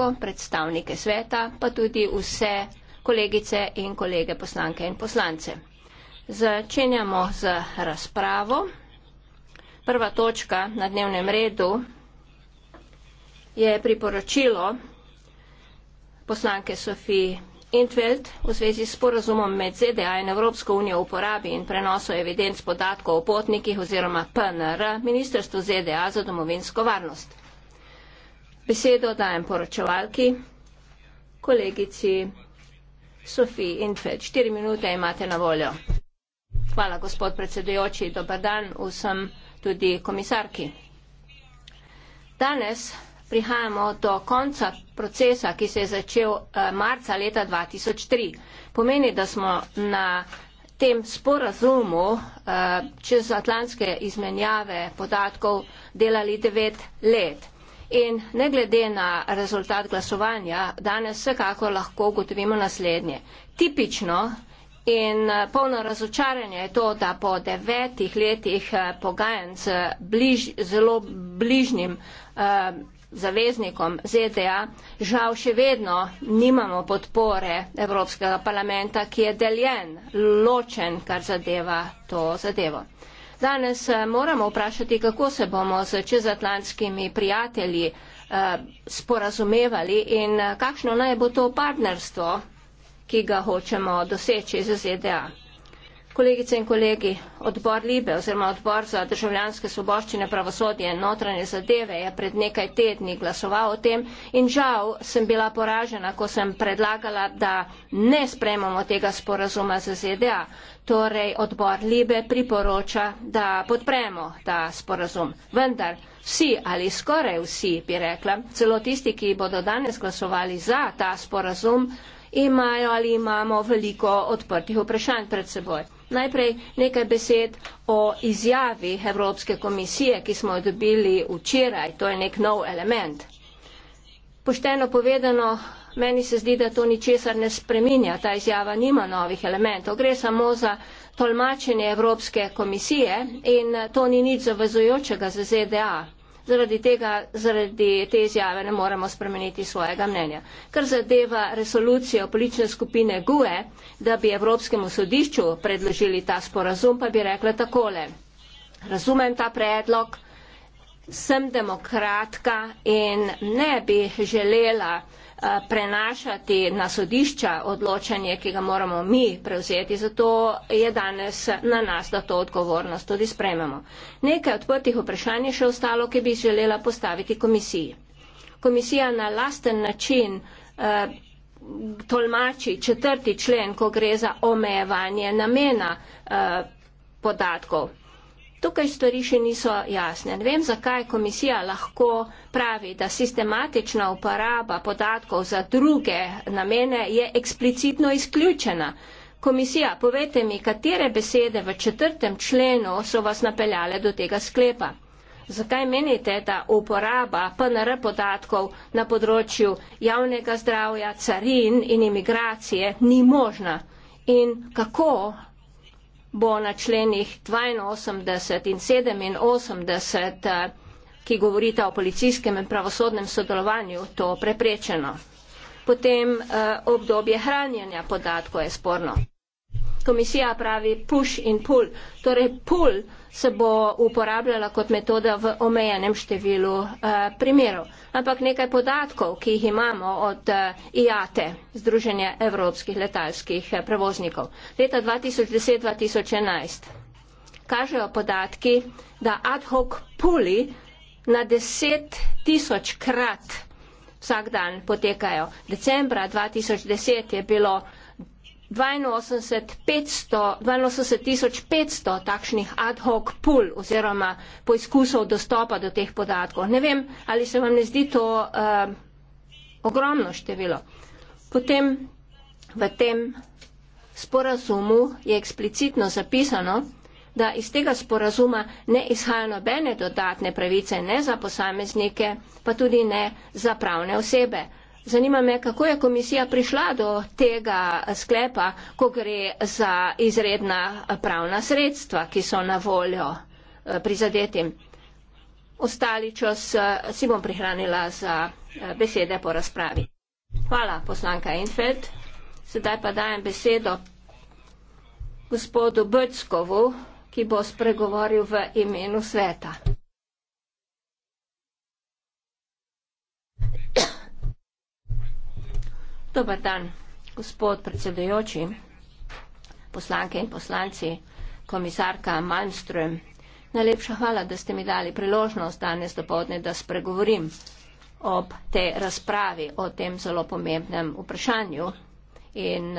Vlado, predstavnike sveta, pa tudi vse kolegice in kolege poslanke in poslance. Začenjamo z razpravo. Prva točka na dnevnem redu je priporočilo poslanke Sofiji Intveld v zvezi s porazumom med ZDA in Evropsko unijo o uporabi in prenosu evidenc podatkov o potnikih oziroma PNR, ministrstvo ZDA za domovinsko varnost. Besedo dajem poročevalki, kolegici Sofiji Infeld. Štiri minute imate na voljo. Hvala, gospod predsedujoči. Dobar dan vsem tudi komisarki. Danes prihajamo do konca procesa, ki se je začel eh, marca leta 2003. Pomeni, da smo na tem sporazumu eh, čez atlantske izmenjave podatkov delali devet let. In ne glede na rezultat glasovanja, danes vsekako lahko ugotovimo naslednje. Tipično in eh, polno razočaranje je to, da po devetih letih eh, pogajanj z bliž, zelo bližnjim eh, zaveznikom ZDA, žal še vedno nimamo podpore Evropskega parlamenta, ki je deljen, ločen, kar zadeva to zadevo. Danes se eh, moramo vprašati, kako se bomo z čezatlantskimi prijatelji eh, sporazumevali in eh, kakšno naj bo to partnerstvo, ki ga hočemo doseči z ZDA kolegice in kolegi, odbor Libe oziroma odbor za državljanske soboščine, pravosodje in notranje zadeve je pred nekaj tedni glasoval o tem in žal sem bila poražena, ko sem predlagala, da ne sprejmemo tega sporazuma z ZDA. Torej, odbor Libe priporoča, da podpremo ta sporazum. Vendar vsi ali skoraj vsi, bi rekla, celo tisti, ki bodo danes glasovali za ta sporazum, imajo ali imamo veliko odprtih vprašanj pred seboj. Najprej nekaj besed o izjavi Evropske komisije, ki smo jo dobili včeraj. To je nek nov element. Pošteno povedano, meni se zdi, da to ničesar ne spreminja. Ta izjava nima novih elementov. Gre samo za tolmačenje Evropske komisije in to ni nič zavezujočega za ZDA zaradi tega, zaradi te izjave ne moremo spremeniti svojega mnenja. Kar zadeva resolucijo politične skupine GUE, da bi Evropskemu sodišču predložili ta sporazum, pa bi rekla takole. Razumem ta predlog, sem demokratka in ne bi želela, Eh, prenašati na sodišča odločanje, ki ga moramo mi prevzeti. Zato je danes na nas, da to odgovornost tudi sprememo. Nekaj odprtih vprašanj je še ostalo, ki bi želela postaviti komisiji. Komisija na lasten način uh, tolmači četrti člen, ko gre za omejevanje namena uh, podatkov. Tukaj stvari še niso jasne. Ne vem, zakaj komisija lahko pravi, da sistematična uporaba podatkov za druge namene je eksplicitno izključena. Komisija, povete mi, katere besede v četrtem členu so vas napeljale do tega sklepa. Zakaj menite, da uporaba PNR podatkov na področju javnega zdravja, carin in imigracije ni možna? In kako bo na členih 82 in 87, eh, ki govorita o policijskem in pravosodnem sodelovanju, to preprečeno. Potem eh, obdobje hranjenja podatkov je sporno. Komisija pravi push in pull, torej pull se bo uporabljala kot metoda v omejenem številu eh, primerov. Ampak nekaj podatkov, ki jih imamo od eh, IATE, Združenja evropskih letalskih eh, prevoznikov, leta 2010-2011, kažejo podatki, da ad hoc puli na deset tisoč krat vsak dan potekajo. Decembra 2010 je bilo 82 tisoč 500 takšnih ad hoc pull oziroma poizkusov dostopa do teh podatkov. Ne vem, ali se vam ne zdi to uh, ogromno število. Potem v tem sporazumu je eksplicitno zapisano, da iz tega sporazuma ne izhaja nobene dodatne pravice, ne za posameznike, pa tudi ne za pravne osebe. Zanima me, kako je komisija prišla do tega sklepa, ko gre za izredna pravna sredstva, ki so na voljo eh, prizadetim. Ostali čas eh, si bom prihranila za eh, besede po razpravi. Hvala, poslanka Infeld. Sedaj pa dajem besedo gospodu Böckovu, ki bo spregovoril v imenu sveta. Dober dan, gospod predsedujoči, poslanke in poslanci, komisarka Malmström. Najlepša hvala, da ste mi dali priložnost danes dopoldne, da spregovorim ob tej razpravi o tem zelo pomembnem vprašanju in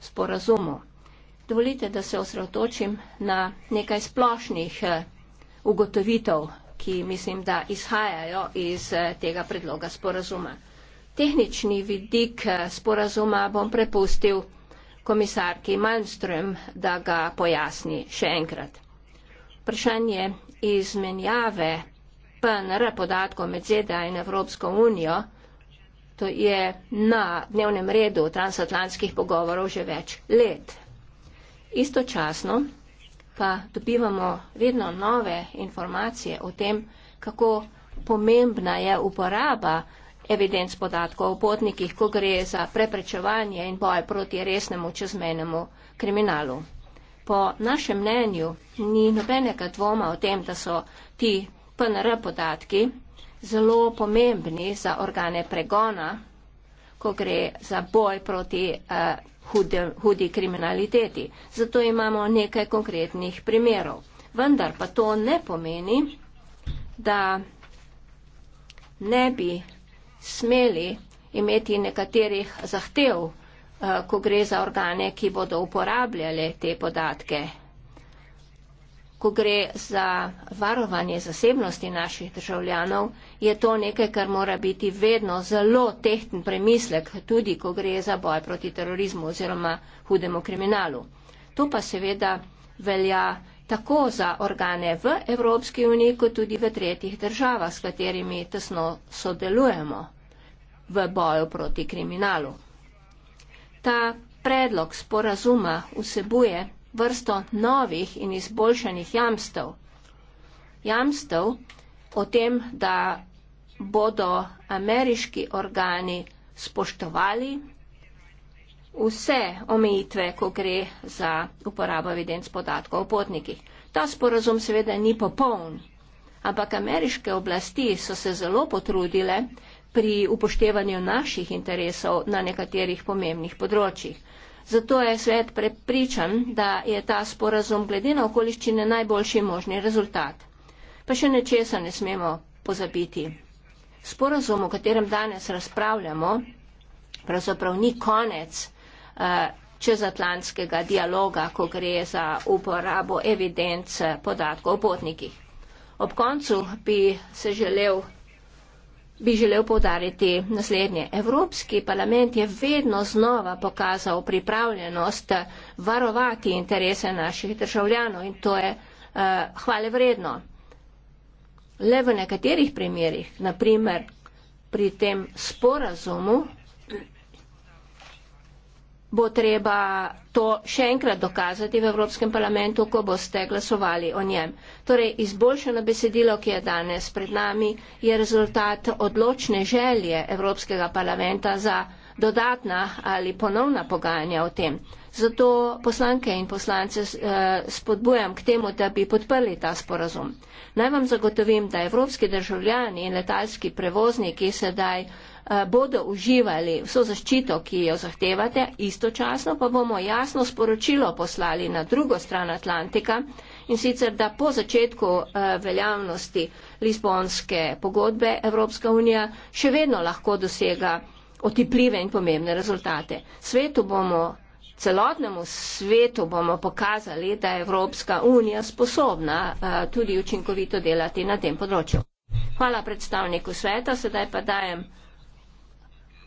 sporazumu. Dovolite, da se osredotočim na nekaj splošnih ugotovitev, ki mislim, da izhajajo iz tega predloga sporazuma. Tehnični vidik eh, sporazuma bom prepustil komisarki Malmström, da ga pojasni še enkrat. Vprašanje izmenjave PNR podatkov med ZDA in Evropsko unijo, to je na dnevnem redu transatlantskih pogovorov že več let. Istočasno pa dobivamo vedno nove informacije o tem, kako pomembna je uporaba evidenc podatkov o potnikih, ko gre za preprečevanje in boj proti resnemu čezmenemu kriminalu. Po našem mnenju ni nobenega dvoma o tem, da so ti PNR podatki zelo pomembni za organe pregona, ko gre za boj proti uh, hude, hudi kriminaliteti. Zato imamo nekaj konkretnih primerov. Vendar pa to ne pomeni, da ne bi smeli imeti nekaterih zahtev, eh, ko gre za organe, ki bodo uporabljali te podatke. Ko gre za varovanje zasebnosti naših državljanov, je to nekaj, kar mora biti vedno zelo tehten premislek, tudi ko gre za boj proti terorizmu oziroma hudemu kriminalu. To pa seveda velja tako za organe v Evropski uniji, kot tudi v tretjih državah, s katerimi tesno sodelujemo v boju proti kriminalu. Ta predlog sporazuma vsebuje vrsto novih in izboljšanih jamstev. Jamstev o tem, da bodo ameriški organi spoštovali vse omejitve, ko gre za uporabo evidenc podatkov o potnikih. Ta sporazum seveda ni popoln, ampak ameriške oblasti so se zelo potrudile, pri upoštevanju naših interesov na nekaterih pomembnih področjih. Zato je svet prepričan, da je ta sporazum glede na okoliščine najboljši možni rezultat. Pa še nečesa ne smemo pozabiti. Sporazum, o katerem danes razpravljamo, pravzaprav ni konec uh, čezatlantskega dialoga, ko gre za uporabo evidenc podatkov o potnikih. Ob koncu bi se želel bi želel podariti naslednje. Evropski parlament je vedno znova pokazal pripravljenost varovati interese naših državljanov in to je uh, hvale vredno. Le v nekaterih primerjih, naprimer pri tem sporazumu, bo treba to še enkrat dokazati v Evropskem parlamentu, ko boste glasovali o njem. Torej, izboljšano besedilo, ki je danes pred nami, je rezultat odločne želje Evropskega parlamenta za dodatna ali ponovna pogajanja o tem. Zato poslanke in poslance eh, spodbujam k temu, da bi podprli ta sporazum. Naj vam zagotovim, da evropski državljani in letalski prevozniki sedaj Eh, bodo uživali vso zaščito, ki jo zahtevate, istočasno pa bomo jasno sporočilo poslali na drugo stran Atlantika in sicer, da po začetku eh, veljavnosti Lisbonske pogodbe Evropska unija še vedno lahko dosega otipljive in pomembne rezultate. Svetu bomo, celotnemu svetu bomo pokazali, da je Evropska unija sposobna eh, tudi učinkovito delati na tem področju. Hvala predstavniku sveta, sedaj pa dajem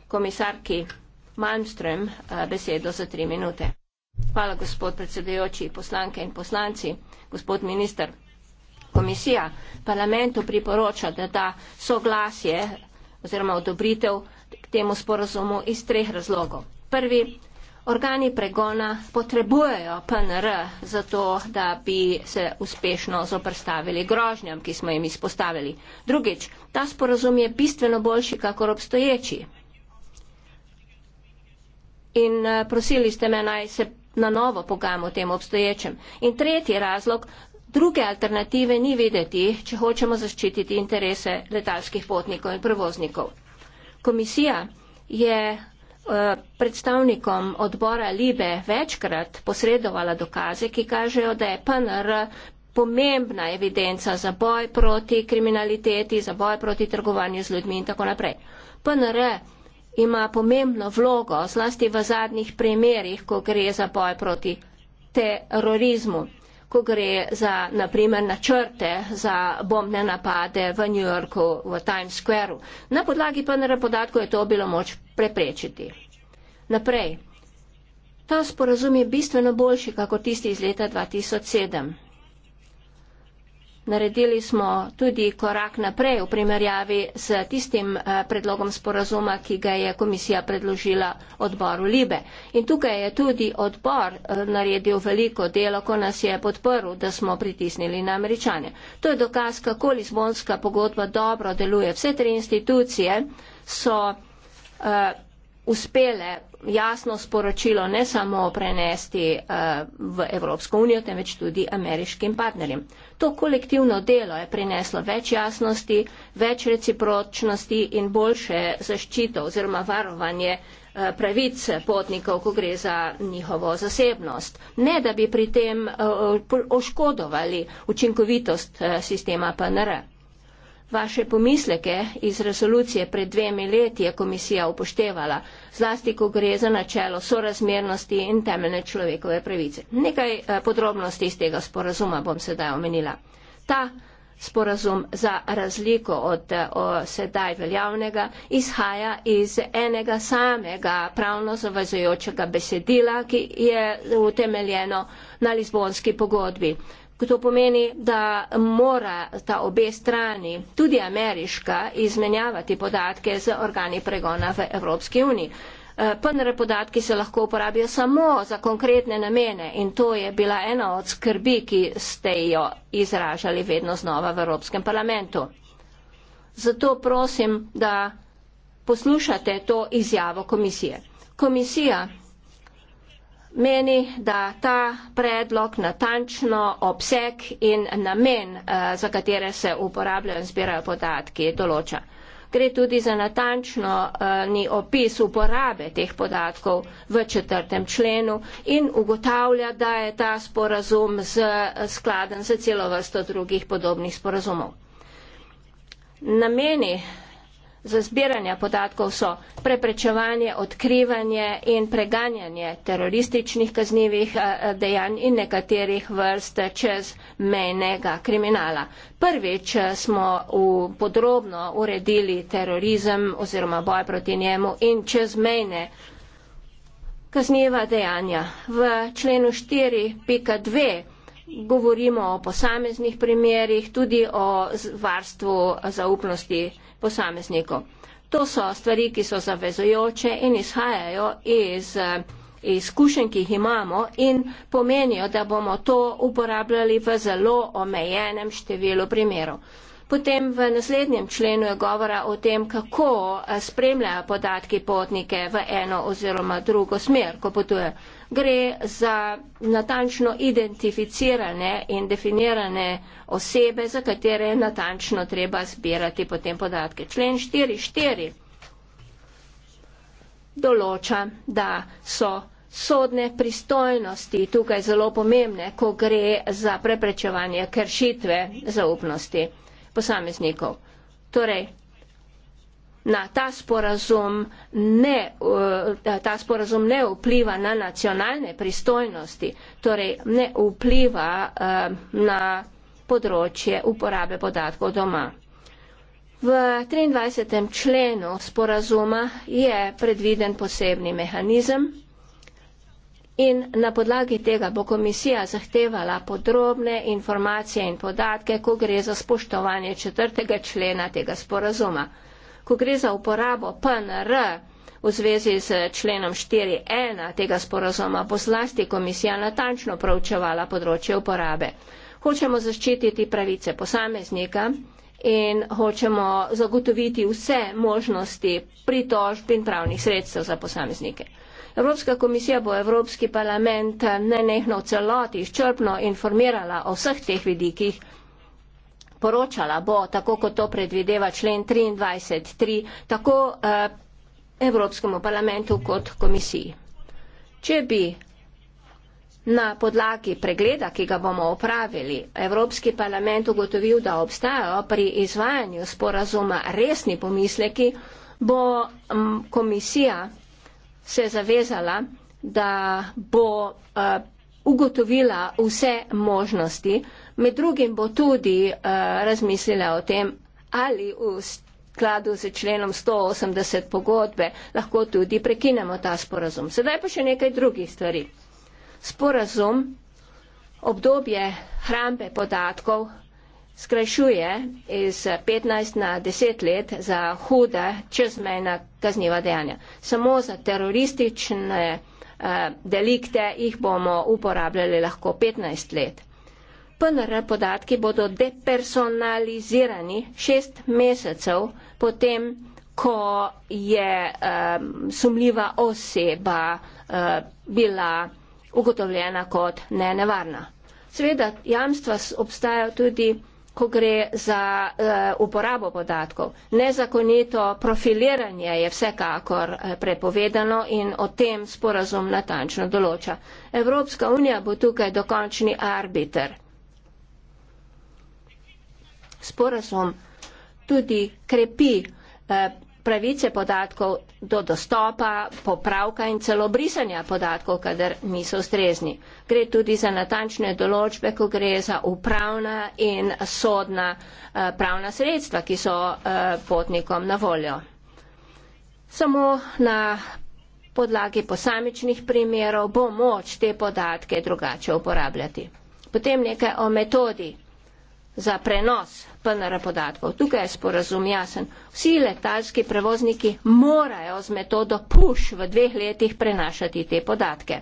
komisarki Malmström eh, besedo za tri minute. Hvala, gospod predsedujoči, poslanke in poslanci, gospod minister. Komisija parlamentu priporoča, da da soglasje oziroma odobritev k temu sporazumu iz treh razlogov. Prvi, organi pregona potrebujejo PNR za to, da bi se uspešno zoprstavili grožnjam, ki smo jim izpostavili. Drugič, ta sporazum je bistveno boljši, kakor obstoječi in eh, prosili ste me naj se na novo pogajam o tem obstoječem. In tretji razlog, druge alternative ni videti, če hočemo zaščititi interese letalskih potnikov in prevoznikov. Komisija je eh, predstavnikom odbora Libe večkrat posredovala dokaze, ki kažejo, da je PNR pomembna evidenca za boj proti kriminaliteti, za boj proti trgovanju z ljudmi in tako naprej. PNR ima pomembno vlogo, zlasti v zadnjih primerjih, ko gre za boj proti terorizmu, ko gre za naprimer načrte za bombne napade v New Yorku, v Times Square. Na podlagi PNR podatkov je to bilo moč preprečiti. Naprej. Ta sporazum je bistveno boljši, kako tisti iz leta 2007. Naredili smo tudi korak naprej v primerjavi s tistim eh, predlogom sporazuma, ki ga je komisija predložila odboru Libe. In tukaj je tudi odbor eh, naredil veliko delo, ko nas je podporil, da smo pritisnili na američane. To je dokaz, kako Lizbonska pogodba dobro deluje. Vse tri institucije so. Uh, uspele jasno sporočilo ne samo prenesti eh, v Evropsko unijo, temveč tudi ameriškim partnerjem. To kolektivno delo je prineslo več jasnosti, več recipročnosti in boljše zaščito oziroma varovanje eh, pravic potnikov, ko gre za njihovo zasebnost. Ne, da bi pri tem eh, oškodovali učinkovitost sistema PNR. Vaše pomisleke iz resolucije pred dvemi leti je komisija upoštevala, zlasti ko gre za načelo sorazmernosti in temeljne človekove pravice. Nekaj eh, podrobnosti iz tega sporazuma bom sedaj omenila. Ta sporazum za razliko od eh, o, sedaj veljavnega izhaja iz enega samega pravno zavezujočega besedila, ki je utemeljeno na Lizbonski pogodbi. To pomeni, da mora ta obe strani, tudi ameriška, izmenjavati podatke z organi pregona v Evropski uniji. Eh, PNR podatki se lahko uporabijo samo za konkretne namene in to je bila ena od skrbi, ki ste jo izražali vedno znova v Evropskem parlamentu. Zato prosim, da poslušate to izjavo komisije. Komisija meni, da ta predlog natančno obseg in namen, eh, za katere se uporabljajo in zbirajo podatki, določa. Gre tudi za natančno eh, ni opis uporabe teh podatkov v četrtem členu in ugotavlja, da je ta sporazum z, eh, skladen za celo vrsto drugih podobnih sporazumov. Nameni za zbiranje podatkov so preprečevanje, odkrivanje in preganjanje terorističnih kaznjivih eh, eh, dejanj in nekaterih vrst čezmejnega kriminala. Prvič eh, smo podrobno uredili terorizem oziroma boj proti njemu in čezmejne kaznjiva dejanja. V členu 4.2 govorimo o posameznih primerjih, tudi o varstvu zaupnosti posamezniku. To so stvari, ki so zavezojoče in izhajajo iz eh, izkušenj, ki jih imamo in pomenijo, da bomo to uporabljali v zelo omejenem številu primerov. Potem v naslednjem členu je govora o tem, kako eh, spremljajo podatki potnike v eno oziroma drugo smer, ko potuje. Gre za natančno identificirane in definirane osebe, za katere je natančno treba zbirati potem podatke. Člen 4.4 določa, da so sodne pristojnosti tukaj zelo pomembne, ko gre za preprečevanje kršitve zaupnosti posameznikov. Torej, na ta sporazum ne, eh, ta sporazum ne vpliva na nacionalne pristojnosti, torej ne vpliva eh, na področje uporabe podatkov doma. V 23. členu sporazuma je predviden posebni mehanizem, In na podlagi tega bo komisija zahtevala podrobne informacije in podatke, ko gre za spoštovanje četrtega člena tega sporazuma. Ko gre za uporabo PNR v zvezi z členom 4.1 tega sporazuma, bo zlasti komisija natančno proučevala področje uporabe. Hočemo zaščititi pravice posameznika in hočemo zagotoviti vse možnosti pritožb in pravnih sredstev za posameznike. Evropska komisija bo Evropski parlament nenehno v celoti izčrpno informirala o vseh teh vidikih. Poročala bo, tako kot to predvideva člen 23.3, tako eh, Evropskemu parlamentu kot komisiji. Če bi na podlagi pregleda, ki ga bomo opravili, Evropski parlament ugotovil, da obstajajo pri izvajanju sporazuma resni pomisleki, bo hm, komisija se je zavezala, da bo uh, ugotovila vse možnosti, med drugim bo tudi uh, razmislila o tem, ali v skladu z členom 180 pogodbe lahko tudi prekinemo ta sporazum. Sedaj pa še nekaj drugih stvari. Sporazum, obdobje hrambe podatkov skrajšuje iz 15 na 10 let za huda čezmejna kazniva dejanja. Samo za teroristične eh, delikte jih bomo uporabljali lahko 15 let. PNR podatki bodo depersonalizirani šest mesecev potem, ko je um, sumljiva oseba uh, bila ugotovljena kot nenevarna. Sveda, jamstva obstajajo tudi ko gre za uh, uporabo podatkov. Nezakonito profiliranje je vsekakor eh, prepovedano in o tem sporazum natančno določa. Evropska unija bo tukaj dokončni arbiter. Sporazum tudi krepi uh, pravice podatkov do dostopa, popravka in celo brisanja podatkov, kadar niso ustrezni. Gre tudi za natančne določbe, ko gre za upravna in sodna eh, pravna sredstva, ki so eh, potnikom na voljo. Samo na podlagi posamičnih primerov bo moč te podatke drugače uporabljati. Potem nekaj o metodi za prenos PNR podatkov. Tukaj je sporazum jasen. Vsi letalski prevozniki morajo z metodo push v dveh letih prenašati te podatke.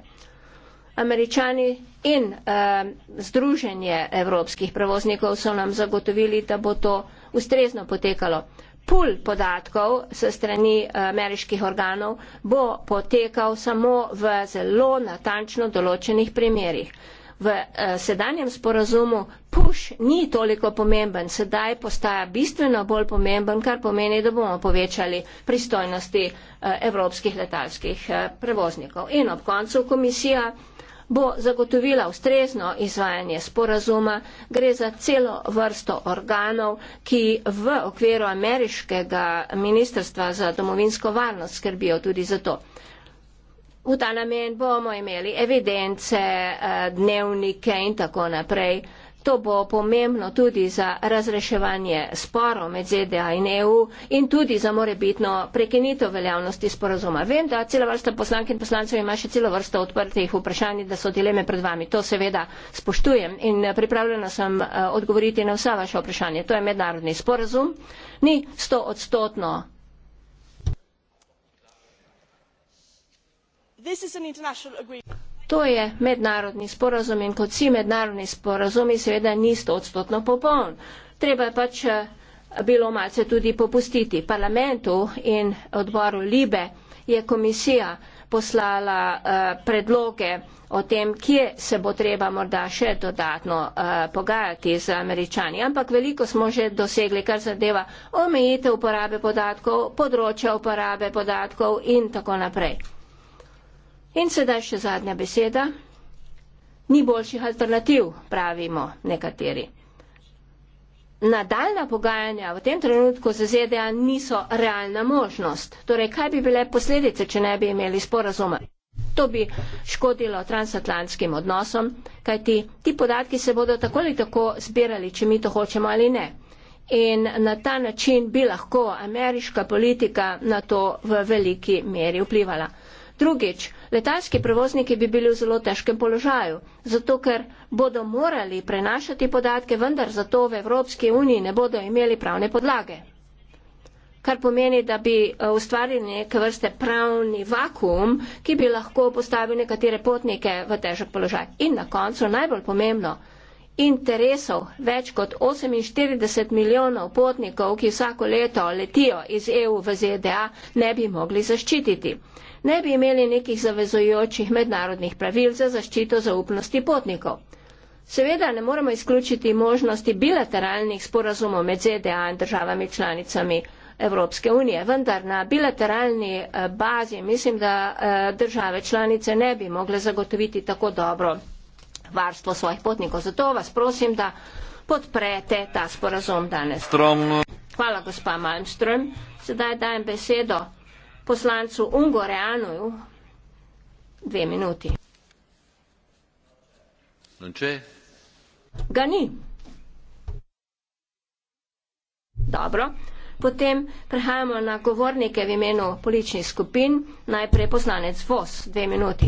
Američani in eh, Združenje evropskih prevoznikov so nam zagotovili, da bo to ustrezno potekalo. Pul podatkov se strani eh, ameriških organov bo potekal samo v zelo natančno določenih primerjih v eh, sedanjem sporazumu push ni toliko pomemben, sedaj postaja bistveno bolj pomemben, kar pomeni, da bomo povečali pristojnosti eh, evropskih letalskih eh, prevoznikov. In ob koncu komisija bo zagotovila ustrezno izvajanje sporazuma. Gre za celo vrsto organov, ki v okviru ameriškega ministrstva za domovinsko varnost skrbijo tudi za to utána men bomo imeli evidence, eh, dnevnike in tako naprej. To bo pomembno tudi za razreševanje sporov med ZDA in EU in tudi za morebitno prekinitev veljavnosti sporozuma. Vem, da cela vrsta poslank in poslancev ima še celo vrsto odprtih vprašanj, da so dileme pred vami. To seveda spoštujem in pripravljena sem eh, odgovoriti na vsa vaše vprašanje. To je mednarodni sporozum. Ni sto odstotno To je mednarodni sporazum in kot vsi mednarodni sporazumi seveda ni stotstotno popoln. Treba je pač eh, bilo malce tudi popustiti. Parlamentu in odboru Libe je komisija poslala uh, predloge o tem, kje se bo treba morda še dodatno uh, pogajati z američani. Ampak veliko smo že dosegli, kar zadeva omejitev uporabe podatkov, področja uporabe podatkov in tako naprej. In sedaj še zadnja beseda. Ni boljših alternativ, pravimo nekateri. Nadaljna pogajanja v tem trenutku z ZDA niso realna možnost. Torej, kaj bi bile posledice, če ne bi imeli sporazuma? To bi škodilo transatlantskim odnosom, kajti ti podatki se bodo tako ali tako zbirali, če mi to hočemo ali ne. In na ta način bi lahko ameriška politika na to v veliki meri vplivala. Drugič, letalski prevozniki bi bili v zelo težkem položaju, zato ker bodo morali prenašati podatke, vendar zato v Evropski uniji ne bodo imeli pravne podlage. Kar pomeni, da bi eh, ustvarili neke vrste pravni vakum, ki bi lahko postavil nekatere potnike v težek položaj. In na koncu najbolj pomembno, interesov več kot 48 milijonov potnikov, ki vsako leto letijo iz EU v ZDA, ne bi mogli zaščititi ne bi imeli nekih zavezojočih mednarodnih pravil za zaščito zaupnosti potnikov. Seveda ne moremo izključiti možnosti bilateralnih sporazumov med ZDA in državami članicami Evropske unije, vendar na bilateralni eh, bazi mislim, da eh, države članice ne bi mogle zagotoviti tako dobro varstvo svojih potnikov. Zato vas prosim, da podprete ta sporazum danes. Hvala, gospa Malmström. Sedaj dajem besedo poslancu Ungorejanoju. Dve minuti. Noče? Ga ni. Dobro. Potem prehajamo na govornike v imenu političnih skupin. Najprej poslanec Vos. Dve minuti.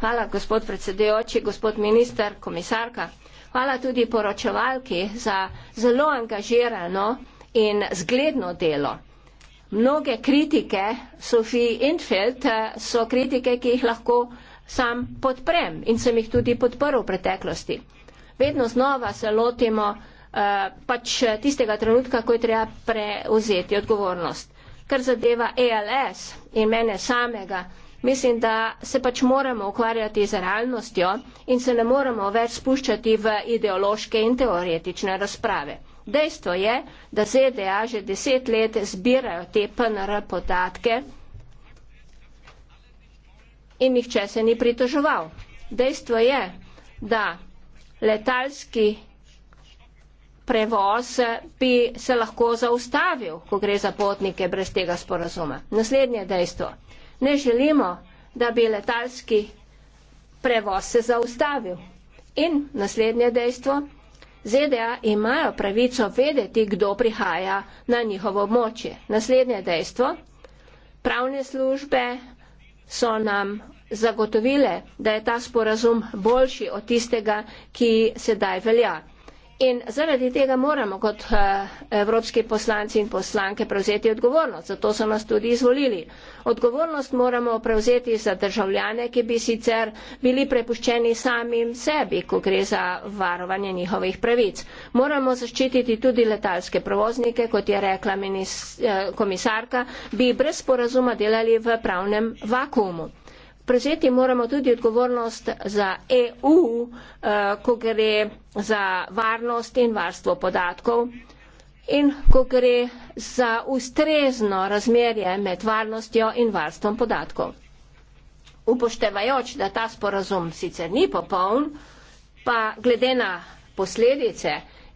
Hvala, gospod predsedujoči, gospod minister, komisarka. Hvala tudi poročevalki za zelo angažirano in zgledno delo. Mnoge kritike Sofiji Infeld eh, so kritike, ki jih lahko sam podprem in sem jih tudi podprl v preteklosti. Vedno znova se lotimo uh, pač tistega trenutka, ko je treba preuzeti odgovornost. Kar zadeva ALS e in mene samega, mislim, da se pač moramo ukvarjati z realnostjo in se ne moramo več spuščati v ideološke in teoretične razprave. Dejstvo je, da ZDA že deset let zbirajo te PNR podatke in nihče se ni pritoževal. Dejstvo je, da letalski prevoz bi se lahko zaustavil, ko gre za potnike brez tega sporazuma. Naslednje dejstvo. Ne želimo, da bi letalski prevoz se zaustavil. In naslednje dejstvo. ZDA imajo pravico vedeti, kdo prihaja na njihovo območje. Naslednje dejstvo. Pravne službe so nam zagotovile, da je ta sporazum boljši od tistega, ki sedaj velja. In zaradi tega moramo kot eh, evropski poslanci in poslanke prevzeti odgovornost. Zato so nas tudi izvolili. Odgovornost moramo prevzeti za državljane, ki bi sicer bili prepuščeni samim sebi, ko gre za varovanje njihovih pravic. Moramo zaščititi tudi letalske provoznike, kot je rekla eh, komisarka, bi brez porazuma delali v pravnem vakumu prevzeti moramo tudi odgovornost za EU, eh, ko gre za varnost in varstvo podatkov in ko gre za ustrezno razmerje med varnostjo in varstvom podatkov. Upoštevajoč, da ta sporazum sicer ni popoln, pa glede na posledice,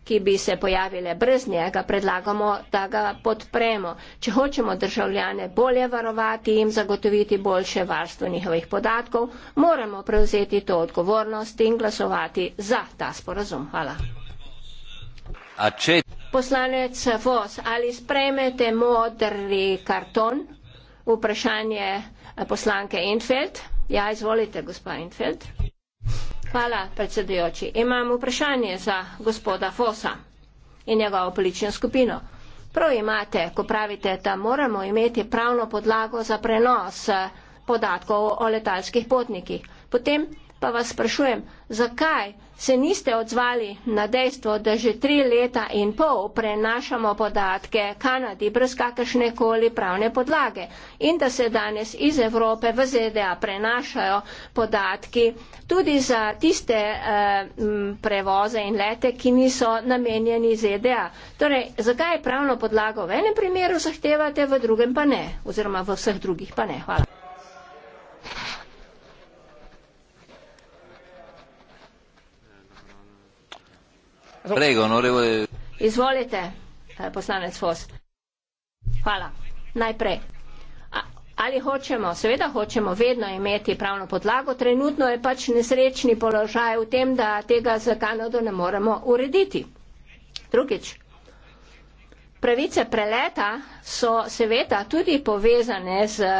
ki bi se pojavile brez njega, predlagamo, da ga podpremo. Če hočemo državljane bolje varovati in zagotoviti boljše varstvo njihovih podatkov, moramo prevzeti to odgovornost in glasovati za ta sporazum. Hvala. Poslanec Vos, ali sprejmete modri karton? Vprašanje eh, poslanke Infeld. Ja, izvolite, gospa Infeld. Hvala, predsedujoči. Imam vprašanje za gospoda Fosa in njegovo politično skupino. Prav imate, ko pravite, da moramo imeti pravno podlago za prenos eh, podatkov o letalskih potnikih. Potem pa vas sprašujem, zakaj se niste odzvali na dejstvo, da že tri leta in pol prenašamo podatke Kanadi brez kakršne koli pravne podlage in da se danes iz Evrope v ZDA prenašajo podatki tudi za tiste eh, prevoze in lete, ki niso namenjeni ZDA. Torej, zakaj je pravno podlago v enem primeru zahtevate, v drugem pa ne, oziroma v vseh drugih pa ne. Hvala. Prego, onorevole. Izvolite, eh, poslanec Fos. Hvala. Najprej. Ali hočemo, seveda hočemo vedno imeti pravno podlago, trenutno je pač nesrečni položaj v tem, da tega za Kanado ne moremo urediti. Drugič, pravice preleta so seveda tudi povezane z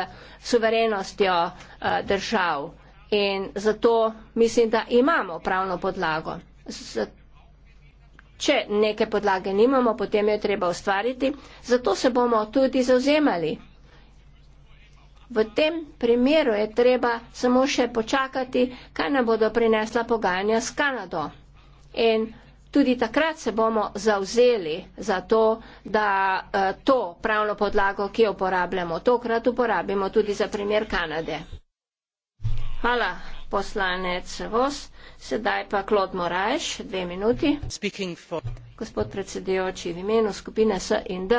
suverenostjo eh, držav in zato mislim, da imamo pravno podlago. Zato Če neke podlage nimamo, potem jo treba ustvariti, zato se bomo tudi zauzemali. V tem primeru je treba samo še počakati, kaj nam bodo prinesla pogajanja s Kanado. In tudi takrat se bomo zauzeli za to, da eh, to pravno podlago, ki jo uporabljamo, tokrat uporabimo tudi za primer Kanade. Hvala poslanec Vos. Sedaj pa Klod Morajš, dve minuti. For... Gospod predsedujoči, v imenu skupine S in D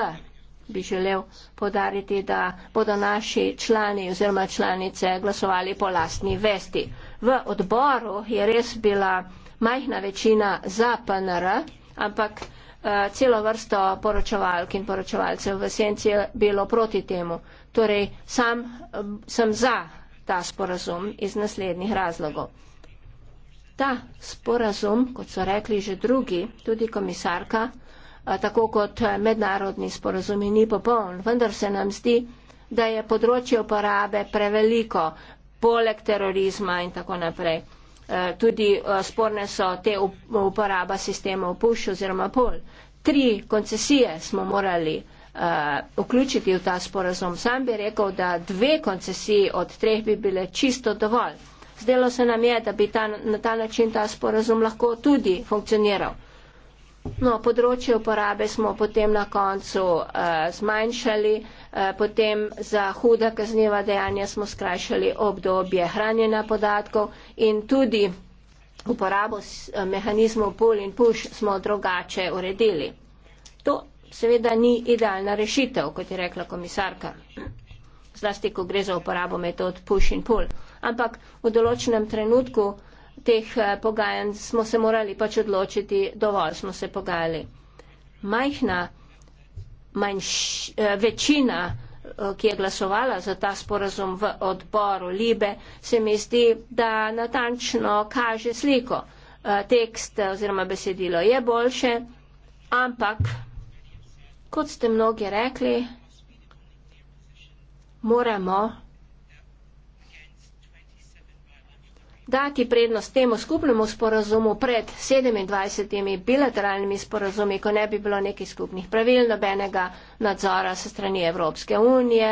bi želel podariti, da bodo naši člani oziroma članice glasovali po lastni vesti. V odboru je res bila majhna večina za PNR, ampak eh, celo vrsto poročevalk in poročevalcev v senci je bilo proti temu. Torej, sam eh, sem za ta sporazum iz naslednjih razlogov. Ta sporazum, kot so rekli že drugi, tudi komisarka, tako kot mednarodni sporazumi ni popoln, vendar se nam zdi, da je področje uporabe preveliko, poleg terorizma in tako naprej. Tudi sporne so te uporaba sistemov PUŠ oziroma POL. Tri koncesije smo morali uh, Eh, vključiti v ta sporazum. Sam bi rekel, da dve koncesiji od treh bi bile čisto dovolj. Zdelo se nam je, da bi ta, na ta način ta sporazum lahko tudi funkcioniral. No, področje uporabe smo potem na koncu uh, zmanjšali, uh, potem za huda kazniva dejanja smo skrajšali obdobje hranjenja podatkov in tudi uporabo mehanizmov pull in push smo drugače uredili. To seveda ni idealna rešitev, kot je rekla komisarka. Zlasti, ko gre za uporabo metod push in pull. Ampak v določenem trenutku teh eh, pogajanj smo se morali pač odločiti, dovolj smo se pogajali. Majhna manjš, eh, večina, eh, ki je glasovala za ta sporazum v odboru Libe, se mi zdi, da natančno kaže sliko. Tekst oziroma besedilo je boljše, ampak Kot ste mnogi rekli, moramo dati prednost temu skupnemu sporazumu pred 27 bilateralnimi sporazumi, ko ne bi bilo nekih skupnih pravil, nobenega nadzora se strani Evropske unije,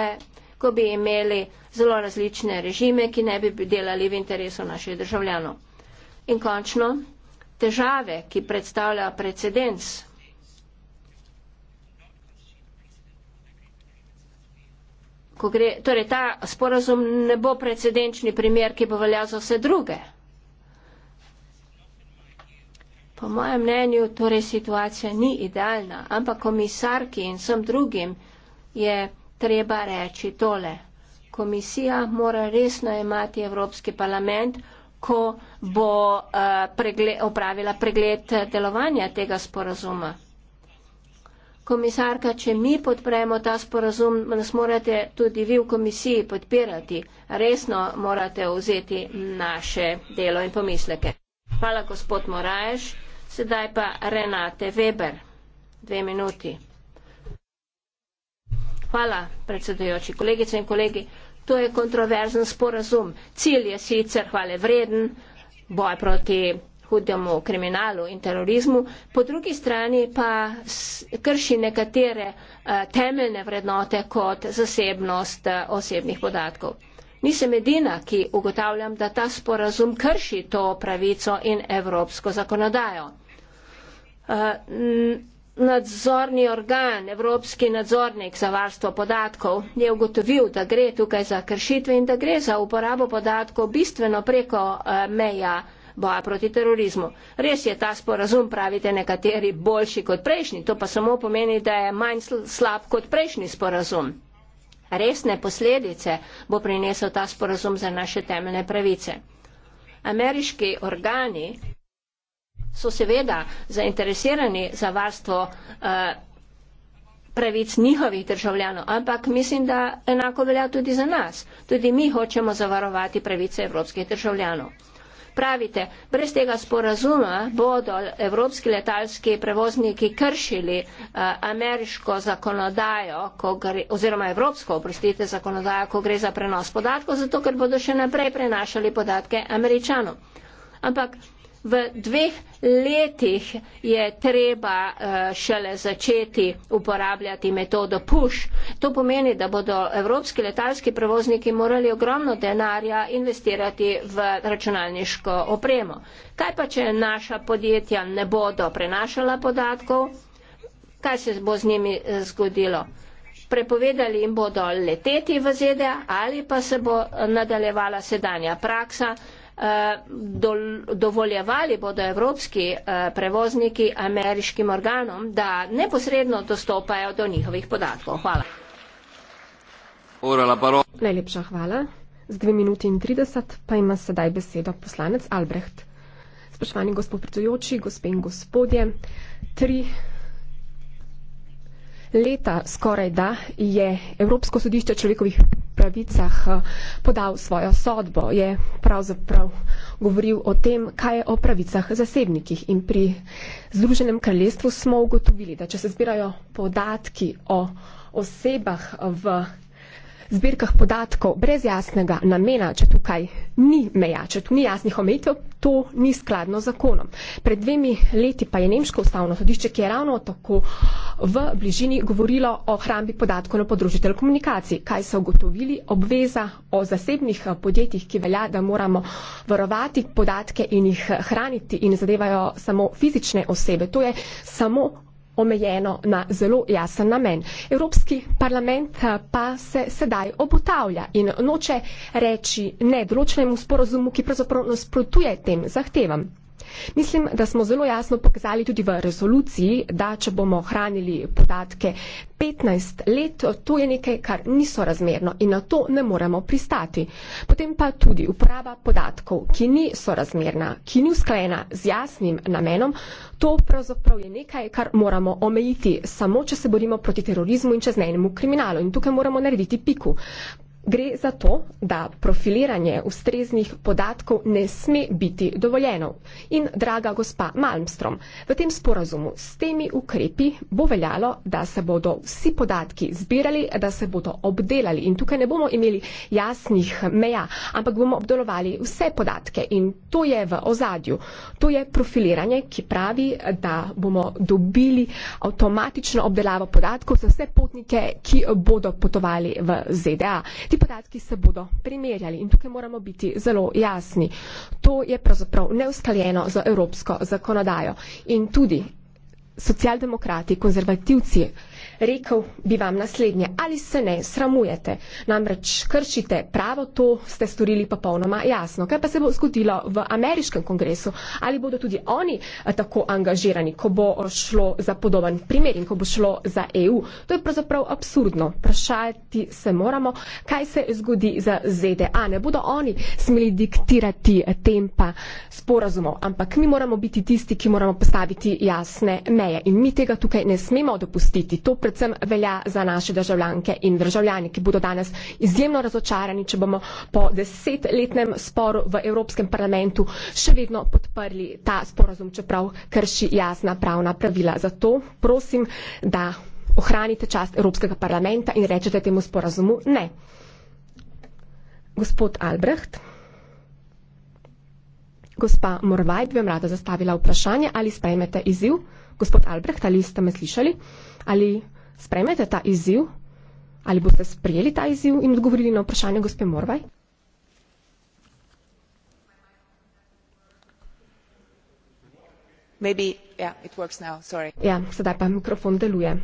ko bi imeli zelo različne režime, ki ne bi delali v interesu naših državljanov. In končno, težave, ki predstavljajo precedens ko gre, torej ta sporazum ne bo precedenčni primer, ki bo veljal za vse druge. Po mojem mnenju, torej situacija ni idealna, ampak komisarki in vsem drugim je treba reči tole. Komisija mora resno imati Evropski parlament, ko bo uh, eh, pregled, opravila pregled delovanja tega sporazuma komisarka, če mi podpremo ta sporazum, nas morate tudi vi v komisiji podpirati. Resno morate vzeti naše delo in pomisleke. Hvala, gospod Moraješ. Sedaj pa Renate Weber. Dve minuti. Hvala, predsedujoči kolegice in kolegi. To je kontroverzen sporazum. Cilj je sicer hvale vreden, boj proti hudemu kriminalu in terorizmu, po drugi strani pa krši nekatere eh, temeljne vrednote kot zasebnost eh, osebnih podatkov. Nisem edina, ki ugotavljam, da ta sporazum krši to pravico in evropsko zakonodajo. Eh, nadzorni organ, evropski nadzornik za varstvo podatkov, je ugotovil, da gre tukaj za kršitve in da gre za uporabo podatkov bistveno preko meja boja proti terorizmu. Res je ta sporazum, pravite nekateri, boljši kot prejšnji, to pa samo pomeni, da je manj slab kot prejšnji sporazum. Resne posledice bo prinesel ta sporazum za naše temeljne pravice. Ameriški organi so seveda zainteresirani za varstvo uh, pravic njihovih državljanov, ampak mislim, da enako velja tudi za nas. Tudi mi hočemo zavarovati pravice evropskih državljanov pravite, brez tega sporazuma bodo evropski letalski prevozniki kršili uh, ameriško zakonodajo, gre, oziroma evropsko, oprostite, zakonodajo, ko gre za prenos podatkov, zato ker bodo še naprej prenašali podatke američanom. Ampak v dveh letih je treba eh, šele začeti uporabljati metodo push. To pomeni, da bodo evropski letalski prevozniki morali ogromno denarja investirati v računalniško opremo. Kaj pa, če naša podjetja ne bodo prenašala podatkov? Kaj se bo z njimi eh, zgodilo? Prepovedali jim bodo leteti v ZDA ali pa se bo nadaljevala sedanja praksa Eh, dovoljevali bodo evropski eh, prevozniki ameriškim organom, da neposredno dostopajo do njihovih podatkov. Hvala. Najlepša hvala. Z 2 minuti in 30 pa ima sedaj besedo poslanec Albrecht. Spoštovani gospod predsedujoči, gospe in gospodje, tri leta skoraj da je Evropsko sodišče človekovih pravicah eh, podal svojo sodbo, je pravzaprav govoril o tem, kaj je o pravicah zasebnikih. In pri Združenem kraljestvu smo ugotovili, da če se zbirajo podatki o osebah v zbirkah podatkov brez jasnega namena, če tukaj ni meja, če tu ni jasnih omejitev, to ni skladno z zakonom. Pred dvemi leti pa je Nemško ustavno sodišče, ki je ravno tako v bližini govorilo o hrambi podatkov na področju telekomunikacij. Kaj so ugotovili? Obveza o zasebnih eh, podjetjih, ki velja, da moramo varovati podatke in jih hraniti in zadevajo samo fizične osebe. To je samo omejeno na zelo jasen namen. Evropski parlament eh, pa se sedaj obotavlja in noče reči ne določenemu sporozumu, ki pravzaprav nasprotuje tem zahtevam. Mislim, da smo zelo jasno pokazali tudi v rezoluciji, da če bomo hranili podatke 15 let, to je nekaj, kar niso razmerno in na to ne moremo pristati. Potem pa tudi uporaba podatkov, ki ni sorazmerna, ki ni usklajena z jasnim namenom, to pravzaprav je nekaj, kar moramo omejiti samo, če se borimo proti terorizmu in čeznenemu kriminalu. In tukaj moramo narediti piku. Gre za to, da profiliranje ustreznih podatkov ne sme biti dovoljeno. In, draga gospa Malmstrom, v tem sporazumu s temi ukrepi bo veljalo, da se bodo vsi podatki zbirali, da se bodo obdelali in tukaj ne bomo imeli jasnih meja, ampak bomo obdelovali vse podatke in to je v ozadju. To je profiliranje, ki pravi, da bomo dobili avtomatično obdelavo podatkov za vse potnike, ki bodo potovali v ZDA ti podatki se bodo primerjali in tukaj moramo biti zelo jasni. To je pravzaprav neuskaljeno za evropsko zakonodajo in tudi socialdemokrati, konzervativci, rekel bi vam naslednje, ali se ne sramujete, namreč kršite pravo, to ste storili popolnoma jasno. Kaj pa se bo zgodilo v ameriškem kongresu? Ali bodo tudi oni eh, tako angažirani, ko bo šlo za podoben primer in ko bo šlo za EU? To je pravzaprav absurdno. Prašati se moramo, kaj se zgodi za ZDA. Ne bodo oni smeli diktirati tempa sporazumov, ampak mi moramo biti tisti, ki moramo postaviti jasne meje. In mi tega tukaj ne smemo dopustiti. To pred predvsem velja za naše državljanke in državljani, ki bodo danes izjemno razočarani, če bomo po desetletnem sporu v Evropskem parlamentu še vedno podprli ta sporazum, čeprav krši jasna pravna pravila. Zato prosim, da ohranite čast Evropskega parlamenta in rečete temu sporazumu ne. Gospod Albrecht. Gospa Morvaj, bi vam rada zastavila vprašanje, ali sprejmete izziv? Gospod Albrecht, ali ste me slišali? Ali sprejmete ta izziv? Ali boste sprejeli ta izziv in odgovorili na vprašanje gospe Morvaj? Maybe, yeah, it works now, sorry. Ja, sedaj pa mikrofon deluje.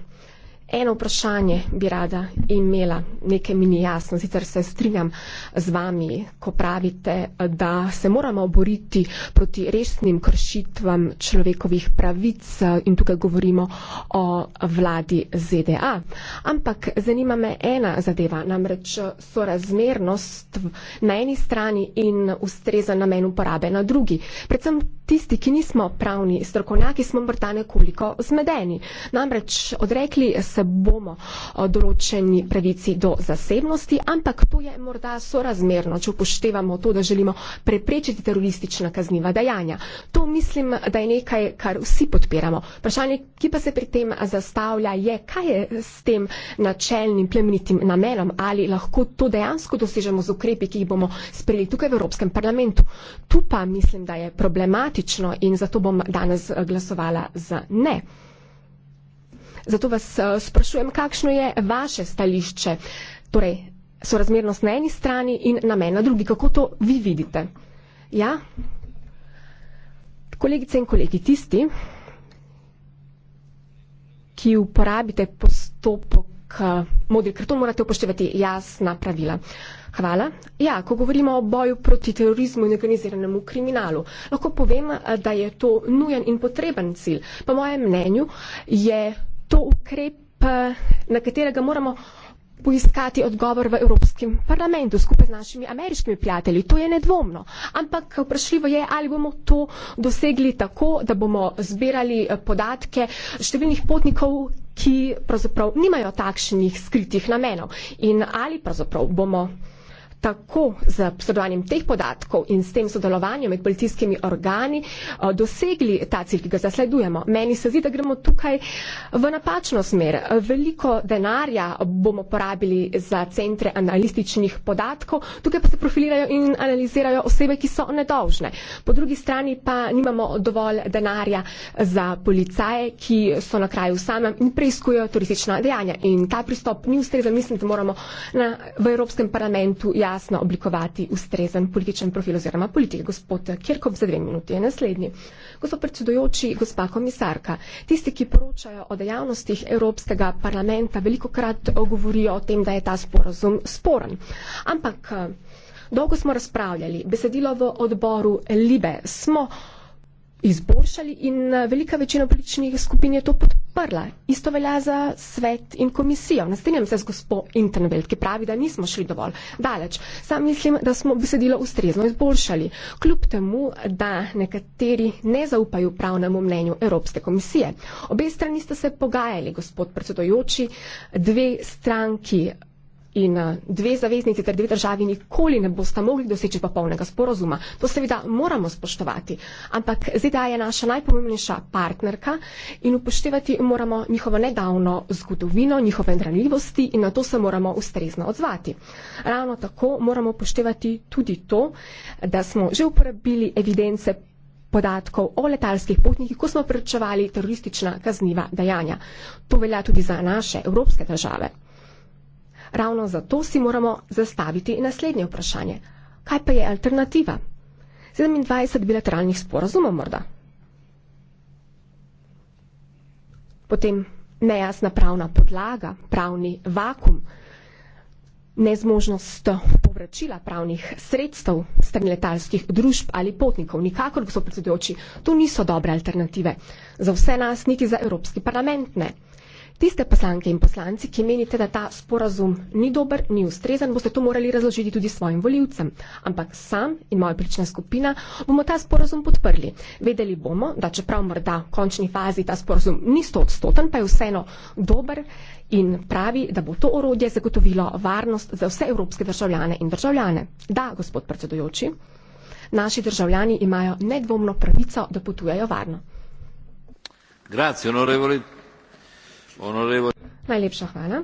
Eno vprašanje bi rada imela, nekaj mi ni jasno, sicer se strinjam z vami, ko pravite, da se moramo boriti proti resnim kršitvam človekovih pravic in tukaj govorimo o vladi ZDA. Ampak zanima me ena zadeva, namreč sorazmernost na eni strani in ustrezan namen uporabe na drugi. Predvsem tisti, ki nismo pravni strokovnjaki, smo morda nekoliko zmedeni. Namreč odrekli se bomo eh, določeni pravici do zasebnosti, ampak to je morda sorazmerno, če upoštevamo to, da želimo preprečiti teroristična kazniva dejanja. To mislim, da je nekaj, kar vsi podpiramo. Vprašanje, ki pa se pri tem zastavlja, je, kaj je s tem načelnim plemenitim namenom, ali lahko to dejansko dosežemo z ukrepi, ki jih bomo sprejeli tukaj v Evropskem parlamentu. Tu pa mislim, da je problematično problematično in zato bom danes eh, glasovala za ne. Zato vas eh, sprašujem, kakšno je vaše stališče, torej sorazmernost na eni strani in na meni na drugi, kako to vi vidite. Ja? Kolegice in kolegi, tisti, ki uporabite postopek k modri karton, morate upoštevati jasna pravila. Hvala. Ja, ko govorimo o boju proti terorizmu in organiziranemu kriminalu, lahko povem, da je to nujen in potreben cilj. Po mojem mnenju je to ukrep, na katerega moramo poiskati odgovor v Evropskem parlamentu skupaj z našimi ameriškimi prijatelji. To je nedvomno. Ampak vprašljivo je, ali bomo to dosegli tako, da bomo zbirali eh, podatke številnih potnikov, ki pravzaprav nimajo takšnih skritih namenov. In ali pravzaprav bomo tako z posredovanjem teh podatkov in s tem sodelovanjem med policijskimi organi eh, dosegli ta cilj, ki ga zasledujemo. Meni se zdi, da gremo tukaj eh, v napačno smer. Veliko denarja bomo porabili za centre analističnih podatkov, tukaj pa se profilirajo in analizirajo osebe, ki so nedolžne. Po drugi strani pa nimamo dovolj denarja za policaje, ki so na kraju samem in preiskujejo turistična dejanja. In ta pristop ni ustrezen, mislim, da moramo na, v Evropskem parlamentu ja, jasno oblikovati ustrezen političen profil oziroma politik. Gospod Kirkov za dve minuti je naslednji. Gospod predsedujoči, gospa komisarka, tisti, ki poročajo o dejavnostih Evropskega parlamenta, veliko krat govorijo o tem, da je ta sporazum sporen. Ampak eh, dolgo smo razpravljali, besedilo v odboru Libe smo izboljšali in eh, velika večina političnih skupin je to podprla. Isto velja za svet in komisijo. Ne strinjam se z gospo Internvelt, ki pravi, da nismo šli dovolj daleč. Sam mislim, da smo besedilo ustrezno izboljšali, kljub temu, da nekateri ne zaupajo pravnemu mnenju Evropske komisije. Obe strani sta se pogajali, gospod predsedojoči, dve stranki In eh, dve zaveznici ter dve državi nikoli ne bosta mogli doseči popolnega sporozuma. To seveda moramo spoštovati. Ampak ZDA je naša najpomembnejša partnerka in upoštevati moramo njihovo nedavno zgodovino, njihove ranljivosti in na to se moramo ustrezno odzvati. Ravno tako moramo upoštevati tudi to, da smo že uporabili evidence podatkov o letalskih potnikih, ko smo pričevali teroristična kazniva dejanja. To velja tudi za naše evropske države. Ravno zato si moramo zastaviti naslednje vprašanje. Kaj pa je alternativa? 27 bilateralnih sporazumov morda. Potem nejasna pravna podlaga, pravni vakum, nezmožnost povračila pravnih sredstev strani letalskih družb ali potnikov. Nikakor, gospod predsedujoči, to niso dobre alternative. Za vse nas, niti za Evropski parlament ne. Tiste poslanke in poslanci, ki menite, da ta sporazum ni dober, ni ustrezen, boste to morali razložiti tudi svojim voljivcem. Ampak sam in moja prična skupina bomo ta sporazum podprli. Vedeli bomo, da čeprav morda v končni fazi ta sporazum ni stotstoten, pa je vseeno dober in pravi, da bo to orodje zagotovilo varnost za vse evropske državljane in državljane. Da, gospod predsedujoči, naši državljani imajo nedvomno pravico, da potujejo varno. Grazie, onorevoli. Honorable. Najlepša hvala.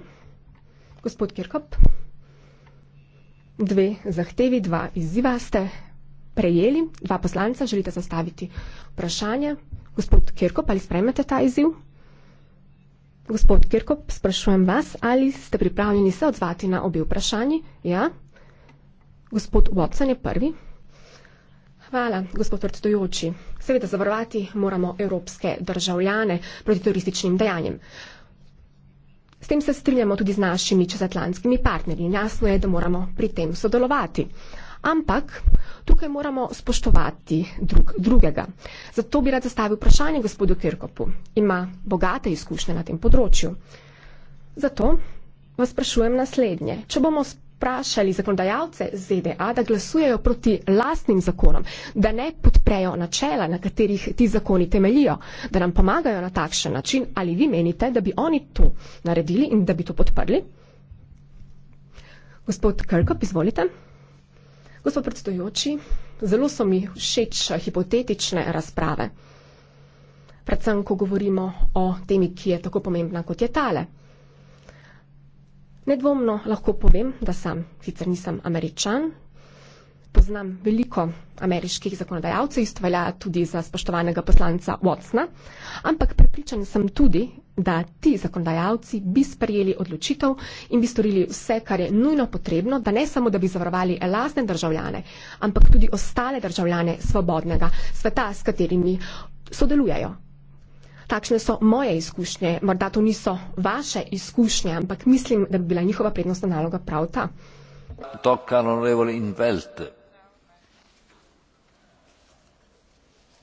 Gospod Kirkop, dve zahtevi, dva izziva ste prejeli, dva poslanca želite zastaviti vprašanje. Gospod Kirkop, ali sprejmete ta izziv? Gospod Kirkop, sprašujem vas, ali ste pripravljeni se odzvati na obe vprašanji? Ja. Gospod Watson je prvi. Hvala, gospod predsedujoči. Seveda zavarovati moramo evropske državljane proti turističnim dejanjem. S tem se strinjamo tudi z našimi čezatlantskimi partnerji. Jasno je, da moramo pri tem sodelovati. Ampak tukaj moramo spoštovati drug, drugega. Zato bi rad zastavil vprašanje gospodu Kirkopu. Ima bogate izkušnje na tem področju. Zato vas sprašujem naslednje. Če bomo vprašali zakonodajalce ZDA, da glasujejo proti lastnim zakonom, da ne podprejo načela, na katerih ti zakoni temelijo, da nam pomagajo na takšen način, ali vi menite, da bi oni to naredili in da bi to podprli? Gospod Krkop, izvolite. Gospod predstojoči, zelo so mi všeč hipotetične razprave. Predvsem, ko govorimo o temi, ki je tako pomembna, kot je tale. Nedvomno lahko povem, da sam sicer nisem američan, poznam veliko ameriških zakonodajalcev, isto velja tudi za spoštovanega poslanca Watsona, ampak prepričan sem tudi, da ti zakonodajalci bi sprejeli odločitev in bi storili vse, kar je nujno potrebno, da ne samo, da bi zavarovali lastne državljane, ampak tudi ostale državljane svobodnega sveta, s katerimi sodelujejo Takšne so moje izkušnje, morda to niso vaše izkušnje, ampak mislim, da bi bila njihova prednostna naloga prav ta.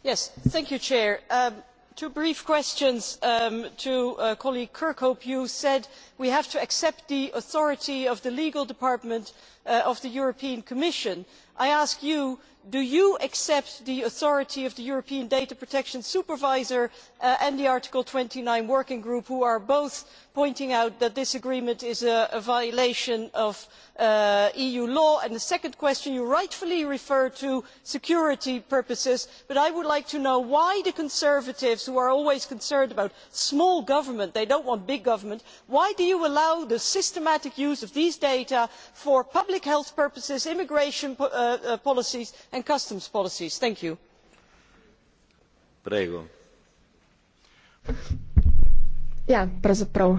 Yes, thank you, Chair. Um, two brief questions um, to uh, colleague Kirkhope. You said we have to accept the authority of the legal department uh, of the European Commission. I ask you, do you accept the authority of the european data protection supervisor uh, and the article twenty nine working group who are both pointing out that this agreement is a violation of uh, eu law? and the second question you rightly refer to security purposes but i would like to know why the conservatives who are always concerned about small government they do not want big government allow the systematic use of these data for public health purposes immigration uh, policies and customs policies. Ja, pravzaprav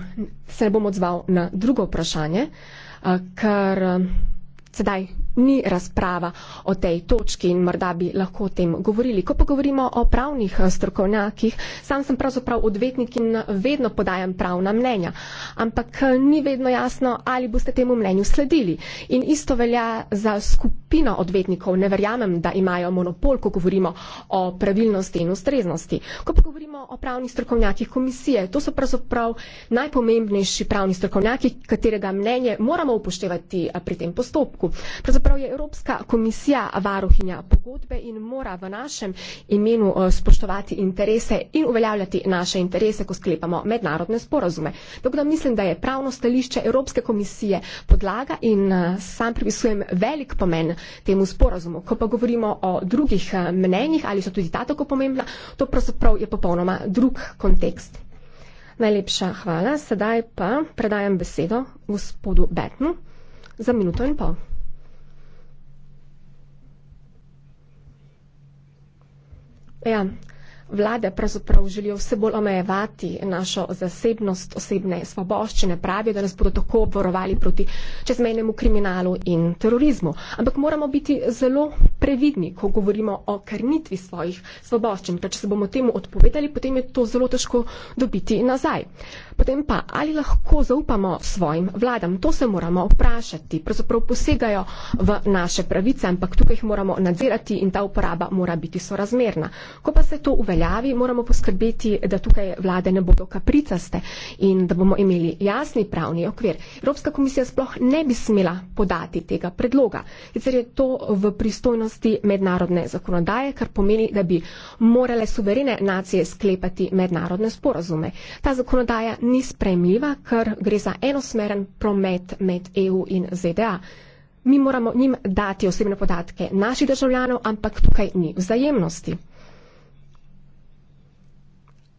se ne bom odzval na drugo vprašanje ker sedaj ni razprava o tej točki in morda bi lahko o tem govorili. Ko pa govorimo o pravnih eh, strokovnjakih, sam sem pravzaprav odvetnik in eh, vedno podajam pravna mnenja, ampak eh, ni vedno jasno, ali boste temu mnenju sledili. In isto velja za skupino odvetnikov. Ne verjamem, da imajo monopol, ko govorimo o pravilnosti in ustreznosti. Ko pa govorimo o pravnih strokovnjakih komisije, to so pravzaprav najpomembnejši pravni strokovnjaki, katerega mnenje moramo upoštevati pri tem postopku. Pravzaprav pravzaprav je Evropska komisija varuhinja pogodbe in mora v našem imenu eh, spoštovati interese in uveljavljati naše interese, ko sklepamo mednarodne sporozume. Tako da mislim, da je pravno stališče Evropske komisije podlaga in eh, sam pripisujem velik pomen temu sporozumu. Ko pa govorimo o drugih eh, mnenjih, ali so tudi ta tako pomembna, to pravzaprav je popolnoma drug kontekst. Najlepša hvala. Sedaj pa predajam besedo gospodu Betnu za minuto in pol. Ja, vlade pravzaprav želijo vse bolj omejevati našo zasebnost, osebne svoboščine, pravijo, da nas bodo tako obvarovali proti čezmejnemu kriminalu in terorizmu. Ampak moramo biti zelo previdni, ko govorimo o krnitvi svojih svoboščin, ker če se bomo temu odpovedali, potem je to zelo težko dobiti nazaj. Potem pa, ali lahko zaupamo svojim vladam? To se moramo vprašati. Pravzaprav posegajo v naše pravice, ampak tukaj jih moramo nadzirati in ta uporaba mora biti sorazmerna. Ko pa se to uvelja, veljavi, moramo poskrbeti, da tukaj vlade ne bodo kapricaste in da bomo imeli jasni pravni okvir. Evropska komisija sploh ne bi smela podati tega predloga, sicer je to v pristojnosti mednarodne zakonodaje, kar pomeni, da bi morale suverene nacije sklepati mednarodne sporazume. Ta zakonodaja ni spremljiva, ker gre za enosmeren promet med EU in ZDA. Mi moramo njim dati osebne podatke naših državljanov, ampak tukaj ni vzajemnosti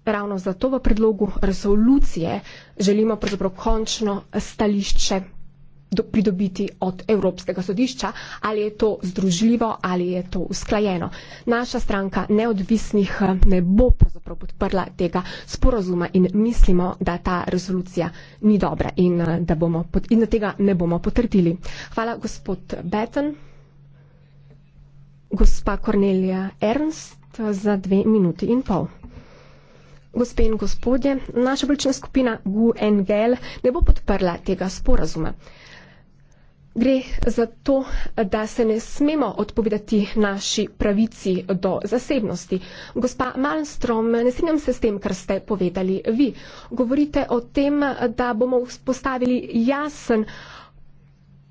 ravno zato v predlogu rezolucije želimo pravzaprav končno stališče pridobiti od Evropskega sodišča, ali je to združljivo, ali je to usklajeno. Naša stranka neodvisnih eh, ne bo pravzaprav podprla tega sporozuma in mislimo, da ta rezolucija ni dobra in eh, da, bomo, in da tega ne bomo potrdili. Hvala, gospod Beten. Gospa Kornelija Ernst eh, za dve minuti in pol. Gospe in gospodje, naša politična skupina GUNGL ne bo podprla tega sporazuma. Gre za to, da se ne smemo odpovedati naši pravici do zasebnosti. Gospa Malmstrom, ne strinjam se s tem, kar ste povedali vi. Govorite o tem, da bomo vzpostavili jasen uh,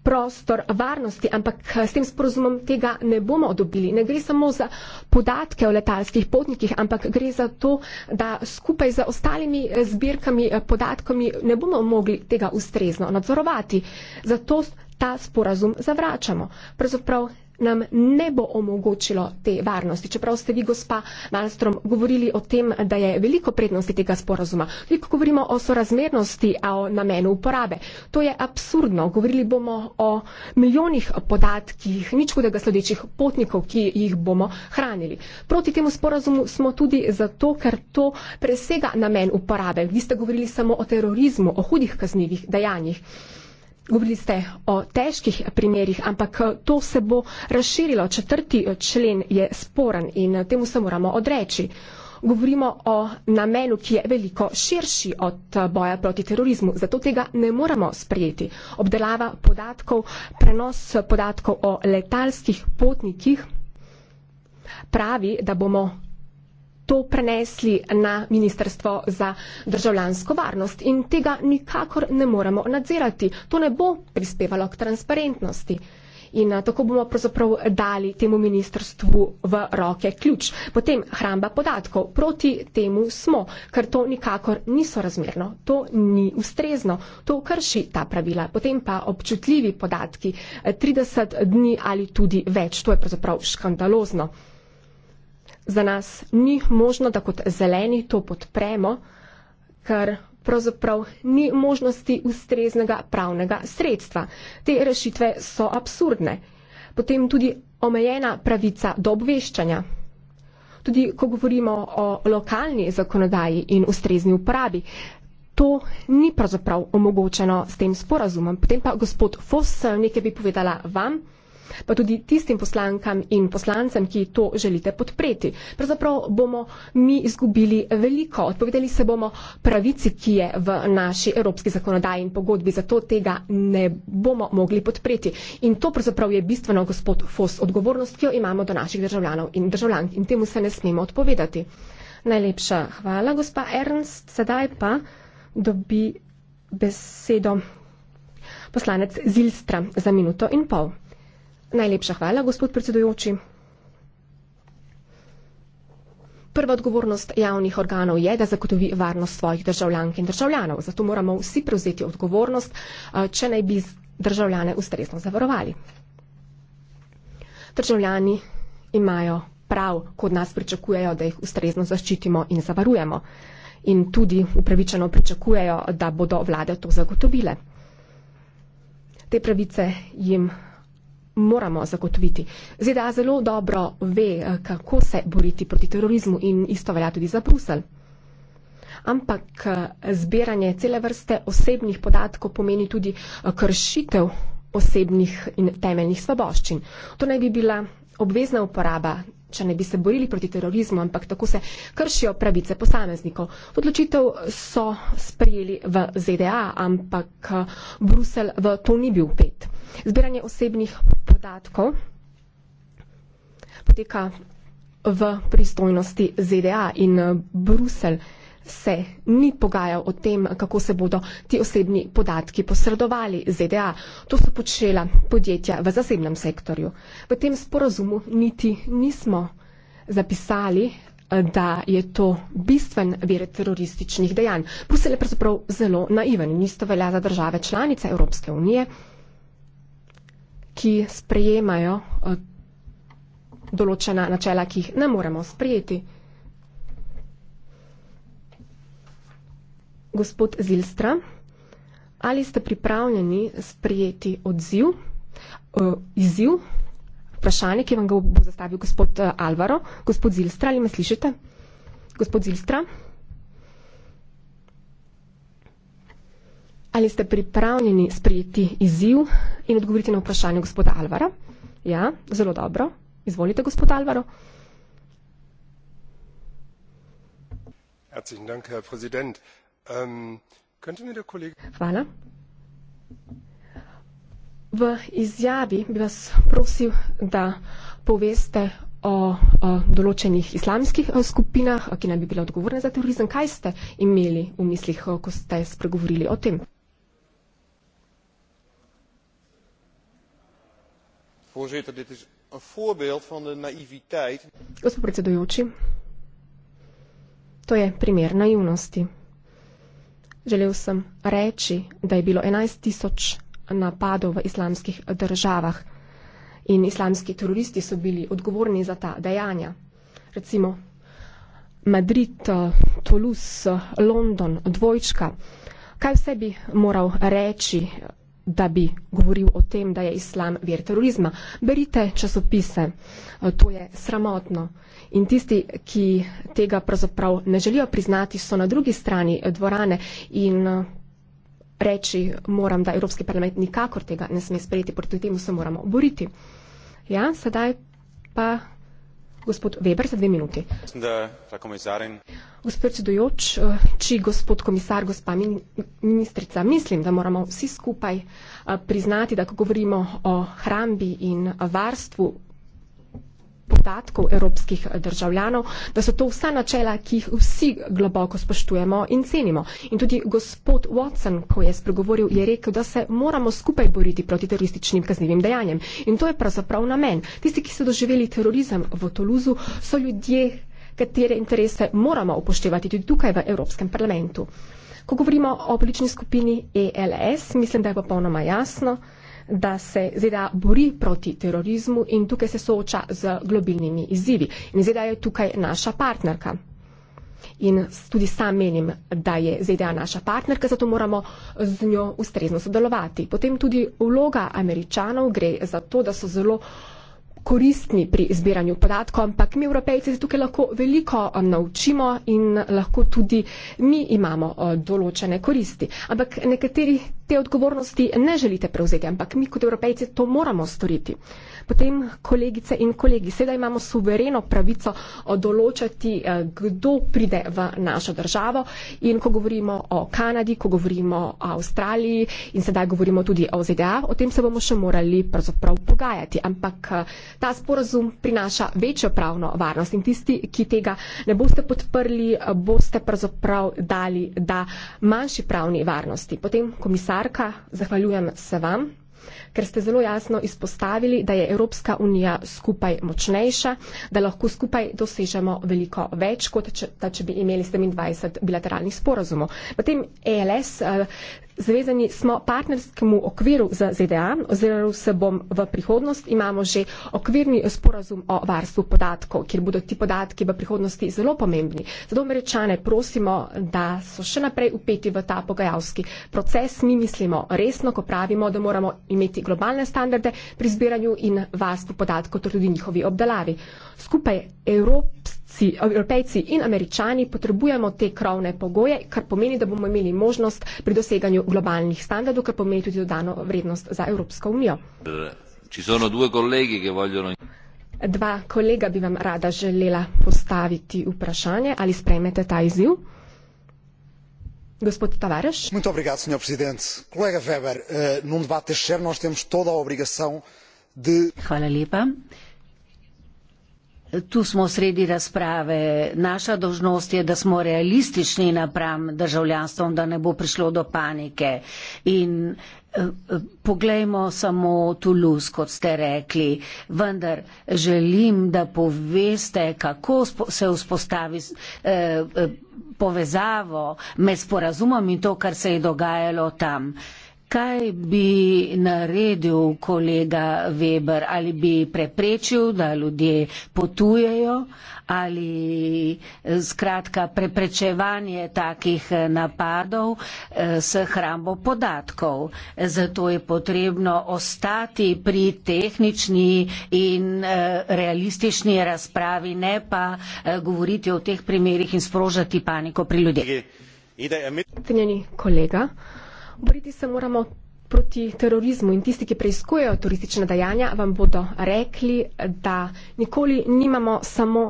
prostor varnosti, ampak eh, s tem sporozumom tega ne bomo dobili. Ne gre samo za podatke o letalskih potnikih, ampak gre za to, da skupaj z ostalimi zbirkami eh, podatkami ne bomo mogli tega ustrezno nadzorovati. Zato ta sporazum zavračamo. Pravzaprav nam ne bo omogočilo te varnosti. Čeprav ste vi, gospa Malstrom, govorili o tem, da je veliko prednosti tega sporazuma. Veliko govorimo o sorazmernosti, a o namenu uporabe. To je absurdno. Govorili bomo o milijonih podatkih, nič hudega sledečih potnikov, ki jih bomo hranili. Proti temu sporazumu smo tudi zato, ker to presega namen uporabe. Vi ste govorili samo o terorizmu, o hudih kaznivih dejanjih. Govorili ste o težkih primerjih, ampak eh, to se bo razširilo. Četrti eh, člen je sporen in eh, temu se moramo odreči. Govorimo o namenu, ki je veliko širši od boja proti terorizmu, zato tega ne moramo sprejeti. Obdelava podatkov, prenos podatkov o letalskih potnikih pravi, da bomo to prenesli na Ministrstvo za državljansko varnost in tega nikakor ne moremo nadzirati. To ne bo prispevalo k transparentnosti. In eh, tako bomo pravzaprav dali temu ministrstvu v roke ključ. Potem hramba podatkov. Proti temu smo, ker to nikakor niso razmerno, to ni ustrezno, to krši ta pravila. Potem pa občutljivi podatki 30 eh, dni ali tudi več. To je pravzaprav škandalozno za nas ni možno, da kot zeleni to podpremo, ker pravzaprav ni možnosti ustreznega pravnega sredstva. Te rešitve so absurdne. Potem tudi omejena pravica do obveščanja. Tudi ko govorimo o lokalni zakonodaji in ustrezni uporabi, to ni pravzaprav omogočeno s tem sporazumom. Potem pa gospod Foss nekaj bi povedala vam pa tudi tistim poslankam in poslancem, ki to želite podpreti. Pravzaprav bomo mi izgubili veliko, odpovedali se bomo pravici, ki je v naši evropski zakonodaji in pogodbi, zato tega ne bomo mogli podpreti. In to pravzaprav je bistveno, gospod Fos, odgovornost, ki jo imamo do naših državljanov in državljank in temu se ne smemo odpovedati. Najlepša hvala, gospa Ernst. Sedaj pa dobi besedo poslanec Zilstra za minuto in pol. Najlepša hvala, gospod predsedujoči. Prva odgovornost javnih organov je, da zagotovi varnost svojih državljank in državljanov. Zato moramo vsi prevzeti odgovornost, če naj bi državljane ustrezno zavarovali. Državljani imajo prav, kot nas pričakujejo, da jih ustrezno zaščitimo in zavarujemo. In tudi upravičeno pričakujejo, da bodo vlade to zagotovile. Te pravice jim moramo zagotoviti. ZDA zelo dobro ve, eh, kako se boriti proti terorizmu in isto velja tudi za Brusel. Ampak eh, zbiranje cele vrste osebnih podatkov pomeni tudi eh, kršitev osebnih in temeljnih svoboščin. To naj bi bila obvezna uporaba, če ne bi se borili proti terorizmu, ampak tako se kršijo pravice posameznikov. Odločitev so sprejeli v ZDA, ampak Brusel v to ni bil pet. Zbiranje osebnih podatkov poteka v pristojnosti ZDA in eh, Brusel se ni pogajal o tem, kako se bodo ti osebni podatki posredovali ZDA. To so počela podjetja v zasebnem sektorju. V tem sporazumu niti nismo zapisali, eh, da je to bistven vir terorističnih dejanj. Brusel je pravzaprav zelo naiven in isto velja za države članice Evropske unije ki sprejemajo eh, določena načela, ki jih ne moremo sprejeti. Gospod Zilstra, ali ste pripravljeni sprejeti odziv, eh, izziv, vprašanje, ki vam ga bo zastavil gospod eh, Alvaro? Gospod Zilstra, ali me slišite? Gospod Zilstra? Ali ste pripravljeni sprejeti izziv in odgovoriti na vprašanje gospoda Alvara? Ja, zelo dobro. Izvolite, gospod Alvaro. Ähm, Hvala. V izjavi bi vas prosil, da poveste o določenih islamskih eh, skupinah, ki naj bi bile odgovorne za terorizem. Kaj ste imeli v mislih, eh, ko ste spregovorili o tem? Voorzitter, dit is een voorbeeld van de naïviteit. Gospod predsedujoči, to je primer naivnosti. Želel sem reči, da je bilo 11 tisoč napadov v islamskih državah in islamski teroristi so bili odgovorni za ta dejanja. Recimo Madrid, eh, Toulouse, London, dvojčka. Kaj vse bi moral reči da bi govoril o tem, da je islam vir terorizma. Berite časopise, e, to je sramotno. In tisti, ki tega pravzaprav ne želijo priznati, so na drugi strani e, dvorane in e, reči moram, da Evropski parlament nikakor tega ne sme sprejeti, proti temu se moramo boriti. Ja, sedaj pa Gospod Weber, za dve minuti. Gospod predsedujoč, eh, či gospod komisar, gospa ministrica, mislim, da moramo vsi skupaj eh, priznati, da ko govorimo o hrambi in varstvu podatkov evropskih državljanov, da so to vsa načela, ki jih vsi globoko spoštujemo in cenimo. In tudi gospod Watson, ko je spregovoril, je rekel, da se moramo skupaj boriti proti terorističnim kaznivim dejanjem. In to je pravzaprav namen. Tisti, ki so doživeli terorizem v Toluzu, so ljudje, katere interese moramo upoštevati tudi tukaj v Evropskem parlamentu. Ko govorimo o politični skupini ELS, mislim, da je popolnoma jasno, da se zeda bori proti terorizmu in tukaj se sooča z globilnimi izzivi. In zeda je tukaj naša partnerka. In tudi sam menim, da je ZDA naša partnerka, zato moramo z njo ustrezno sodelovati. Potem tudi vloga američanov gre za to, da so zelo uh, koristni pri izbiranju podatkov, ampak mi, evropejci, se tukaj lahko veliko eh, naučimo in lahko tudi mi imamo eh, določene koristi. Ampak nekateri te odgovornosti ne želite prevzeti, ampak mi kot evropejci to moramo storiti potem kolegice in kolegi, sedaj imamo suvereno pravico eh, določati, eh, kdo pride v našo državo in ko govorimo o Kanadi, ko govorimo o Avstraliji in sedaj govorimo tudi o ZDA, o tem se bomo še morali pravzaprav pogajati. Ampak eh, ta sporazum prinaša večjo pravno varnost in tisti, ki tega ne boste podprli, boste pravzaprav dali, da manjši pravni varnosti. Potem komisarka, zahvaljujem se vam ker ste zelo jasno izpostavili, da je Evropska unija skupaj močnejša, da lahko skupaj dosežemo veliko več, kot če, če bi imeli 27 bilateralnih sporazumov. Potem ELS eh, Zvezani smo partnerskemu okviru za ZDA, oziral se bom v prihodnost, imamo že okvirni sporazum o varstvu podatkov, kjer bodo ti podatki v prihodnosti zelo pomembni. Zato američane prosimo, da so še naprej upeti v ta pogajalski proces. Mi mislimo resno, ko pravimo, da moramo imeti globalne standarde pri zbiranju in varstvu podatkov, torej tudi njihovi obdelavi. Skupaj Evropske si Evropejci in Američani potrebujemo te krovne pogoje, kar pomeni, da bomo imeli možnost pri doseganju globalnih standardov, kar pomeni tudi dodano vrednost za Evropsko unijo. Če so dve kolegi, ki voljo. Dva kolega bi vam rada želela postaviti vprašanje, ali sprejmete ta izziv. Gospod Tavares. Muito obrigado, senhor presidente. Kolega Weber, uh, num debate deste género, nós temos toda a obrigação de. Hvala lepa. Uh, tu smo sredi razprave. Naša dožnost je, da smo realistični napram državljanstvom, da ne bo prišlo do panike. In eh, Poglejmo samo Toulouse, kot ste rekli, vendar želim, da poveste, kako se vzpostavi eh, eh, povezavo med sporazumom in to, kar se je dogajalo tam. Kaj bi naredil kolega Weber? Ali bi preprečil, da ljudje potujejo? Ali eh, skratka preprečevanje takih eh, napadov eh, s hrambo podatkov? Zato je potrebno ostati pri tehnični in realistični razpravi, ne pa govoriti o teh primerjih in sprožati paniko pri ljudeh. Cenjeni kolega. Boriti se moramo proti terorizmu in tisti, ki preiskujejo turistične dajanja, vam bodo rekli, da nikoli nimamo samo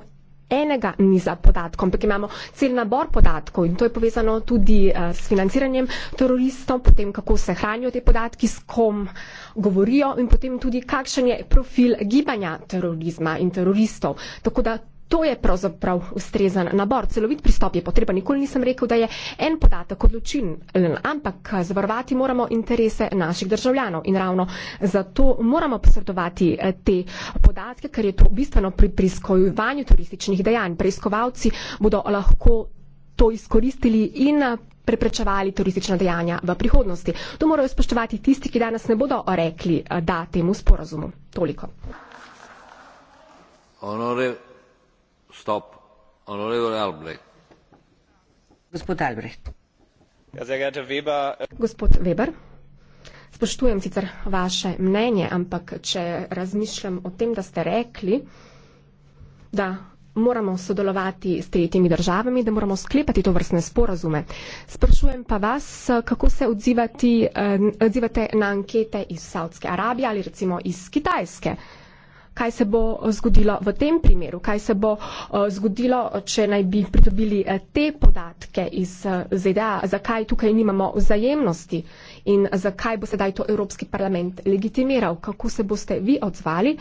enega niza podatkov, ampak imamo cel nabor podatkov in to je povezano tudi eh, s financiranjem teroristov, potem kako se hranijo te podatki, s kom govorijo in potem tudi kakšen je profil gibanja terorizma in teroristov. Tako da to je pravzaprav ustrezen nabor. Celovit pristop je potreben. Nikoli nisem rekel, da je en podatek odločilen, ampak zavarovati moramo interese naših državljanov in ravno zato moramo posredovati eh, te podatke, ker je to bistveno pri preiskovanju turističnih dejanj. Preiskovalci bodo lahko to izkoristili in eh, preprečevali turistična dejanja v prihodnosti. To morajo spoštovati tisti, ki danes ne bodo rekli eh, da temu sporazumu. Toliko. Honore. Ja, äh, gospod weber spoštujem sicer vaše mnenje ampak če razmišljam o tem da ste rekli da moramo sodelovati s tretjimi državami, da moramo sklepati to vrstne sporazume. Sprašujem pa vas, kako se odzivati, eh, odzivate na ankete iz Saudske Arabije ali recimo iz Kitajske kaj se bo eh, zgodilo v tem primeru, kaj se bo eh, zgodilo, če naj bi pridobili eh, te podatke iz ZDA, zakaj tukaj nimamo vzajemnosti in zakaj bo sedaj to Evropski parlament legitimiral, kako se boste vi odzvali,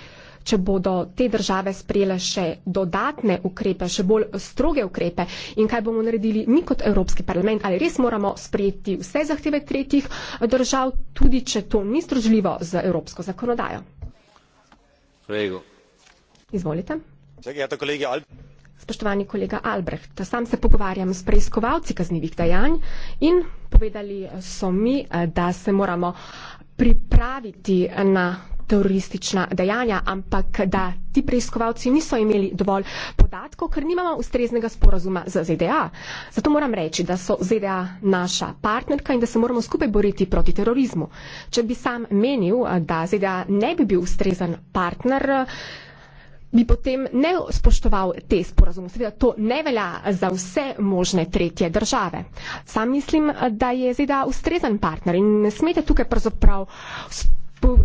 če bodo te države sprejele še dodatne ukrepe, še bolj stroge ukrepe in kaj bomo naredili mi kot Evropski parlament, ali res moramo sprejeti vse zahteve tretjih držav, tudi če to ni združljivo z evropsko zakonodajo. Izvolite. Spoštovani kolega Albrecht, sam se pogovarjam s preiskovalci kaznjivih dejanj in povedali so mi, eh, da se moramo pripraviti na teroristična dejanja, ampak da ti preiskovalci niso imeli dovolj podatkov, ker nimamo ustreznega sporazuma z ZDA. Zato moram reči, da so ZDA naša partnerka in da se moramo skupaj boriti proti terorizmu. Če bi sam menil, da ZDA ne bi bil ustrezen partner, bi potem ne spoštoval te sporazume. Seveda to ne velja za vse možne tretje države. Sam mislim, da je ZDA ustrezen partner in ne smete tukaj pravzaprav spoštovati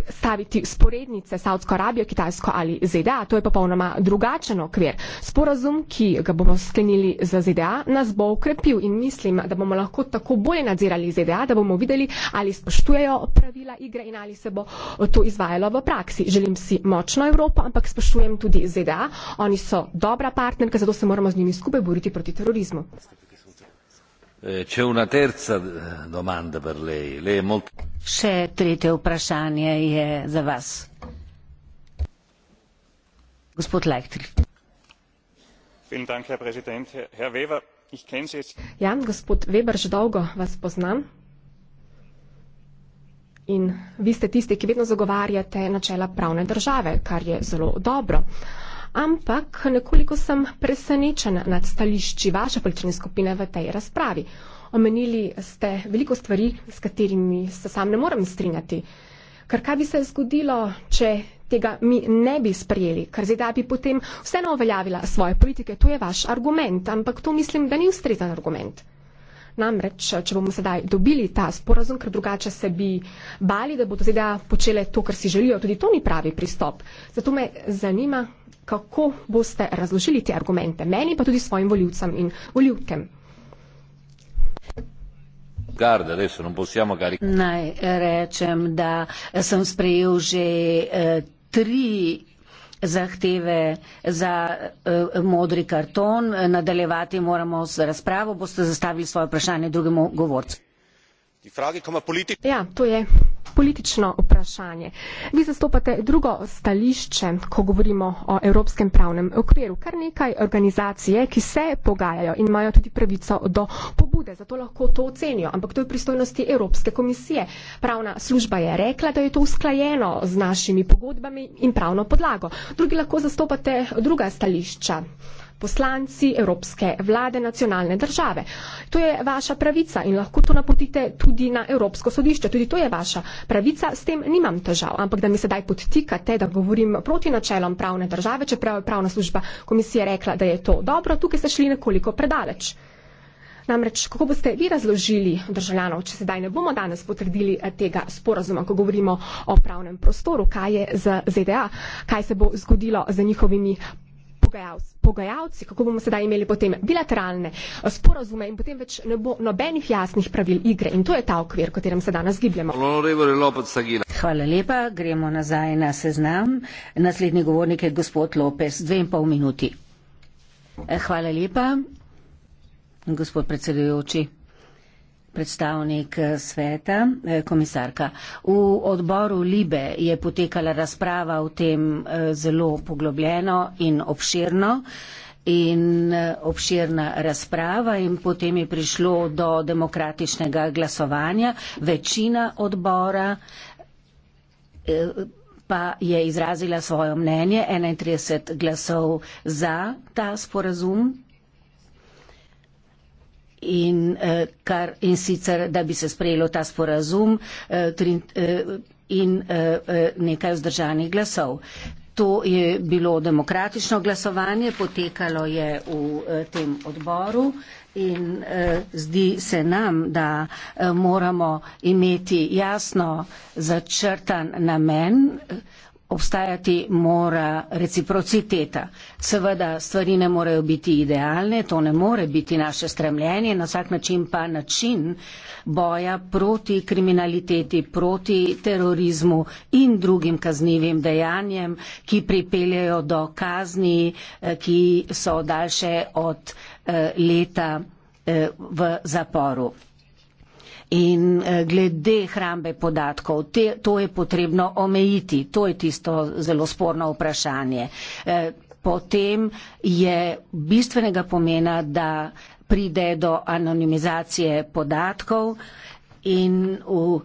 staviti sporednice Saudsko Arabijo, Kitajsko ali ZDA. To je popolnoma drugačen okvir. Sporazum, ki ga bomo sklenili z ZDA, nas bo ukrepil in mislim, da bomo lahko tako bolje nadzirali ZDA, da bomo videli, ali spoštujejo pravila igre in ali se bo to izvajalo v praksi. Želim si močno Evropo, ampak spoštujem tudi ZDA. Oni so dobra partnerka, zato se moramo z njimi skupaj boriti proti terorizmu. Eh, c'è una terza eh, domanda per lei. lei è molto... C'è tretje vprašanje je za vas. Gospod Lechtl. Dank, Herr Herr Weber, ich Sie jetzt... Ja, gospod Weber, že dolgo vas poznam. In vi ste tisti, ki vedno zagovarjate načela pravne države, kar je zelo dobro. Uh, ampak nekoliko sem presenečen nad stališči vaše politične skupine v tej razpravi. Omenili ste veliko stvari, s katerimi se sam ne morem strinjati. Ker kaj bi se zgodilo, če tega mi ne bi sprejeli, ker ZDA bi potem vseeno uveljavila svoje politike, to je vaš argument, ampak to mislim, da ni ustrezan argument. Namreč, če bomo sedaj dobili ta sporazum, ker drugače se bi bali, da bodo ZDA počele to, kar si želijo, tudi to ni pravi pristop. Zato me zanima, kako boste razložili te argumente meni, pa tudi svojim voljivcem in voljivkem. Garde, adesso, non possiamo caric- Naj rečem, da sem sprejel že eh, tri zahteve za eh, modri karton. Nadaljevati moramo z razpravo. Boste zastavili svoje vprašanje drugemu govorcu. Ja, to je politično vprašanje. Vi zastopate drugo stališče, ko govorimo o evropskem pravnem okviru. Kar nekaj organizacije, ki se pogajajo in imajo tudi pravico do pobude, zato lahko to ocenijo, ampak to je v pristojnosti Evropske komisije. Pravna služba je rekla, da je to usklajeno z našimi pogodbami in pravno podlago. Drugi lahko zastopate druga stališča poslanci Evropske vlade nacionalne države. To je vaša pravica in lahko to napotite tudi na Evropsko sodišče. Tudi to je vaša pravica, s tem nimam težav. Ampak da mi sedaj podtikate, da govorim proti načelom pravne države, čeprav je pravna služba komisije rekla, da je to dobro, tukaj ste šli nekoliko predaleč. Namreč, kako boste vi razložili državljanov, če sedaj ne bomo danes potrdili eh, tega sporazuma, ko govorimo o pravnem prostoru, kaj je z ZDA, kaj se bo zgodilo z njihovimi pogajalci, pogajalci, kako bomo sedaj imeli potem bilateralne eh, sporazume in potem več ne bo nobenih jasnih pravil igre. In to je ta okvir, v katerem se danes gibljamo. Hvala lepa, gremo nazaj na seznam. Naslednji govornik je gospod Lopes, dve in pol minuti. Eh, hvala lepa, gospod predsedujoči predstavnik eh, sveta, eh, komisarka. V odboru Libe je potekala razprava o tem eh, zelo poglobljeno in obširno in obširna razprava in potem je prišlo do demokratičnega glasovanja. Večina odbora pa je izrazila svoje mnenje, 31 glasov za ta sporazum, in, eh, kar, in sicer, da bi se sprejelo ta sporazum eh, tri, eh, in eh, eh, nekaj vzdržanih glasov. To je bilo demokratično glasovanje, potekalo je v eh, tem odboru in eh, zdi se nam, da eh, moramo imeti jasno začrtan namen. Eh, obstajati mora reciprociteta. Seveda stvari ne morejo biti idealne, to ne more biti naše stremljenje, na vsak način pa način boja proti kriminaliteti, proti terorizmu in drugim kaznivim dejanjem, ki pripeljajo do kazni, eh, ki so daljše od eh, leta eh, v zaporu. In eh, glede hrambe podatkov, te, to je potrebno omejiti, to je tisto zelo sporno vprašanje. Eh, potem je bistvenega pomena, da pride do anonimizacije podatkov in v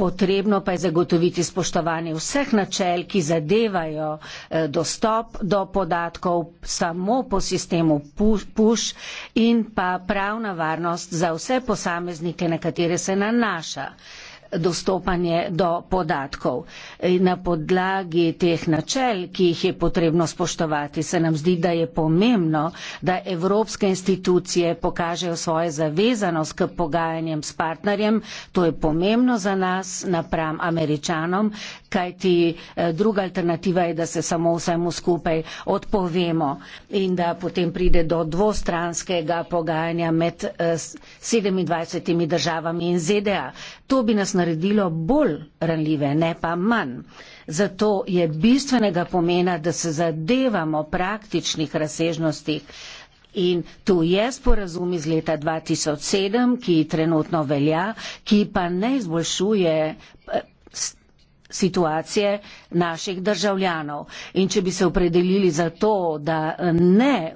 potrebno pa je zagotoviti spoštovanje vseh načel, ki zadevajo eh, dostop do podatkov samo po sistemu PUŠ in pa pravna varnost za vse posameznike, na katere se nanaša dostopanje do podatkov. Na podlagi teh načel, ki jih je potrebno spoštovati, se nam zdi, da je pomembno, da evropske institucije pokažejo svojo zavezanost k pogajanjem s partnerjem. To je pomembno za nas napram američanom, kajti eh, druga alternativa je, da se samo vsemu skupaj odpovemo in da potem pride do dvostranskega pogajanja med 27 eh, državami in ZDA. To bi nas naredilo bolj ranljive, ne pa manj. Zato je bistvenega pomena, da se zadevamo praktičnih razsežnostih. In tu je sporazum iz leta 2007, ki trenutno velja, ki pa ne izboljšuje eh, situacije naših državljanov. In če bi se opredelili za to, da ne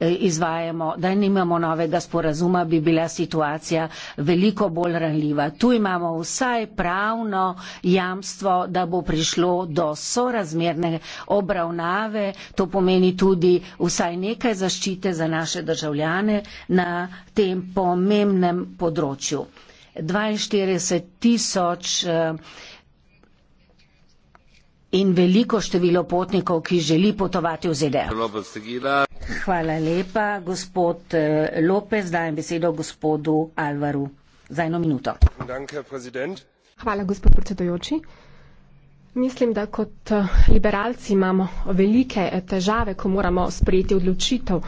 e, izvajamo, da nimamo novega sporazuma, bi bila situacija veliko bolj ranljiva. Tu imamo vsaj pravno jamstvo, da bo prišlo do sorazmerne obravnave. To pomeni tudi vsaj nekaj zaščite za naše državljane na tem pomembnem področju. 42 tisoč e, in veliko število potnikov, ki želi potovati v ZDA. Hvala lepa, gospod eh, Lopez. Dajem besedo gospodu Alvaru za eno minuto. Hvala, gospod predsedojoči. Mislim, da kot eh, liberalci imamo velike eh, težave, ko moramo sprejeti odločitev. Uh,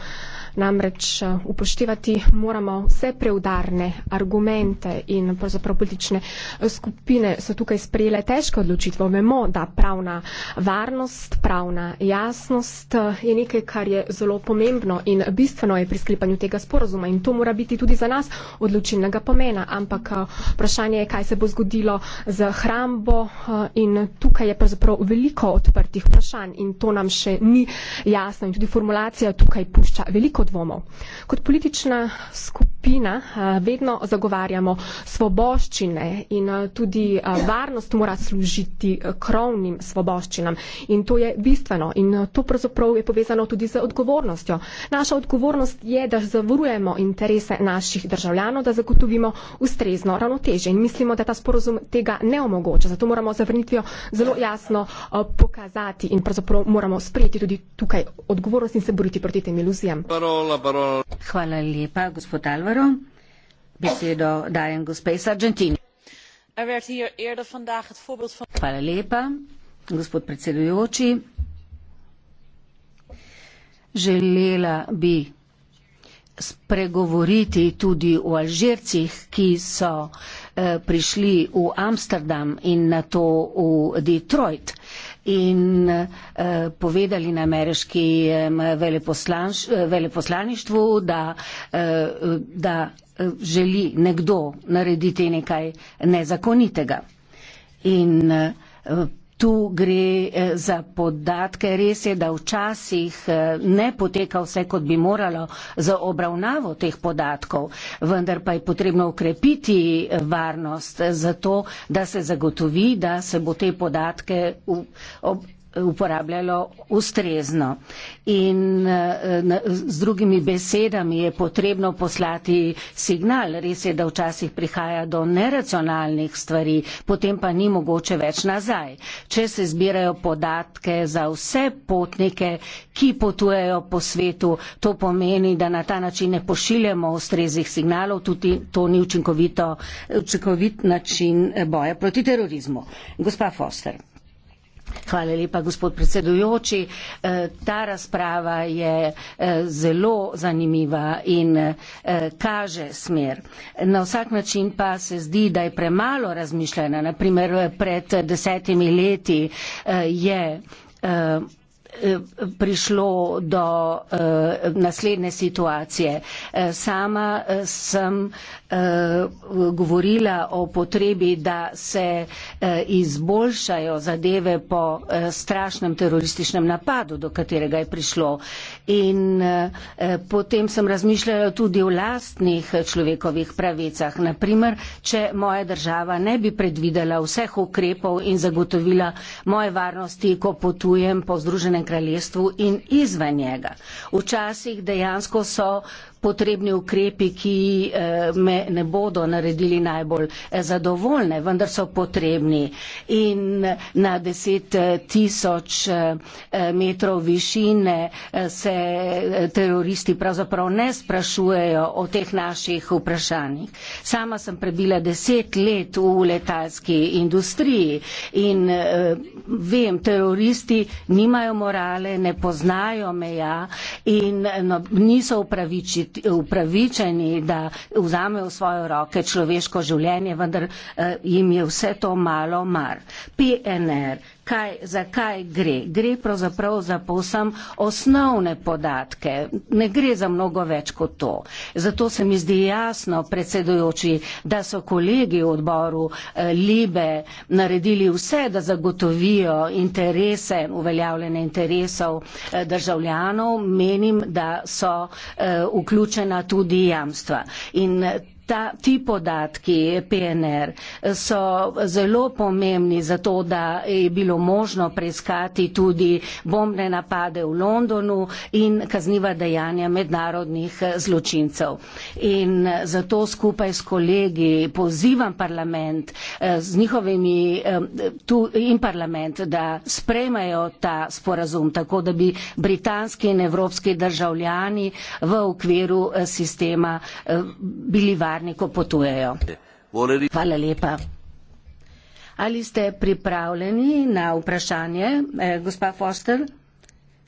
Namreč eh, upoštevati moramo vse preudarne argumente in pravzaprav politične eh, skupine so tukaj sprejele težko odločitvo. Vemo, da pravna varnost, pravna jasnost eh, je nekaj, kar je zelo pomembno in bistveno je pri sklepanju tega sporozuma in to mora biti tudi za nas odločilnega pomena. Ampak vprašanje je, kaj se bo zgodilo z hrambo in tukaj je pravzaprav veliko odprtih vprašanj in to nam še ni jasno in tudi formulacija tukaj pušča veliko dvomov. Kot politična skupina eh, vedno zagovarjamo svoboščine in eh, tudi eh, varnost mora služiti krovnim svoboščinam in to je bistveno in to pravzaprav je povezano tudi z odgovornostjo. Naša odgovornost je, da zavrujemo interese naših državljanov, da zagotovimo ustrezno ravnoteže in mislimo, da ta sporozum tega ne omogoča. Zato moramo zavrnitvijo zelo jasno pokazati in pravzaprav moramo sprejeti tudi tukaj odgovornost in se boriti proti tem iluzijam. Hvala. Hvala lepa, gospod Alvaro. Besedo dajem gospe iz Argentini. Er Hvala lepa, gospod predsedujoči. Želela bi spregovoriti tudi o Alžircih, ki so eh, prišli v Amsterdam in na to v Detroit. Eh, in uh, povedali na ameriški eh, veleposlanš, eh, veleposlaništvu, da, uh, da želi nekdo narediti nekaj nezakonitega. In uh, Tu gre eh, za podatke. Res je, da včasih eh, ne poteka vse, kot bi moralo za obravnavo teh podatkov, vendar pa je potrebno ukrepiti eh, varnost zato, da se zagotovi, da se bo te podatke uporabljalo ustrezno. In eh, z drugimi besedami je potrebno poslati signal. Res je, da včasih prihaja do neracionalnih stvari, potem pa ni mogoče več nazaj. Če se zbirajo podatke za vse potnike, ki potujejo po svetu, to pomeni, da na ta način ne pošiljamo ustreznih signalov, tudi to ni učinkovit način eh, boja proti terorizmu. Gospa Foster. Hvala lepa, gospod predsedujoči. Eh, ta razprava je eh, zelo zanimiva in eh, kaže smer. Na vsak način pa se zdi, da je premalo razmišljena. Naprimer, pred desetimi leti je prišlo do eh, naslednje situacije. Eh, sama eh, sem govorila o potrebi, da se izboljšajo zadeve po strašnem terorističnem napadu, do katerega je prišlo. In potem sem razmišljala tudi o lastnih človekovih pravicah. Naprimer, če moja država ne bi predvidela vseh ukrepov in zagotovila moje varnosti, ko potujem po Združenem kraljestvu in izven njega. Včasih dejansko so potrebni ukrepi, ki eh, me ne bodo naredili najbolj eh, zadovoljne, vendar so potrebni. In eh, na deset tisoč metrov višine se teroristi pravzaprav ne sprašujejo o teh naših vprašanjih. Sama sem prebila deset let v letalski industriji in vem, teroristi nimajo morale, ne poznajo meja in no, niso upravičiti upravičeni, da vzamejo v svoje roke človeško življenje, vendar eh, jim je vse to malo mar. PNR, kaj, za kaj gre. Gre pravzaprav za povsem osnovne podatke, ne gre za mnogo več kot to. Zato se mi zdi jasno, predsedujoči, da so kolegi v odboru eh, Libe naredili vse, da zagotovijo interese, uveljavljene interesov eh, državljanov, menim, da so eh, vključena tudi jamstva. In ta, ti podatki PNR so zelo pomembni za to, da je bilo možno preiskati tudi bombne napade v Londonu in kazniva dejanja mednarodnih zločincev. In zato skupaj s kolegi pozivam parlament eh, z njihovimi eh, tu, in parlament, da sprejmajo ta sporazum tako, da bi britanski in evropski državljani v okviru eh, sistema bili varni varni, ko potujejo. Hvala lepa. Ali ste pripravljeni na vprašanje, eh, gospa Foster,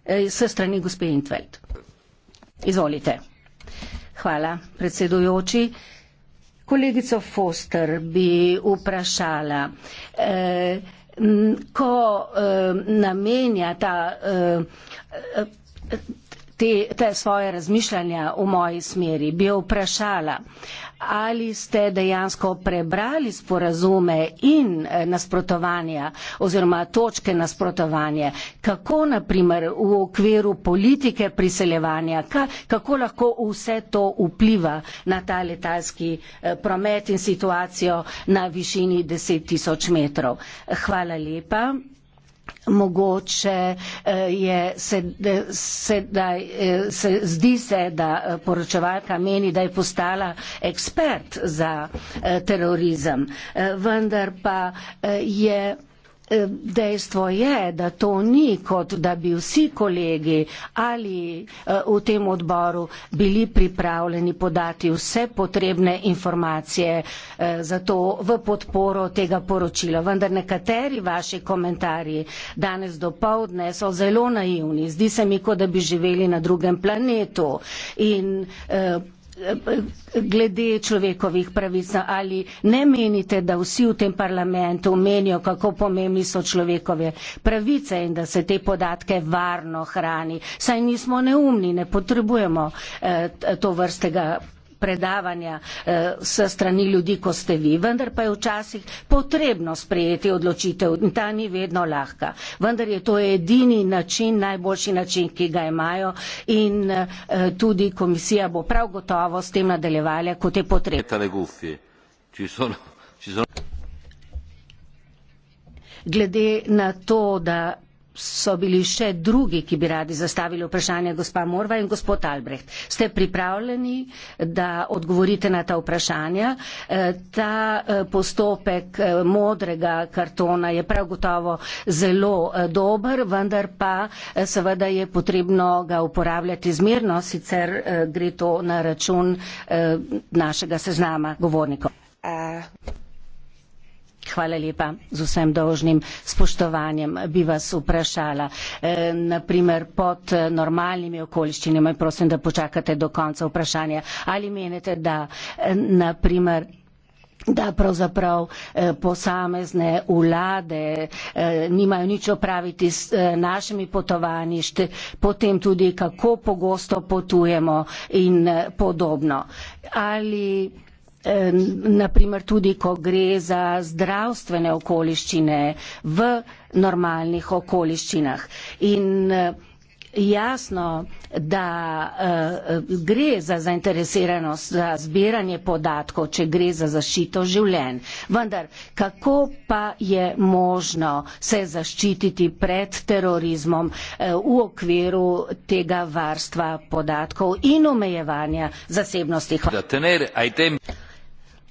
eh, s strani gospe Intveld? Izvolite. Hvala, predsedujoči. Kolegico Foster bi vprašala, eh, ko eh, namenja ta, eh, te, te svoje razmišljanja v moji smeri, bi jo vprašala. Eh, ali ste dejansko prebrali sporazume in eh, nasprotovanja oziroma točke nasprotovanja, kako naprimer v okviru politike priseljevanja, kako lahko vse to vpliva na ta letalski eh, promet in situacijo na višini 10 tisoč metrov. Hvala lepa mogoče eh, je sedaj, eh, eh, se zdi se, da poročevalka meni, da je postala ekspert za terorizem. Vendar pa je Dejstvo je, da to ni kot, da bi vsi kolegi ali eh, v tem odboru bili pripravljeni podati vse potrebne informacije eh, za to v podporo tega poročila. Vendar nekateri vaši komentarji danes do povdne so zelo naivni. Zdi se mi, kot da bi živeli na drugem planetu. In, eh, glede človekovih pravic, ali ne menite, da vsi v tem parlamentu menijo, kako pomembni so človekove pravice in da se te podatke varno hrani. Saj nismo neumni, ne potrebujemo eh, to vrstega predavanja eh, s strani ljudi, kot ste vi, vendar pa je včasih potrebno sprejeti odločitev in ta ni vedno lahka. Vendar je to edini način, najboljši način, ki ga imajo in eh, tudi komisija bo prav gotovo s tem nadaljevala, kot je potrebno. Glede na to, da so bili še drugi, ki bi radi zastavili vprašanje, gospa Morva in gospod Albreht. Ste pripravljeni, da odgovorite na ta vprašanja? E, ta e, postopek e, modrega kartona je prav gotovo zelo dober, vendar pa seveda je potrebno ga uporabljati zmerno, sicer gre to na račun našega seznama govornikov. Uh. Hvala lepa z vsem dožnim spoštovanjem. Bi vas vprašala, e, naprimer pod e, normalnimi okoliščinami, prosim, da počakate do konca vprašanja, ali menite, da e, naprimer da pravzaprav eh, posamezne vlade eh, nimajo nič opraviti s eh, našimi potovanjišti, potem tudi kako pogosto potujemo in eh, podobno. Ali naprimer tudi, ko gre za zdravstvene okoliščine v normalnih okoliščinah. In eh, jasno, da eh, gre za zainteresiranost za zbiranje podatkov, če gre za zaščito življenj. Vendar, kako pa je možno se zaščititi pred terorizmom eh, v okviru tega varstva podatkov in omejevanja zasebnosti? Hvala.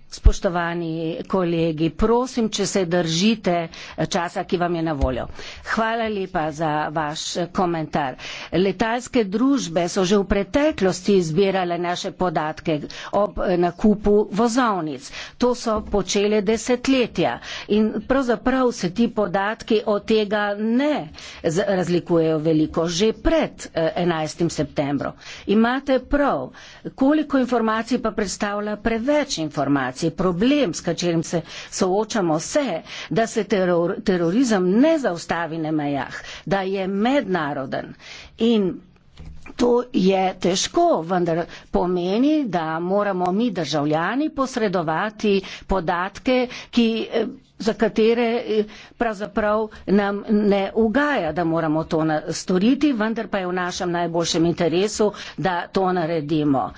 Spoštovani kolegi, prosim, če se držite časa, ki vam je na voljo. Hvala lepa za vaš komentar. Letalske družbe so že v preteklosti izbirale naše podatke ob nakupu vozovnic. To so počele desetletja in pravzaprav se ti podatki od tega ne razlikujejo veliko že pred 11. Eh, septembrom. Imate prav, koliko informacij pa predstavlja preveč informacij situacije, problem, s katerim se soočamo vse, da se teror, terorizem ne zaustavi na mejah, da je mednaroden. In To je težko, vendar pomeni, da moramo mi državljani posredovati podatke, ki, eh, za katere eh, pravzaprav nam ne ugaja, da moramo to storiti, vendar pa je v našem najboljšem interesu, da to naredimo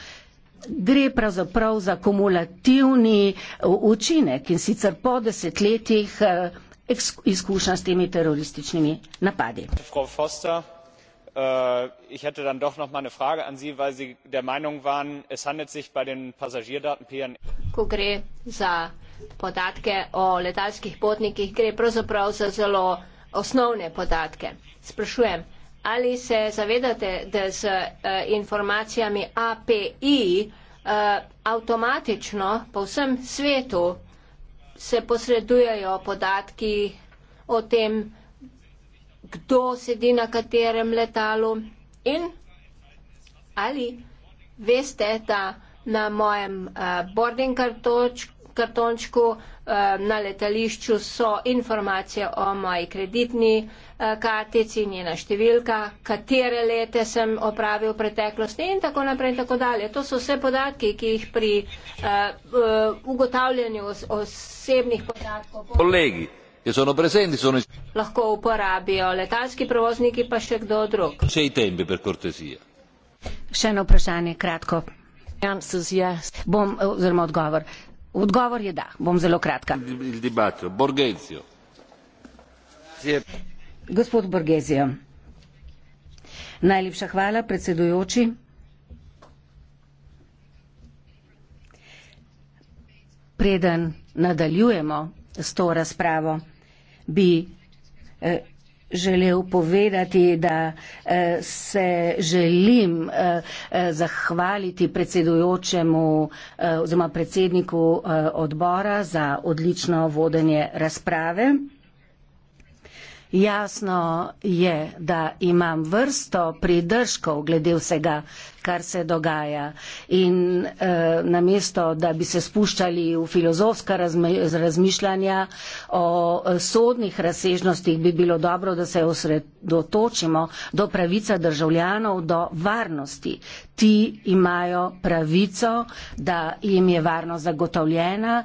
gre pravzaprav za kumulativni uh, učinek in sicer po desetletjih uh, izkušnja s temi terorističnimi napadi. Äh, ich hätte dann doch noch mal eine Frage an Sie, weil Sie der Meinung waren, es handelt sich bei den Passagierdaten PN. Ko gre za podatke o letalskih potnikih, gre pravzaprav za zelo osnovne podatke. Sprašujem, Ali se zavedate, da z uh, informacijami API uh, eh, avtomatično po vsem svetu se posredujejo podatki o tem, kdo sedi na katerem letalu in ali veste, da na mojem uh, boarding kartoč, kartončku uh, Ehm, na letališču so informacije o moji kreditni eh, kartici, njena številka, katere lete sem opravil v preteklosti in tako naprej in tako dalje. To so vse podatki, ki jih pri eh, eh, ugotavljanju osebnih podatkov. Kolegi, ki so prisotni, so iz. Lahko uporabijo letalski prevozniki, pa še kdo drug. Še in tembi, per kortezija. Še eno vprašanje, kratko. Yes. Bom, oziroma odgovor. Odgovor je da. Bom zelo kratka. Borgezio. Gospod Borgezio. Najlepša hvala, predsedujoči. Preden nadaljujemo s to razpravo, bi eh, želel povedati, da eh, se želim eh, eh, zahvaliti predsedujočemu oziroma predsedniku odbora za odlično vodenje razprave. Jasno je, da imam vrsto pridržkov glede vsega, kar se dogaja. In eh, namesto, da bi se spuščali v filozofska razmišljanja o eh, sodnih razsežnostih, bi bilo dobro, da se osredotočimo do pravica državljanov, do varnosti. Ti imajo pravico, da jim je varnost zagotovljena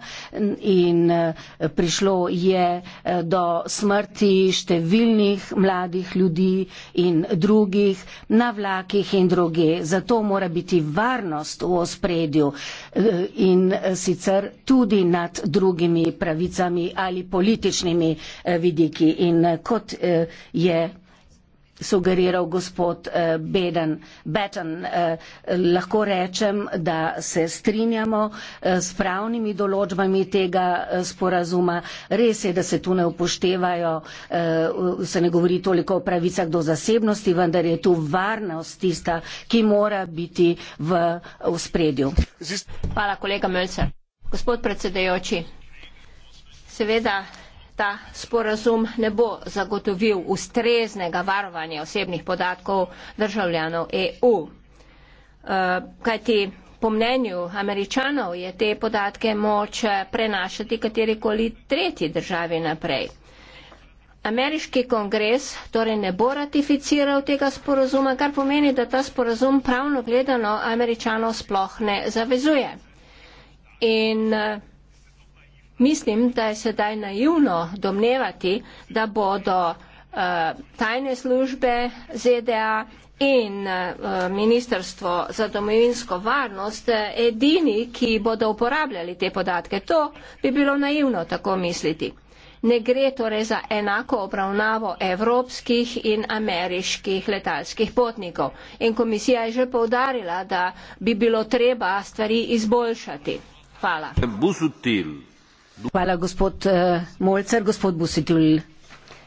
in eh, prišlo je eh, do smrti številnih mladih ljudi in drugih na vlakih in druge. Zato zato mora biti varnost v ospredju eh, in sicer tudi nad drugimi pravicami ali političnimi eh, vidiki. In eh, kot je sugeriral gospod eh, Beden. Beten, eh, lahko rečem, da se strinjamo eh, s pravnimi določbami tega sporazuma. Res je, da se tu ne upoštevajo, se ne govori toliko o pravicah do zasebnosti, vendar je tu varnost tista, ki mora biti v spredju. Hvala, kolega Mölcer. Gospod predsedajoči, seveda ta sporazum ne bo zagotovil ustreznega varovanja osebnih podatkov državljanov EU. Eh, kajti po mnenju američanov je te podatke moč eh, prenašati katerikoli tretji državi naprej. Ameriški kongres torej ne bo ratificiral tega sporazuma, kar pomeni, da ta sporazum pravno gledano američanov sploh ne zavezuje. In eh, Mislim, da je sedaj naivno domnevati, da bodo uh, tajne službe ZDA in uh, Ministrstvo za domovinsko varnost eh, edini, ki bodo uporabljali te podatke. To bi bilo naivno tako misliti. Ne gre torej za enako obravnavo evropskih in ameriških letalskih potnikov. In komisija je že povdarila, da bi bilo treba stvari izboljšati. Hvala. Hvala, gospod eh, Molcer. Gospod Busitl,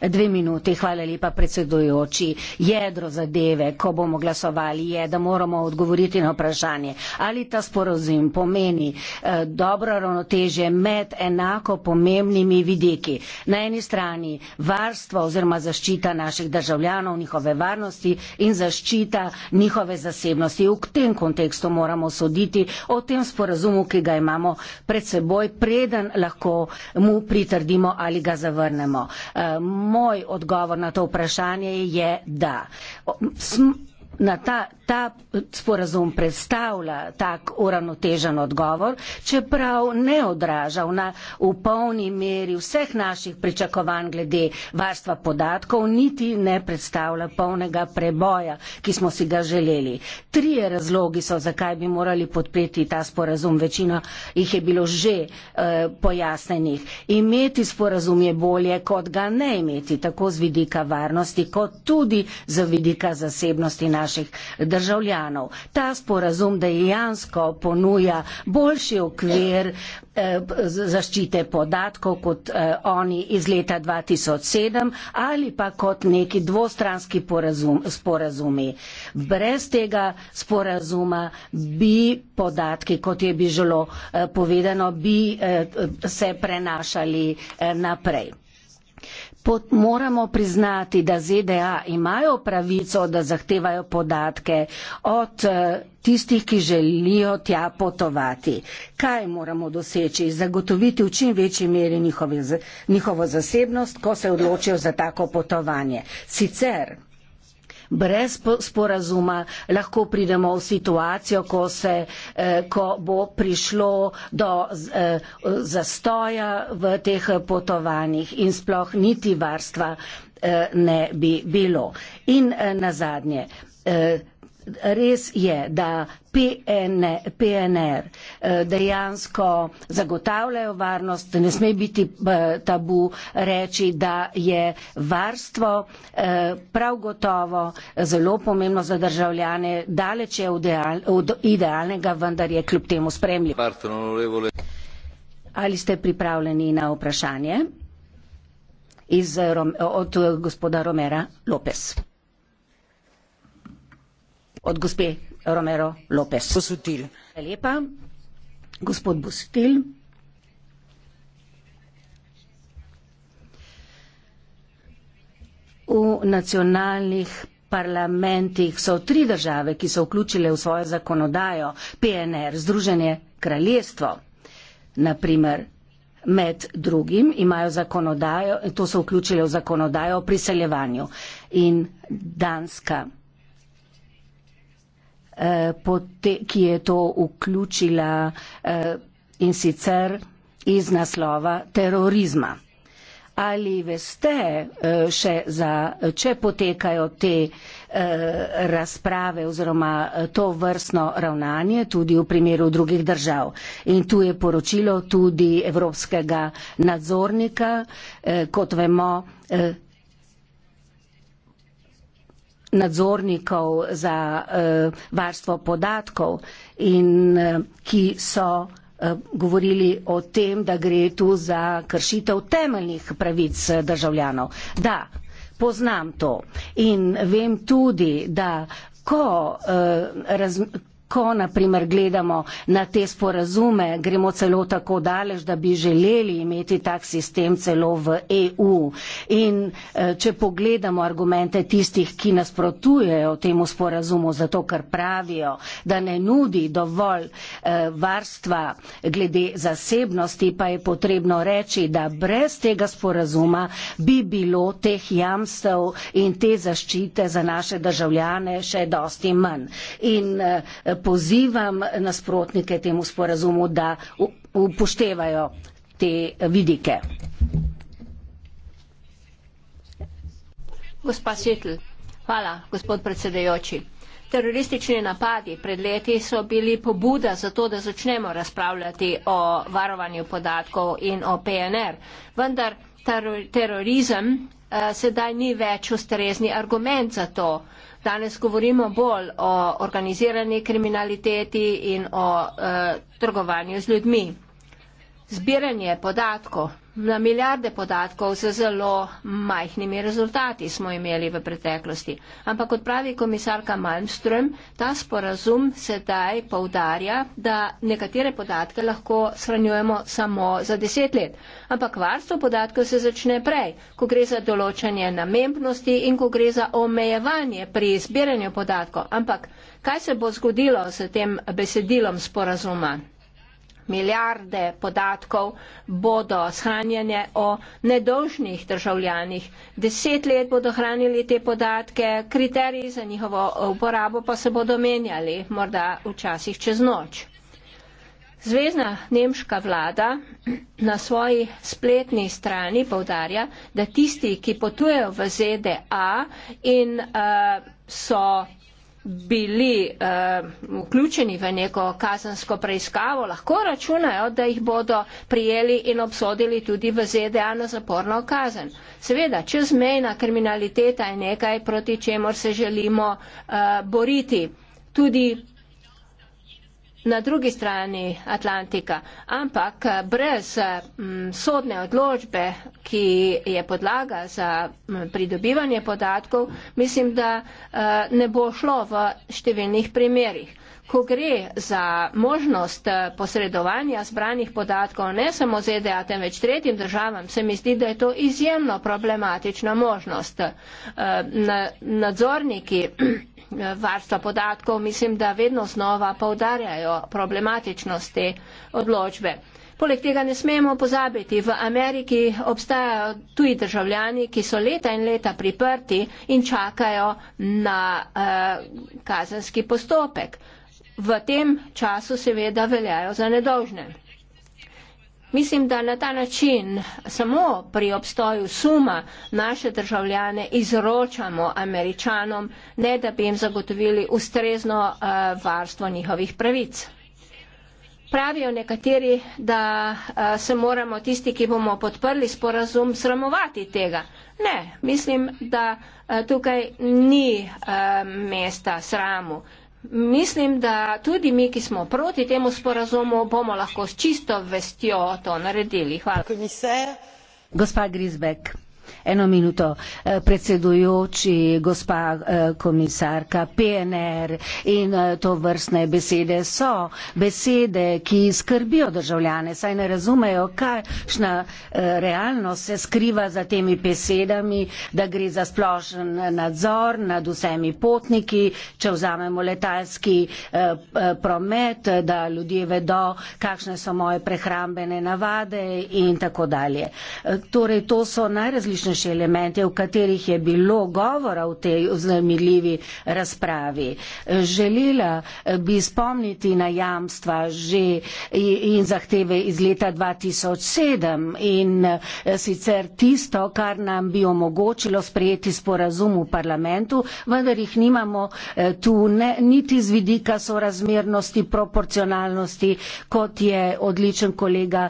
Dve minuti, hvala lepa predsedujoči. Jedro zadeve, ko bomo glasovali, je, da moramo odgovoriti na vprašanje, ali ta sporozum pomeni eh, dobro ravnoteže med enako pomembnimi vidiki. Na eni strani varstvo oziroma zaščita naših državljanov, njihove varnosti in zaščita njihove zasebnosti. V tem kontekstu moramo soditi o tem sporozumu, ki ga imamo pred seboj, preden lahko mu pritrdimo ali ga zavrnemo. Eh, moj odgovor na to vprašanje je da na ta, ta sporazum predstavlja tak uravnotežen odgovor, čeprav ne odraža v, na, v polni meri vseh naših pričakovanj glede varstva podatkov, niti ne predstavlja polnega preboja, ki smo si ga želeli. Trije razlogi so, zakaj bi morali podpreti ta sporazum, večina jih je bilo že eh, pojasnenih. Imeti sporazum je bolje, kot ga ne imeti, tako z vidika varnosti, kot tudi z vidika zasebnosti naših naših državljanov. Ta sporazum dejansko ponuja boljši okvir eh, zaščite podatkov kot eh, oni iz leta 2007 ali pa kot neki dvostranski porazum, sporazumi. Brez tega sporazuma bi podatki, kot je bi želo eh, povedano, bi eh, se prenašali eh, naprej. Pot, moramo priznati, da ZDA imajo pravico, da zahtevajo podatke od eh, tistih, ki želijo tja potovati. Kaj moramo doseči? Zagotoviti v čim večji meri njihovo zasebnost, ko se odločijo za tako potovanje. Sicer brez sporazuma lahko pridemo v situacijo, ko, se, eh, ko bo prišlo do eh, zastoja v teh potovanjih in sploh niti varstva eh, ne bi bilo. In na zadnje res je, da PN, PNR eh, dejansko zagotavljajo varnost, ne sme biti eh, tabu reči, da je varstvo eh, prav gotovo zelo pomembno za državljane, daleč je od idealnega, vendar je kljub temu spremljivo. Ali ste pripravljeni na vprašanje Iz, od gospoda Romera Lopes? od gospe Romero Lopes. Posutil. Lepa. Gospod Bustil. V nacionalnih parlamentih so tri države, ki so vključile v svojo zakonodajo PNR, Združenje kraljestvo. Naprimer, med drugim imajo zakonodajo, to so vključile v zakonodajo o priseljevanju in Danska. Eh, ki je to vključila eh, in sicer iz naslova terorizma. Ali veste eh, še, za, če potekajo te razprave oziroma to vrstno ravnanje tudi v primeru drugih držav? In tu je poročilo tudi evropskega nadzornika, kot vemo, nadzornikov za uh, varstvo podatkov in uh, ki so eh, govorili o tem, da gre tu za kršitev temeljnih pravic državljanov. Da, poznam to in vem tudi, da ko, eh, raz, ko naprimer gledamo na te sporazume, gremo celo tako daleč, da bi želeli imeti tak sistem celo v EU. In eh, če pogledamo argumente tistih, ki nasprotujejo temu sporazumu, zato ker pravijo, da ne nudi dovolj eh, varstva glede zasebnosti, pa je potrebno reči, da brez tega sporazuma bi bilo teh jamstev in te zaščite za naše državljane še dosti manj. In, eh, pozivam nasprotnike temu sporazumu, da upoštevajo te vidike. Gospa Sitl, hvala, gospod predsedajoči. Teroristični napadi pred leti so bili pobuda za to, da začnemo razpravljati o varovanju podatkov in o PNR. Vendar teror terorizem uh, sedaj ni več ustrezni argument za to. Uh, Danes govorimo bolj o organizirani kriminaliteti in o uh, trgovanju z ljudmi zbiranje podatkov, na milijarde podatkov z zelo majhnimi rezultati smo imeli v preteklosti. Ampak kot pravi komisarka Malmström, ta sporazum sedaj povdarja, da nekatere podatke lahko shranjujemo samo za deset let. Ampak varstvo podatkov se začne prej, ko gre za določanje namembnosti in ko gre za omejevanje pri zbiranju podatkov. Ampak kaj se bo zgodilo s tem besedilom sporazuma? milijarde podatkov bodo shranjene o nedolžnih državljanih. Deset let bodo hranili te podatke, kriteriji za njihovo uporabo pa se bodo menjali, morda včasih čez noč. Zvezna nemška vlada na svoji spletni strani povdarja, da tisti, ki potujejo v ZDA in uh, so bili uh, vključeni v neko kazansko preiskavo, lahko računajo, da jih bodo prijeli in obsodili tudi v ZDA na zaporno kazen. Seveda, čezmejna kriminaliteta je nekaj, proti čemor se želimo uh, boriti. Tudi na drugi strani Atlantika. Ampak eh, brez eh, sodne odločbe, ki je podlaga za pridobivanje podatkov, mislim, da eh, ne bo šlo v številnih primerjih ko gre za možnost eh, posredovanja zbranih podatkov ne samo ZDA, temveč tretjim državam, se mi zdi, da je to izjemno problematična možnost. Eh, nadzorniki eh, varstva podatkov mislim, da vedno znova povdarjajo problematičnost te odločbe. Poleg tega ne smemo pozabiti, v Ameriki obstajajo tuji državljani, ki so leta in leta priprti in čakajo na eh, kazenski postopek v tem času seveda veljajo za nedolžne. Mislim, da na ta način samo pri obstoju suma naše državljane izročamo američanom, ne da bi jim zagotovili ustrezno uh, varstvo njihovih pravic. Pravijo nekateri, da uh, se moramo tisti, ki bomo podprli sporazum, sramovati tega. Ne, mislim, da uh, tukaj ni uh, mesta sramu. Uh, Mislim, da tudi mi, ki smo proti temu sporazumu, bomo lahko s čisto vestjo to naredili. Hvala. Gospa Grizbek. Eno minuto, eh, predsedujoči, gospa eh, komisarka, PNR in eh, to vrstne besede so besede, ki skrbijo državljane, saj ne razumejo, kakšna realnost se skriva za temi besedami, da gre za splošen nadzor nad vsemi potniki, če vzamemo letalski promet, da ljudje vedo, kakšne so moje prehrambene navade in tako dalje. Torej, to so najrazličnejše najboljše elemente, o katerih je bilo govora v tej vznemirljivi razpravi. Želela eh, bi spomniti na jamstva že in zahteve iz leta 2007 in eh, sicer tisto, kar nam bi omogočilo sprejeti sporazum v parlamentu, vendar jih nimamo eh, tu ne, niti z vidika sorazmernosti, proporcionalnosti, kot je odličen kolega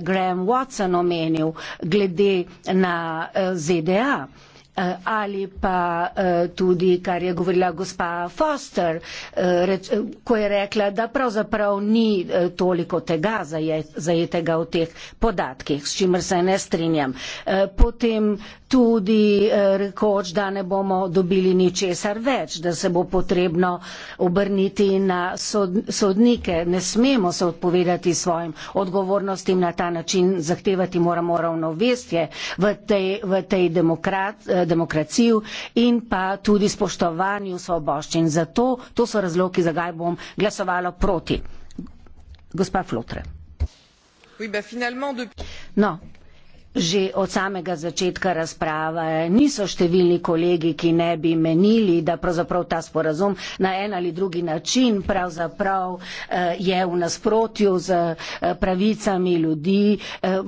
Graham Watson omenil glede na Eh, ZDA eh, ali pa eh, tudi, kar je govorila gospa Foster, ko je rekla, da pravzaprav ni toliko tega zajetega v teh podatkih, s čimer se ne strinjam. Potem tudi eh, rekoč, da ne bomo dobili ničesar več, da se bo potrebno obrniti na sodnike. Ne smemo se odpovedati svojim odgovornostim na ta način, zahtevati moramo ravnovesje v tej, v tej demokrat, eh, demokraciji in pa tudi spoštovanju svoboščin. Zato to so razloki, zakaj bom glasovala proti. Gospa Flotre. No, Že od samega začetka razprave niso številni kolegi, ki ne bi menili, da pravzaprav ta sporazum na en ali drugi način pravzaprav eh, je v nasprotju z eh, pravicami ljudi, eh,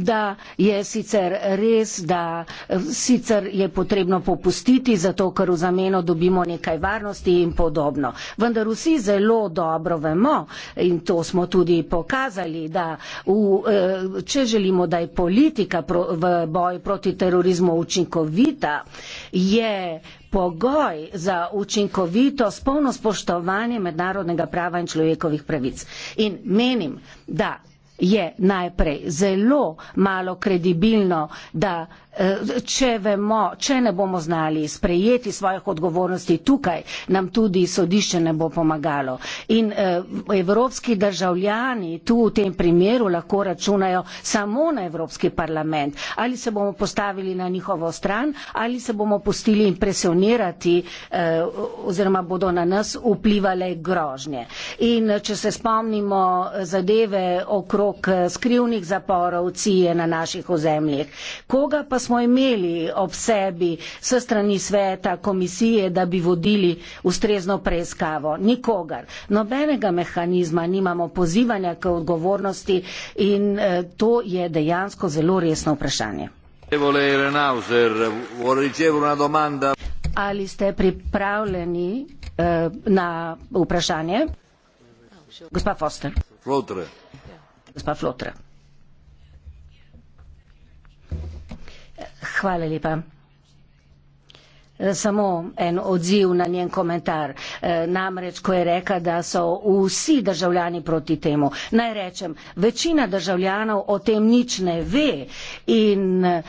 da je sicer res, da sicer je potrebno popustiti, zato ker v zameno dobimo nekaj varnosti in podobno. Vendar vsi zelo dobro vemo in to smo tudi pokazali, da v, če želimo, da je politika, politika pro, v boju proti terorizmu učinkovita, je pogoj za učinkovito spolno spoštovanje mednarodnega prava in človekovih pravic. In menim, da je najprej zelo malo kredibilno, da Eh, če vemo, če ne bomo znali sprejeti svojih odgovornosti tukaj, nam tudi sodišče ne bo pomagalo. In eh, evropski državljani tu v tem primeru lahko računajo samo na Evropski parlament. Ali se bomo postavili na njihovo stran, ali se bomo pustili impresionirati eh, oziroma bodo na nas vplivali grožnje. In če se spomnimo zadeve okrog skrivnih zaporov CIE na naših ozemljih, koga pa smo imeli ob sebi s strani sveta komisije, da bi vodili ustrezno preiskavo. Nikogar. Nobenega mehanizma nimamo pozivanja k odgovornosti in eh, to je dejansko zelo resno vprašanje. Ali ste pripravljeni uh, na vprašanje? Gospa Foster. Flotre. Gospa Flotre. Hvala lepa. Eh, samo en odziv na njen komentar. Eh, namreč, ko je rekla, da so vsi državljani proti temu. Naj rečem, večina državljanov o tem nič ne ve in eh,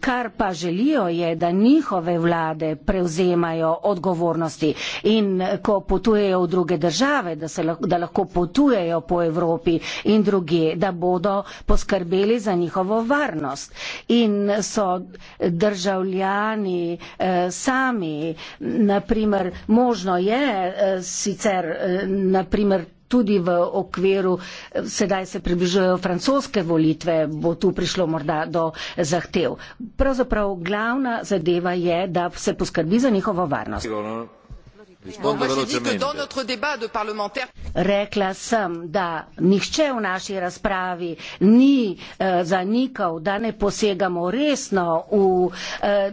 kar pa želijo je, da njihove vlade prevzemajo odgovornosti in ko potujejo v druge države, da, lahko, da lahko potujejo po Evropi in druge, da bodo poskrbeli za njihovo varnost. In so državljani sami, naprimer, možno je eh, sicer, eh, naprimer, tudi v okviru, eh, sedaj se približujejo francoske volitve, bo tu prišlo morda do zahtev. Pravzaprav glavna zadeva je, da se poskrbi za njihovo varnost. Sigurno. Rispondo velocemente. Parlamentar... Rekla sem, da nihče v naši razpravi ni eh, zanikal, da ne posegamo resno v, eh,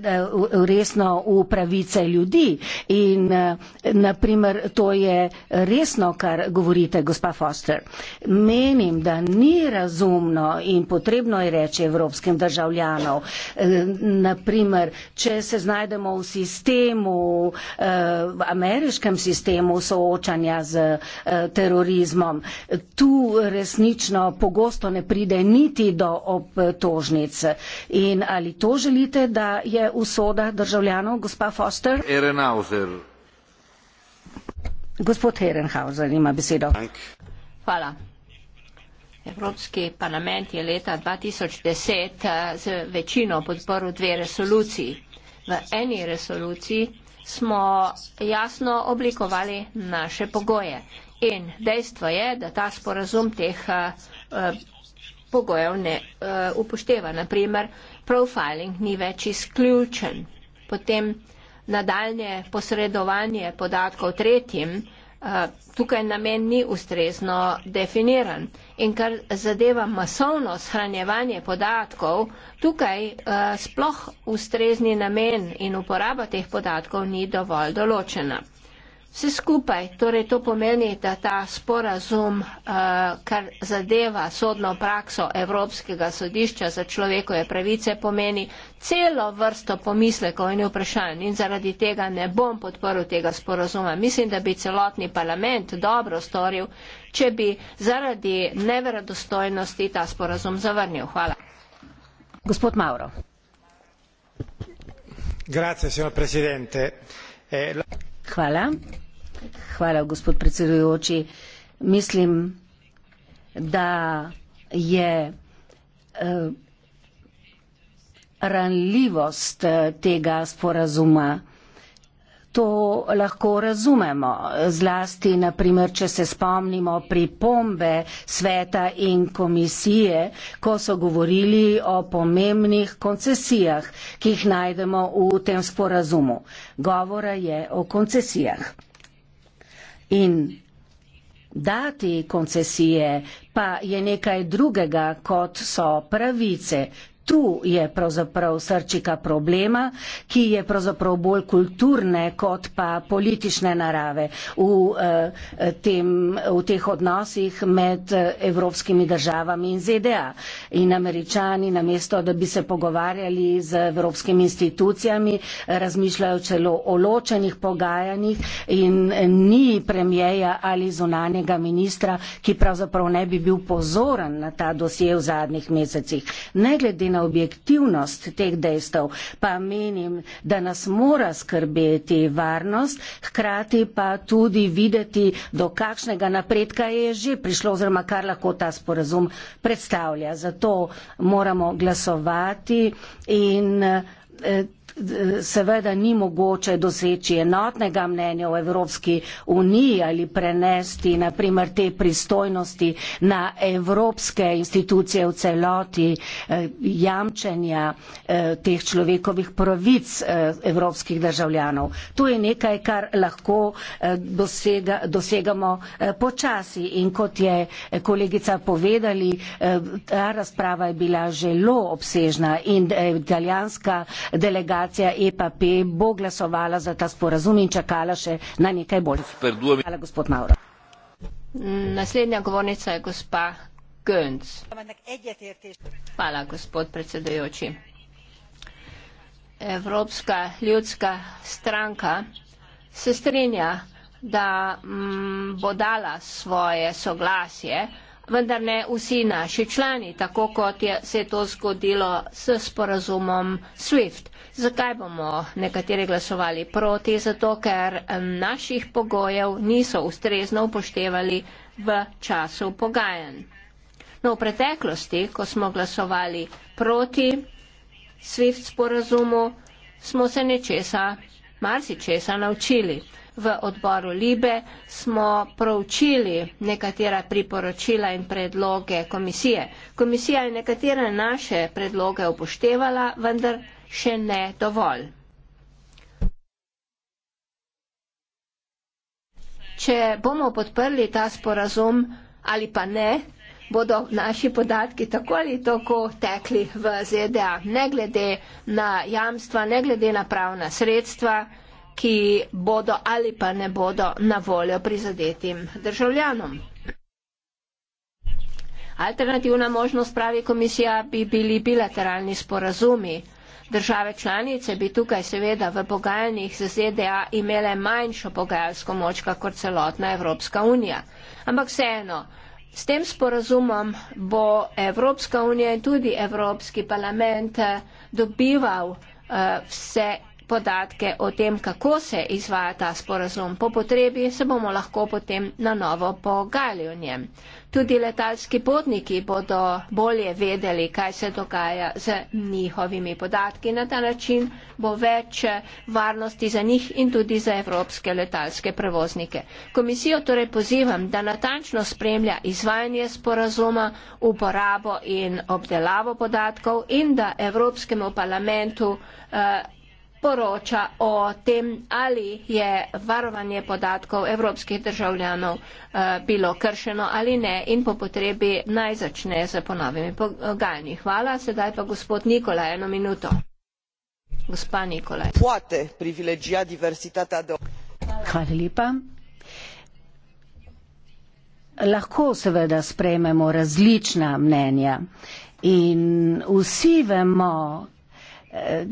resno v pravice ljudi. In eh, naprimer, to je resno, kar govorite, gospa Foster. Menim, da ni razumno in potrebno je reči evropskim državljanov. Eh, naprimer, če se znajdemo v sistemu eh, Amerike, ameriškem sistemu soočanja z eh, terorizmom. Tu resnično pogosto ne pride niti do obtožnic. In ali to želite, da je usoda državljanov, gospa Foster? Erenhauser. Gospod Erenhauser ima besedo. Hvala. Evropski parlament je leta 2010 eh, z večino podporil dve resoluciji. V eni resoluciji smo jasno oblikovali naše pogoje. In dejstvo je, da ta sporazum teh uh, pogojev ne uh, upošteva. Naprimer, profiling ni več izključen. Potem nadaljne posredovanje podatkov tretjim, uh, tukaj namen ni ustrezno definiran. In kar zadeva masovno shranjevanje podatkov, tukaj uh, sploh ustrezni namen in uporaba teh podatkov ni dovolj določena. Vse skupaj, torej to pomeni, da ta sporazum, uh, kar zadeva sodno prakso Evropskega sodišča za človekove pravice, pomeni celo vrsto pomislekov in vprašanj in zaradi tega ne bom podporil tega sporazuma. Mislim, da bi celotni parlament dobro storil, če bi zaradi neverodostojnosti ta sporazum zavrnil. Hvala. Gospod Mauro. Grazie, signor Presidente. Eh, Hvala. Hvala, gospod predsedujoči. Mislim, da je eh, ranljivost eh, tega sporazuma To lahko razumemo, zlasti, naprimer, če se spomnimo pripombe sveta in komisije, ko so govorili o pomembnih koncesijah, ki jih najdemo v tem sporazumu. Govora je o koncesijah. In dati koncesije pa je nekaj drugega, kot so pravice, tu je pravzaprav srčika problema, ki je pravzaprav bolj kulturne kot pa politične narave v, eh, tem, v teh odnosih med eh, evropskimi državami in ZDA. In američani, namesto da bi se pogovarjali z evropskimi institucijami, razmišljajo celo o ločenih pogajanjih in ni premjeja ali zunanjega ministra, ki pravzaprav ne bi bil pozoren na ta dosje v zadnjih mesecih. Ne glede na na objektivnost teh dejstev, pa menim, da nas mora skrbeti varnost, hkrati pa tudi videti, do kakšnega napredka je že prišlo oziroma kar lahko ta sporazum predstavlja. Zato moramo glasovati in eh, seveda ni mogoče doseči enotnega mnenja v Evropski uniji ali prenesti naprimer te pristojnosti na evropske institucije v celoti eh, jamčenja eh, teh človekovih pravic eh, evropskih državljanov. To je nekaj, kar lahko dosega, dosegamo počasi in kot je kolegica povedali, ta razprava je bila zelo obsežna in italijanska delegacija delegacija EPP bo glasovala za ta sporazum in čakala še na nekaj bolj. Hvala, gospod Mauro. Naslednja govornica je gospa Gönc. Hvala, gospod predsedujoči. Evropska ljudska stranka se strinja, da m, mm, bo dala svoje soglasje, vendar ne vsi naši člani, tako kot je, se je to zgodilo s sporazumom SWIFT. Zakaj bomo nekateri glasovali proti? Zato, ker naših pogojev niso ustrezno upoštevali v času pogajanj. No, v preteklosti, ko smo glasovali proti SWIFT sporazumu, smo se nečesa, marsičesa naučili v odboru Libe smo proučili nekatera priporočila in predloge komisije. Komisija je nekatere naše predloge upoštevala, vendar še ne dovolj. Če bomo podprli ta sporazum ali pa ne, bodo naši podatki tako ali tako tekli v ZDA, ne glede na jamstva, ne glede na pravna sredstva ki bodo ali pa ne bodo na voljo prizadetim državljanom. Alternativna možnost pravi komisija bi bili bilateralni sporazumi. Države članice bi tukaj seveda v pogajanjih z ZDA imele manjšo pogajalsko moč, kot celotna Evropska unija. Ampak vseeno, s tem sporazumom bo Evropska unija in tudi Evropski parlament eh, dobival uh, vse podatke o tem, kako se izvaja ta sporazum. Po potrebi se bomo lahko potem na novo pogajali o njem. Tudi letalski potniki bodo bolje vedeli, kaj se dogaja z njihovimi podatki. Na ta način bo več varnosti za njih in tudi za evropske letalske prevoznike. Komisijo torej pozivam, da natančno spremlja izvajanje sporazuma, uporabo in obdelavo podatkov in da Evropskemu parlamentu eh, poroča o tem, ali je varovanje podatkov evropskih državljanov eh, bilo kršeno ali ne in po potrebi naj začne z ponovimi pogajanji. Hvala, sedaj pa gospod Nikola, eno minuto. Gospa Nikola. Hvala lepa. Lahko seveda sprejmemo različna mnenja in vsi vemo,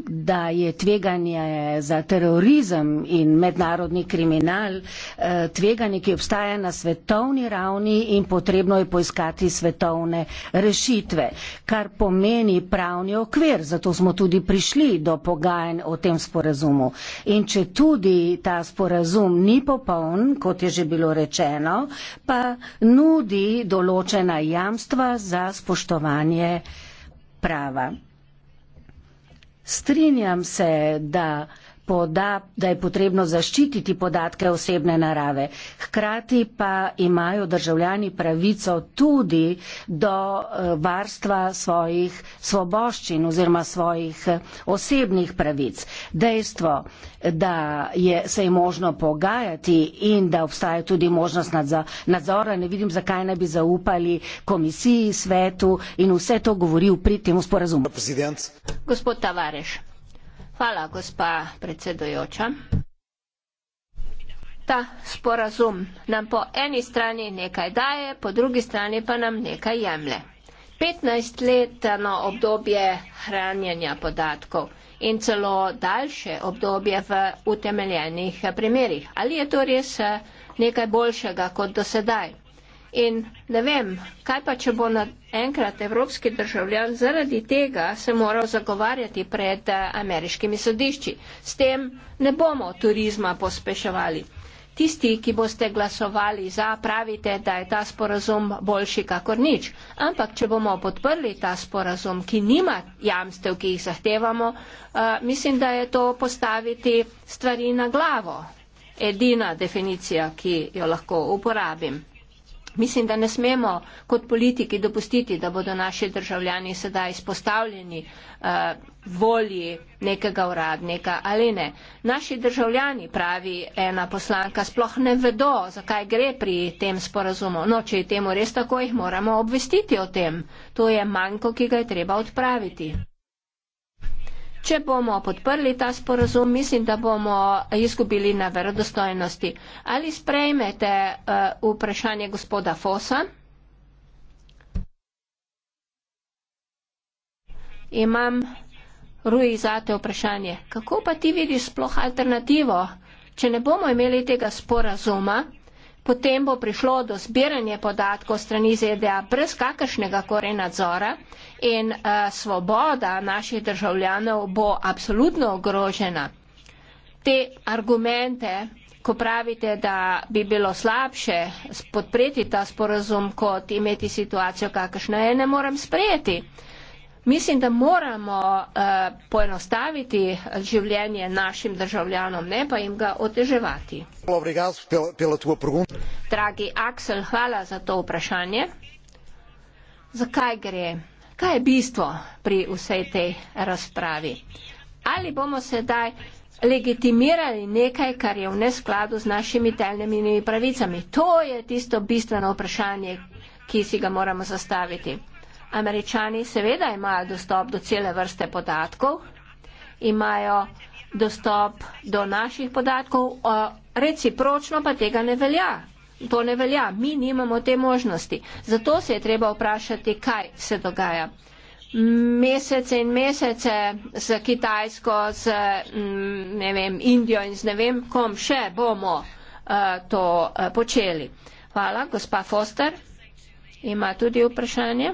da je tveganje za terorizem in mednarodni kriminal eh, tveganje, ki obstaja na svetovni ravni in potrebno je poiskati svetovne rešitve, kar pomeni pravni okvir. Zato smo tudi prišli do pogajanj o tem sporazumu. In če tudi ta sporazum ni popoln, kot je že bilo rečeno, pa nudi določena jamstva za spoštovanje prava. Strinjam se, da poda, da je potrebno zaščititi podatke osebne narave. Hkrati pa imajo državljani pravico tudi do eh, varstva svojih svoboščin oziroma svojih eh, osebnih pravic. Dejstvo, da je, se je možno pogajati in da obstaja tudi možnost nadzora, ne vidim, zakaj ne bi zaupali komisiji, svetu in vse to govori v pritem sporazumu. Gospod Tavareš. Hvala, gospa predsedujoča. Ta sporazum nam po eni strani nekaj daje, po drugi strani pa nam nekaj jemlje. 15 let na obdobje hranjenja podatkov in celo daljše obdobje v utemeljenih primerjih. Ali je to res eh, nekaj boljšega kot do sedaj? In ne vem, kaj pa, če bo enkrat evropski državljan zaradi tega se moral zagovarjati pred eh, ameriškimi sodišči. S tem ne bomo turizma pospeševali. Tisti, ki boste glasovali za, pravite, da je ta sporazum boljši kakor nič. Ampak, če bomo podprli ta sporazum, ki nima jamstev, ki jih zahtevamo, uh, mislim, da je to postaviti stvari na glavo. Edina definicija, ki jo lahko uporabim. Mislim, da ne smemo kot politiki dopustiti, da bodo naši državljani sedaj izpostavljeni uh, volji nekega uradnika ali ne. Naši državljani, pravi ena poslanka, sploh ne vedo, zakaj gre pri tem sporazumu. No, če je temu res tako, jih moramo obvestiti o tem. To je manjko, ki ga je treba odpraviti. Če bomo podprli ta sporozum, mislim, da bomo izgubili na verodostojnosti. Ali sprejmete uh, vprašanje gospoda Fosa? Imam ruizate vprašanje. Kako pa ti vidiš sploh alternativo? Če ne bomo imeli tega sporazuma, potem bo prišlo do zbiranja podatkov strani ZDA brez kakršnega korena nadzora in uh, svoboda naših državljanov bo absolutno ogrožena. Te argumente, ko pravite, da bi bilo slabše podpreti ta sporazum, kot imeti situacijo, kakršna je, ne morem sprejeti. Mislim, da moramo uh, poenostaviti življenje našim državljanom, ne pa jim ga oteževati. Dragi Aksel, hvala za to vprašanje. Zakaj gre? Kaj je bistvo pri vsej tej razpravi? Ali bomo sedaj legitimirali nekaj, kar je v neskladu z našimi temeljnimi pravicami? To je tisto bistveno vprašanje, ki si ga moramo zastaviti. Američani seveda imajo dostop do cele vrste podatkov, imajo dostop do naših podatkov, recipročno pa tega ne velja. To ne velja, mi nimamo te možnosti. Zato se je treba vprašati, kaj se dogaja. Mesece in mesece z Kitajsko, z mm, ne vem, Indijo in z ne vem kom še bomo uh, to uh, počeli. Hvala, gospa Foster. Ima tudi vprašanje.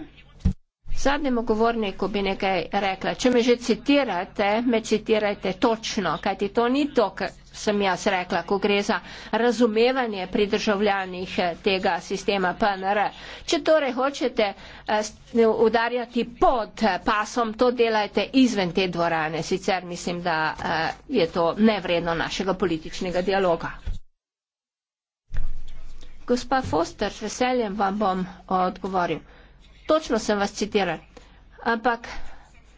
Zadnjemu govorniku bi nekaj rekla. Če me že citirate, me citirajte točno, kajti to ni to, kar sem jaz rekla, ko gre za razumevanje pri državljanih eh, tega sistema PNR. Če torej hočete eh, udarjati pod pasom, to delajte izven te dvorane. Sicer mislim, da eh, je to nevredno našega političnega dialoga. Gospa Foster, z veseljem vam bom odgovoril. Točno sem vas citiral. Ampak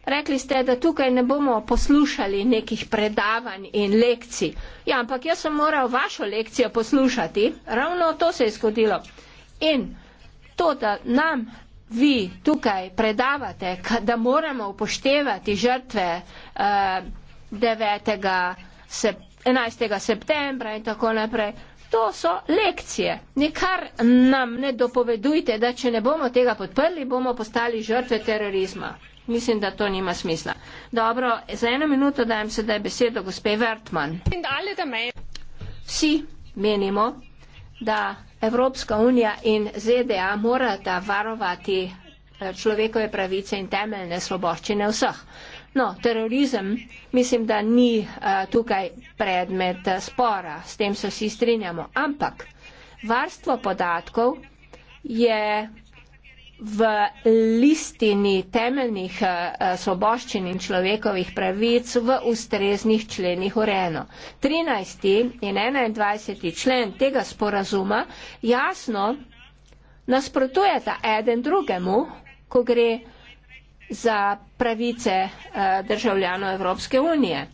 rekli ste, da tukaj ne bomo poslušali nekih predavanj in lekcij. Ja, ampak jaz sem moral vašo lekcijo poslušati. Ravno to se je zgodilo. In to, da nam vi tukaj predavate, da moramo upoštevati žrtve uh, eh, 9. Sep 11. septembra in tako naprej, To so lekcije. Nikar nam ne dopovedujte, da če ne bomo tega podprli, bomo postali žrtve terorizma. Mislim, da to nima smisla. Dobro, za eno minuto dajem sedaj besedo gospe Vertman. Vsi menimo, da Evropska unija in ZDA morata varovati eh, človekove pravice in temeljne sloboščine vseh. No, terorizem mislim, da ni a, eh, tukaj predmet eh, spora, s tem se vsi strinjamo. Ampak varstvo podatkov je v listini temeljnih eh, svoboščin in človekovih pravic v ustreznih členih ureno. 13. in 21. člen tega sporazuma jasno nasprotujeta eden drugemu, ko gre za pravice eh, državljanov Evropske unije.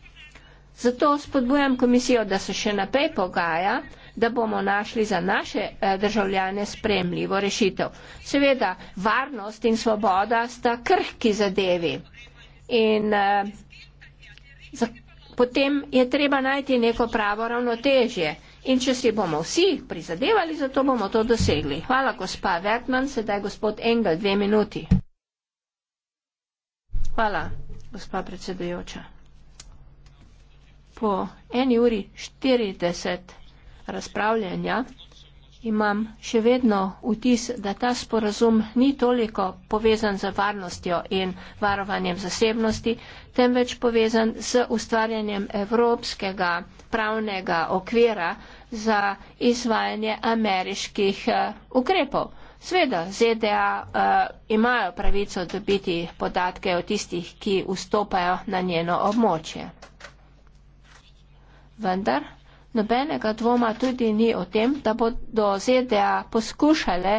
Zato spodbujam komisijo, da se še naprej pogaja, da bomo našli za naše eh, državljane spremljivo rešitev. Seveda, varnost in svoboda sta krhki zadevi. In eh, za, potem je treba najti neko pravo ravnotežje. In če si bomo vsi prizadevali, zato bomo to dosegli. Hvala, gospa Vertman. Sedaj gospod Engel, dve minuti. Hvala, gospa predsedujoča. Po eni uri štirideset razpravljanja imam še vedno vtis, da ta sporazum ni toliko povezan z varnostjo in varovanjem zasebnosti, temveč povezan z ustvarjanjem evropskega pravnega okvira za izvajanje ameriških eh, ukrepov. Sveda, ZDA uh, eh, imajo pravico dobiti podatke o tistih, ki vstopajo na njeno območje. Vendar nobenega dvoma tudi ni o tem, da bodo ZDA poskušale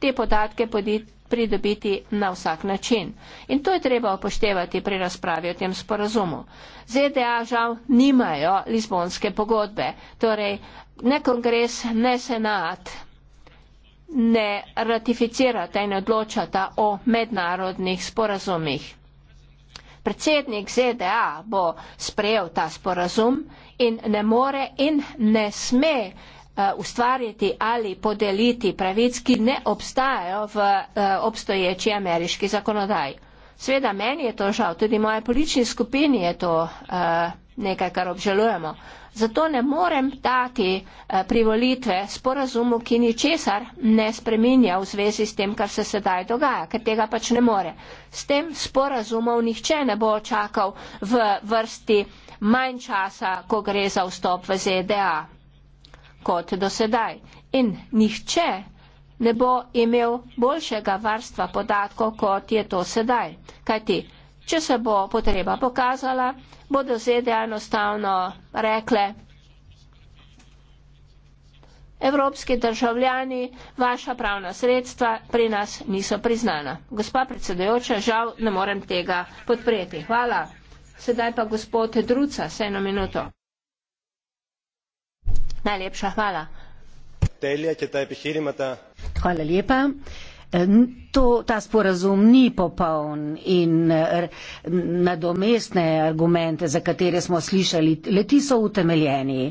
te podatke pridobiti na vsak način. In to je treba upoštevati pri razpravi o tem sporazumu. ZDA žal nimajo Lizbonske pogodbe, torej ne kongres, ne senat ne ratificirata in odločata o mednarodnih sporazumih. Predsednik ZDA bo sprejel ta sporazum in ne more in ne sme eh, ustvariti ali podeliti pravic, ki ne obstajajo v eh, obstoječi ameriški zakonodaji. Sveda meni je to žal, tudi moje politični skupini je to eh, nekaj, kar obžalujemo zato ne morem dati eh, privolitve sporazumu, ki ni česar ne spreminja v zvezi s tem, kar se sedaj dogaja, ker tega pač ne more. S tem sporazumom nihče ne bo čakal v vrsti manj časa, ko gre za vstop v ZDA kot do sedaj. In nihče ne bo imel boljšega varstva podatkov, kot je to sedaj. Kajti Če se bo potreba pokazala, bodo ZDA enostavno rekle, evropski državljani, vaša pravna sredstva pri nas niso priznana. Gospa predsedujoča, žal ne morem tega podpreti. Hvala. Sedaj pa gospod Druca, se eno minuto. Najlepša hvala. Hvala lepa. To, ta sporazum ni popoln in nadomestne argumente, za katere smo slišali, leti so utemeljeni.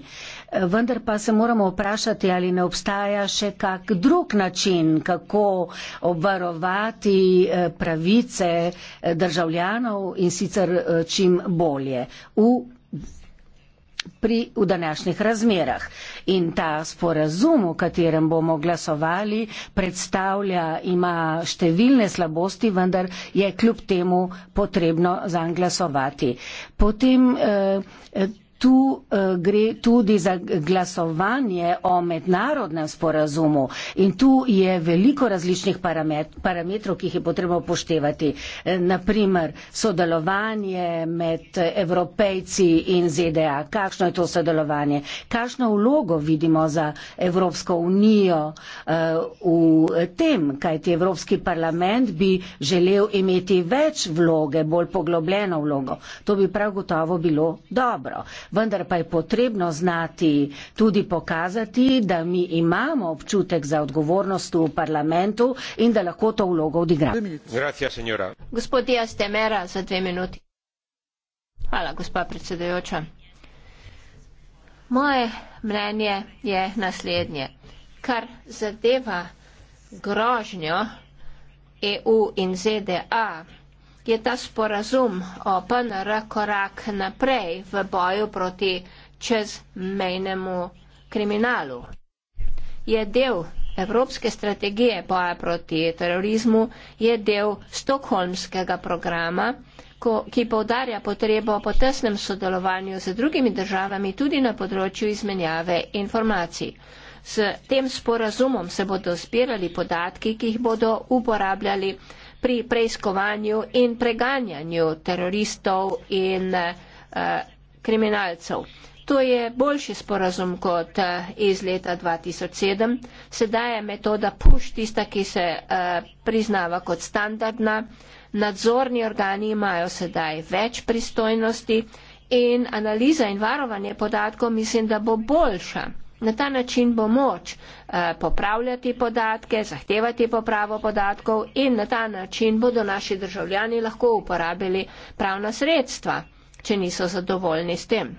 Vendar pa se moramo vprašati, ali ne obstaja še kak drug način, kako obvarovati eh, pravice eh, državljanov in sicer eh, čim bolje. V pri, v današnjih razmerah. In ta sporazum, o katerem bomo glasovali, predstavlja, ima številne slabosti, vendar je kljub temu potrebno zanj glasovati. Potem, eh, tu eh, gre tudi za glasovanje o mednarodnem sporazumu in tu je veliko različnih parametrov, ki jih je potrebno upoštevati. Eh, Naprimer, sodelovanje med evropejci in ZDA. Kakšno je to sodelovanje? Kakšno vlogo vidimo za Evropsko unijo eh, v tem, kajti Evropski parlament bi želel imeti več vloge, bolj poglobljeno vlogo. To bi prav gotovo bilo dobro vendar pa je potrebno znati tudi pokazati, da mi imamo občutek za odgovornost v parlamentu in da lahko to vlogo odigramo. Gospod Dias Temera za dve minuti. Hvala, gospa predsedajoča. Moje mnenje je naslednje. Kar zadeva grožnjo EU in ZDA, je ta sporazum o PNR korak naprej v boju proti čezmejnemu kriminalu. Je del Evropske strategije boja proti terorizmu, je del Stokholmskega programa, ko, ki povdarja potrebo po tesnem sodelovanju z drugimi državami tudi na področju izmenjave informacij. S tem sporazumom se bodo zbirali podatki, ki jih bodo uporabljali pri preiskovanju in preganjanju teroristov in eh, kriminalcev. To je boljši sporazum kot eh, iz leta 2007. Sedaj je metoda PUŠ tista, ki se eh, priznava kot standardna. Nadzorni organi imajo sedaj več pristojnosti in analiza in varovanje podatkov mislim, da bo boljša. Na ta način bo moč eh, popravljati podatke, zahtevati popravo podatkov in na ta način bodo naši državljani lahko uporabili pravna sredstva, če niso zadovoljni s tem.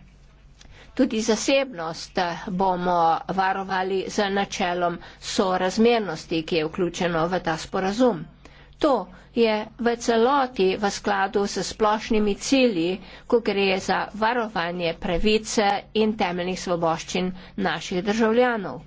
Tudi zasebnost eh, bomo varovali z načelom sorazmernosti, ki je vključeno v ta sporazum. To, je v celoti v skladu s splošnimi cilji, ko gre za varovanje pravice in temeljnih svoboščin naših državljanov.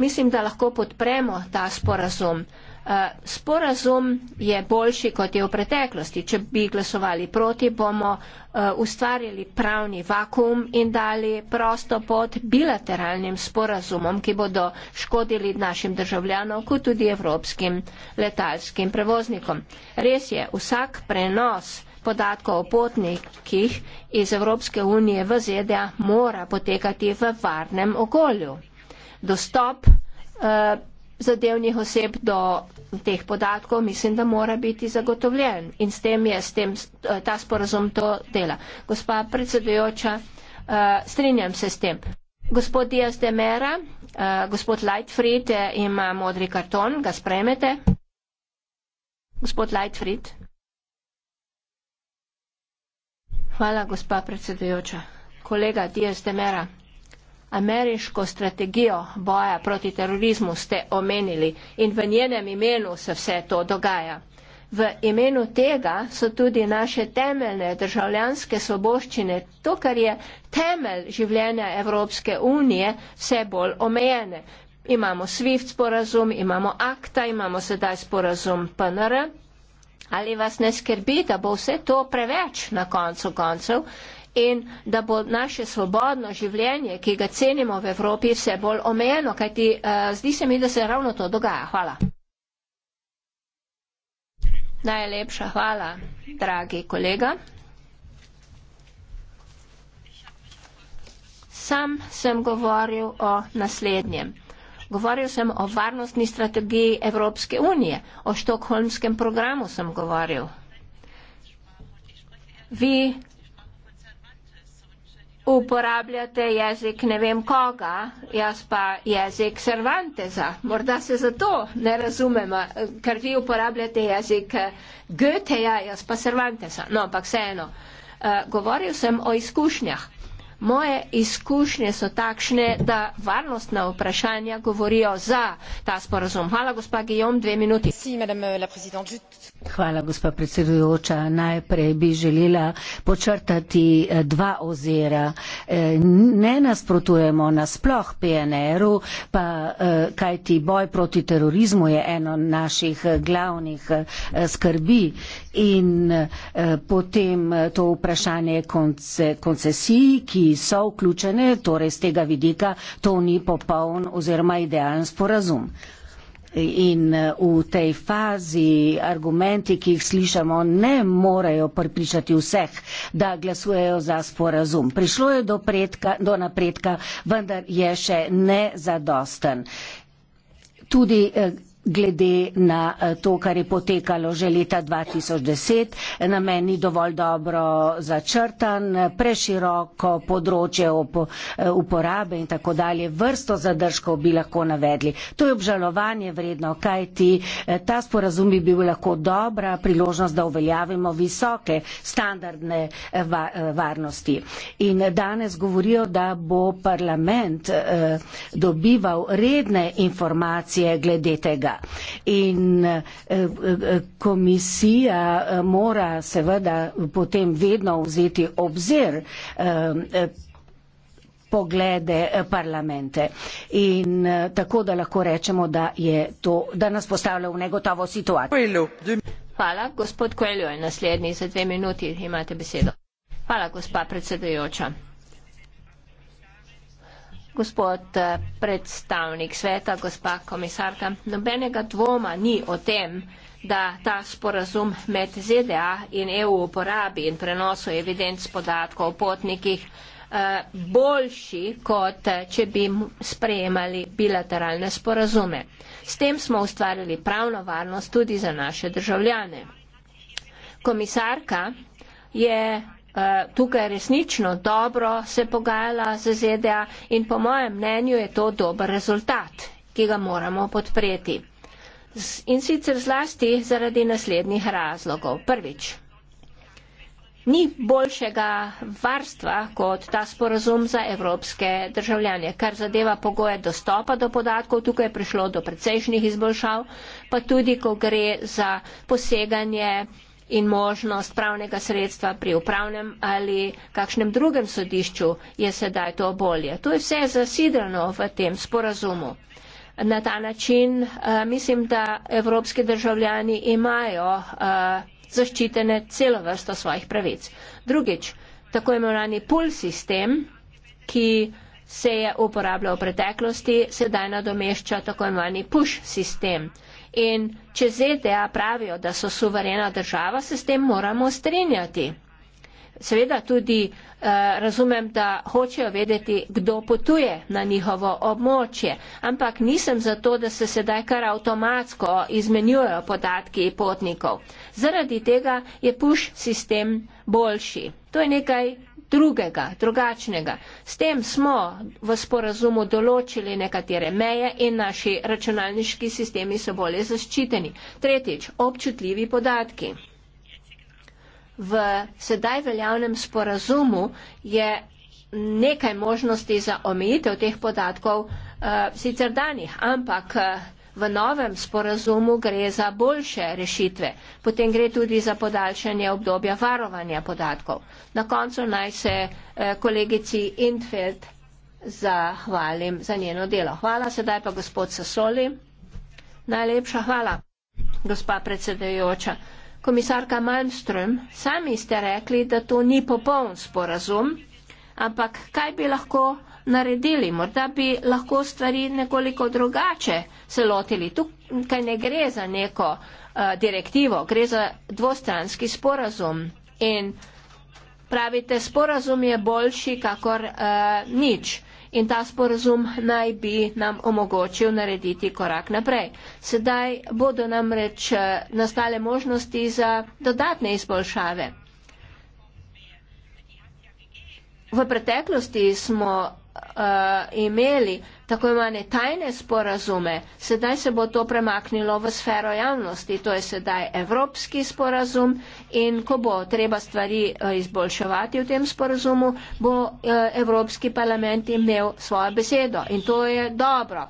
Mislim, da lahko podpremo ta sporazum. Eh, sporazum je boljši, kot je v preteklosti. Če bi glasovali proti, bomo eh, ustvarili pravni vakum in dali prosto pod bilateralnim sporazumom, ki bodo škodili našim državljanom, kot tudi evropskim letalskim prevoznikom. Res je, vsak prenos podatkov o potnikih iz Evropske unije v ZDA mora potekati v varnem okolju. Dostop uh, zadevnih oseb do teh podatkov, mislim, da mora biti zagotovljen in s tem je s tem, eh, ta sporazum to dela. Gospa predsedujoča, eh, strinjam se s tem. Gospod Diaz de Mera, eh, gospod Lightfried ima modri karton, ga spremete. Gospod Lightfried. Hvala, gospa predsedujoča. Kolega Diaz de Mera ameriško strategijo boja proti terorizmu ste omenili in v njenem imenu se vse to dogaja. V imenu tega so tudi naše temeljne državljanske svoboščine, to, kar je temelj življenja Evropske unije, vse bolj omejene. Imamo SWIFT sporazum, imamo akta, imamo sedaj sporazum PNR. Ali vas ne skrbi, da bo vse to preveč na koncu koncev? in da bo naše svobodno življenje, ki ga cenimo v Evropi, vse bolj omejeno, kajti uh, zdi se mi, da se ravno to dogaja. Hvala. Najlepša hvala, dragi kolega. Sam sem govoril o naslednjem. Govoril sem o varnostni strategiji Evropske unije, o štokholmskem programu sem govoril. Vi uporabljate jezik ne vem koga, jaz pa jezik Cervanteza. Morda se zato ne razumemo, ker vi uporabljate jezik eh, Goetheja, jaz pa Cervanteza. No, ampak vseeno, uh, govoril sem o izkušnjah. Moje izkušnje so takšne, da varnostna vprašanja govorijo za ta sporazum. Hvala, gospa Gijom, dve minuti. Hvala, gospa predsedujoča. Najprej bi želela počrtati eh, dva ozera. Eh, ne nasprotujemo nasploh PNR-u, pa eh, kajti boj proti terorizmu je eno naših glavnih skrbi. In potem to vprašanje konce, koncesij, ki so vključene, torej z tega vidika to ni popoln oziroma idealen sporazum. In eh, v tej fazi argumenti, ki jih slišamo, ne morejo pripričati vseh, da glasujejo za sporazum. Prišlo je do, predka, do napredka, vendar je še nezadosten. Tudi eh, glede na eh, to, kar je potekalo že leta 2010. Namen ni dovolj dobro začrtan, preširoko področje eh, uporabe in tako dalje. Vrsto zadržkov bi lahko navedli. To je obžalovanje vredno, kaj ti eh, ta sporazum bi bil lahko dobra priložnost, da uveljavimo visoke standardne varnosti. In danes govorijo, da bo parlament dobival redne informacije glede tega seveda. In eh, eh, komisija eh, mora seveda potem vedno vzeti obzir poglede parlamente. In tako da lahko rečemo, da, to, da nas postavlja v negotovo situacijo. Hvala, gospod Koeljo je naslednji za dve minuti, imate besedo. Hvala, gospa predsedujoča gospod eh, predstavnik sveta, gospa komisarka, nobenega dvoma ni o tem, da ta sporazum med ZDA in EU uporabi in prenosu evidenc podatkov o potnikih eh, boljši, kot eh, če bi sprejemali bilateralne sporazume. S tem smo ustvarili pravno varnost tudi za naše državljane. Komisarka je Eh, tukaj resnično dobro se pogajala z ZDA in po mojem mnenju je to dober rezultat, ki ga moramo podpreti. In sicer zlasti zaradi naslednjih razlogov. Prvič, ni boljšega varstva kot ta sporazum za evropske državljanje, kar zadeva pogoje dostopa do podatkov. Tukaj je prišlo do precejšnjih izboljšav, pa tudi, ko gre za poseganje in možnost pravnega sredstva pri upravnem ali kakšnem drugem sodišču je sedaj to bolje. To je vse zasidrano v tem sporazumu. Na ta način eh, mislim, da evropski državljani imajo eh, zaščitene celo vrsto svojih pravic. Drugič, tako imenovani pul sistem, ki se je uporabljal v preteklosti, sedaj nadomešča tako imenovani push sistem. In če ZDA pravijo, da so suverena država, se s tem moramo strinjati. Seveda tudi eh, razumem, da hočejo vedeti, kdo potuje na njihovo območje, ampak nisem za to, da se sedaj kar avtomatsko izmenjujejo podatki potnikov. Zaradi tega je puš sistem boljši. To je nekaj drugega, drugačnega. S tem smo v sporazumu določili nekatere meje in naši računalniški sistemi so bolje zaščiteni. Tretjič, občutljivi podatki. V sedaj veljavnem sporazumu je nekaj možnosti za omejitev teh podatkov uh, sicer danih, ampak uh, V novem sporazumu gre za boljše rešitve, potem gre tudi za podaljšanje obdobja varovanja podatkov. Na koncu naj se eh, kolegici Intfeld zahvalim za njeno delo. Hvala, sedaj pa gospod Sasoli. Najlepša hvala, gospa predsedajoča. Komisarka Malmström, sami ste rekli, da to ni popoln sporazum, ampak kaj bi lahko naredili. Morda bi lahko stvari nekoliko drugače se lotili. Tukaj ne gre za neko uh, direktivo, gre za dvostranski sporazum. In pravite, sporazum je boljši kakor uh, nič. In ta sporazum naj bi nam omogočil narediti korak naprej. Sedaj bodo namreč eh, nastale možnosti za dodatne izboljšave. V preteklosti smo uh, imeli tako imane tajne sporazume, sedaj se bo to premaknilo v sfero javnosti. To je sedaj evropski sporazum in ko bo treba stvari uh, izboljševati v tem sporazumu, bo uh, Evropski parlament imel svojo besedo in to je dobro.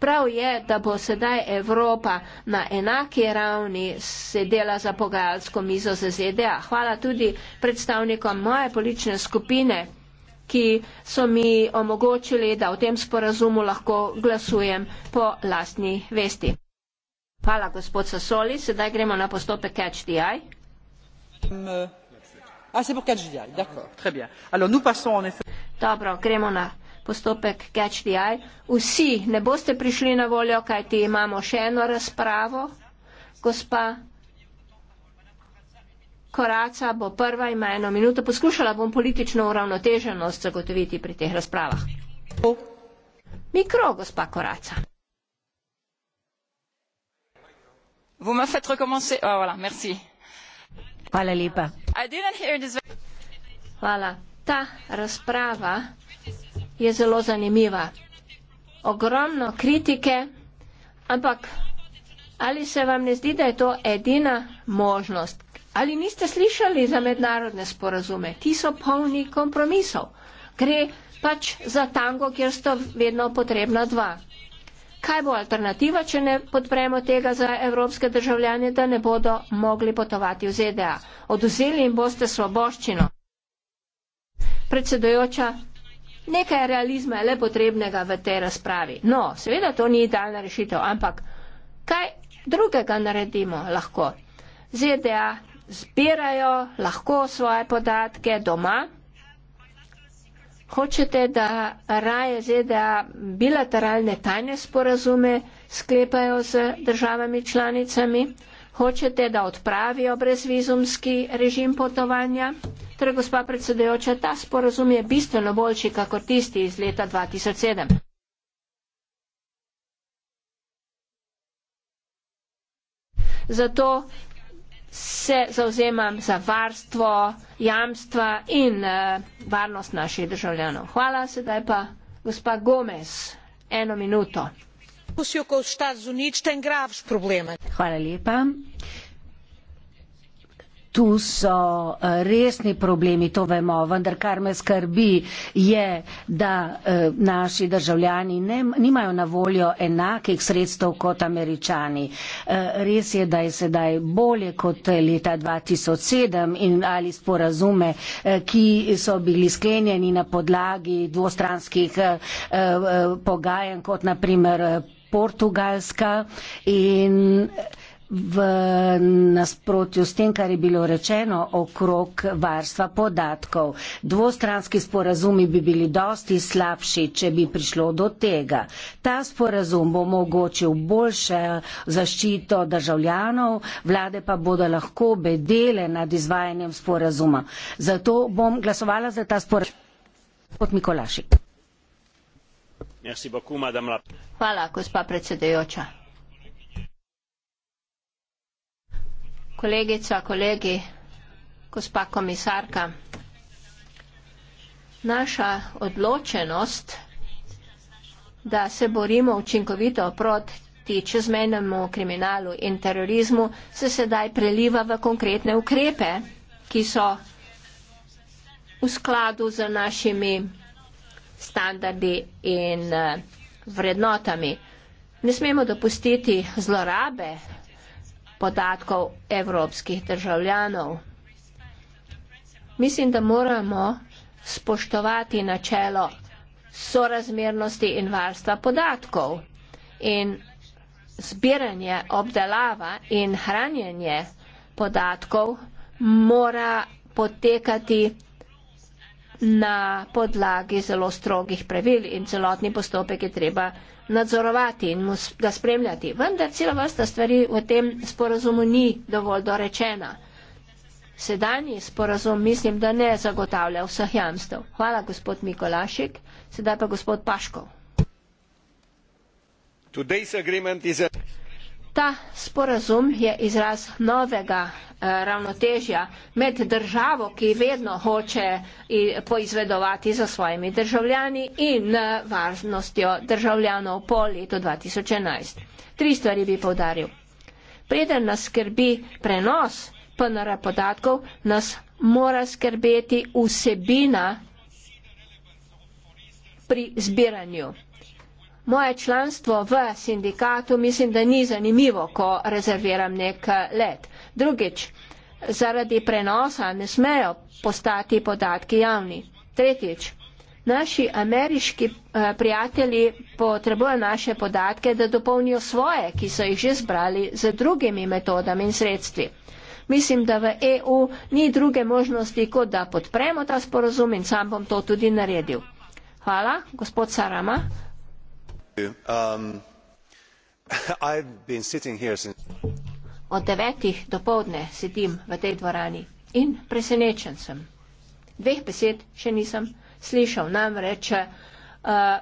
Prav je, da bo sedaj Evropa na enaki ravni sedela za pogajalsko mizo za ZDA. Hvala tudi predstavnikom moje politične skupine ki so mi omogočili, da v tem sporazumu lahko glasujem po lastni vesti. Hvala, gospod Sasoli. Sedaj gremo na postopek CatchDI. Mm, ah, Dobro, gremo na postopek CatchDI. Vsi ne boste prišli na voljo, kajti imamo še eno razpravo. Gospa koraca bo prva ima eno minuto, poskušala bom politično uravnoteženost zagotoviti pri teh razpravah. Mikro, gospa koraca. Oh, Hvala lepa. Hvala. Ta razprava je zelo zanimiva. Ogromno kritike, ampak ali se vam ne zdi, da je to edina možnost? Ali niste slišali za mednarodne sporazume? Ti so polni kompromisov. Gre pač za tango, kjer sta vedno potrebna dva. Kaj bo alternativa, če ne podpremo tega za evropske državljane, da ne bodo mogli potovati v ZDA? Oduzeli jim boste svoboščino. Predsedujoča, nekaj realizma je le potrebnega v tej razpravi. No, seveda to ni idealna rešitev, ampak kaj drugega naredimo lahko? ZDA zbirajo lahko svoje podatke doma. Hočete, da raje ZDA bilateralne tajne sporazume sklepajo z državami članicami? Hočete, da odpravijo brezvizumski režim potovanja? Torej, gospa predsedujoča, ta sporazum je bistveno boljši, kakor tisti iz leta 2007. Zato se zauzemam za varstvo, jamstva in uh, varnost naših državljanov. Hvala, sedaj pa gospa Gomez, eno minuto. Hvala lepa tu so eh, resni problemi, to vemo, vendar kar me skrbi je, da eh, naši državljani ne, nimajo na voljo enakih sredstev kot američani. Eh, res je, da je sedaj bolje kot leta 2007 in ali sporazume, ki so bili sklenjeni na podlagi dvostranskih pogajanj, kot naprimer Portugalska. In, V nasprotju s tem, kar je bilo rečeno okrog varstva podatkov, dvostranski sporazumi bi bili dosti slabši, če bi prišlo do tega. Ta sporazum bo omogočil boljše zaščito državljanov, vlade pa bodo lahko bedele nad izvajanjem sporazuma. Zato bom glasovala za ta sporazum. Kot Mikolašik. Hvala, gospa predsedujoča. kolegica, kolegi, gospa komisarka. Naša odločenost, da se borimo učinkovito proti čezmenemu kriminalu in terorizmu, se sedaj preliva v konkretne ukrepe, ki so v skladu z našimi standardi in eh, vrednotami. Ne smemo dopustiti zlorabe podatkov evropskih državljanov. Mislim, da moramo spoštovati načelo sorazmernosti in varstva podatkov in zbiranje, obdelava in hranjenje podatkov mora potekati na podlagi zelo strogih pravil in celotni postopek je treba nadzorovati in ga spremljati. Vendar cela vrsta stvari v tem sporazumu ni dovolj dorečena. Sedanji sporazum mislim, da ne zagotavlja vseh jamstev. Hvala, gospod Mikolašik. Sedaj pa gospod Paškov. Ta sporazum je izraz novega eh, ravnotežja med državo, ki vedno hoče poizvedovati za svojimi državljani in eh, varnostjo državljanov po letu 2011. Tri stvari bi povdaril. Preden nas skrbi prenos PNR podatkov, nas mora skrbeti vsebina pri zbiranju moje članstvo v sindikatu mislim, da ni zanimivo, ko rezerviram nek eh, let. Drugič, zaradi prenosa ne smejo postati podatki javni. Tretjič, naši ameriški eh, prijatelji potrebujejo naše podatke, da dopolnijo svoje, ki so jih že zbrali z drugimi metodami in sredstvi. Mislim, da v EU ni druge možnosti, kot da podpremo ta sporozum in sam bom to tudi naredil. Hvala, gospod Sarama. Um, od devetih dopoldne sedim v tej dvorani in presenečen sem dveh besed še nisem slišal namreč uh,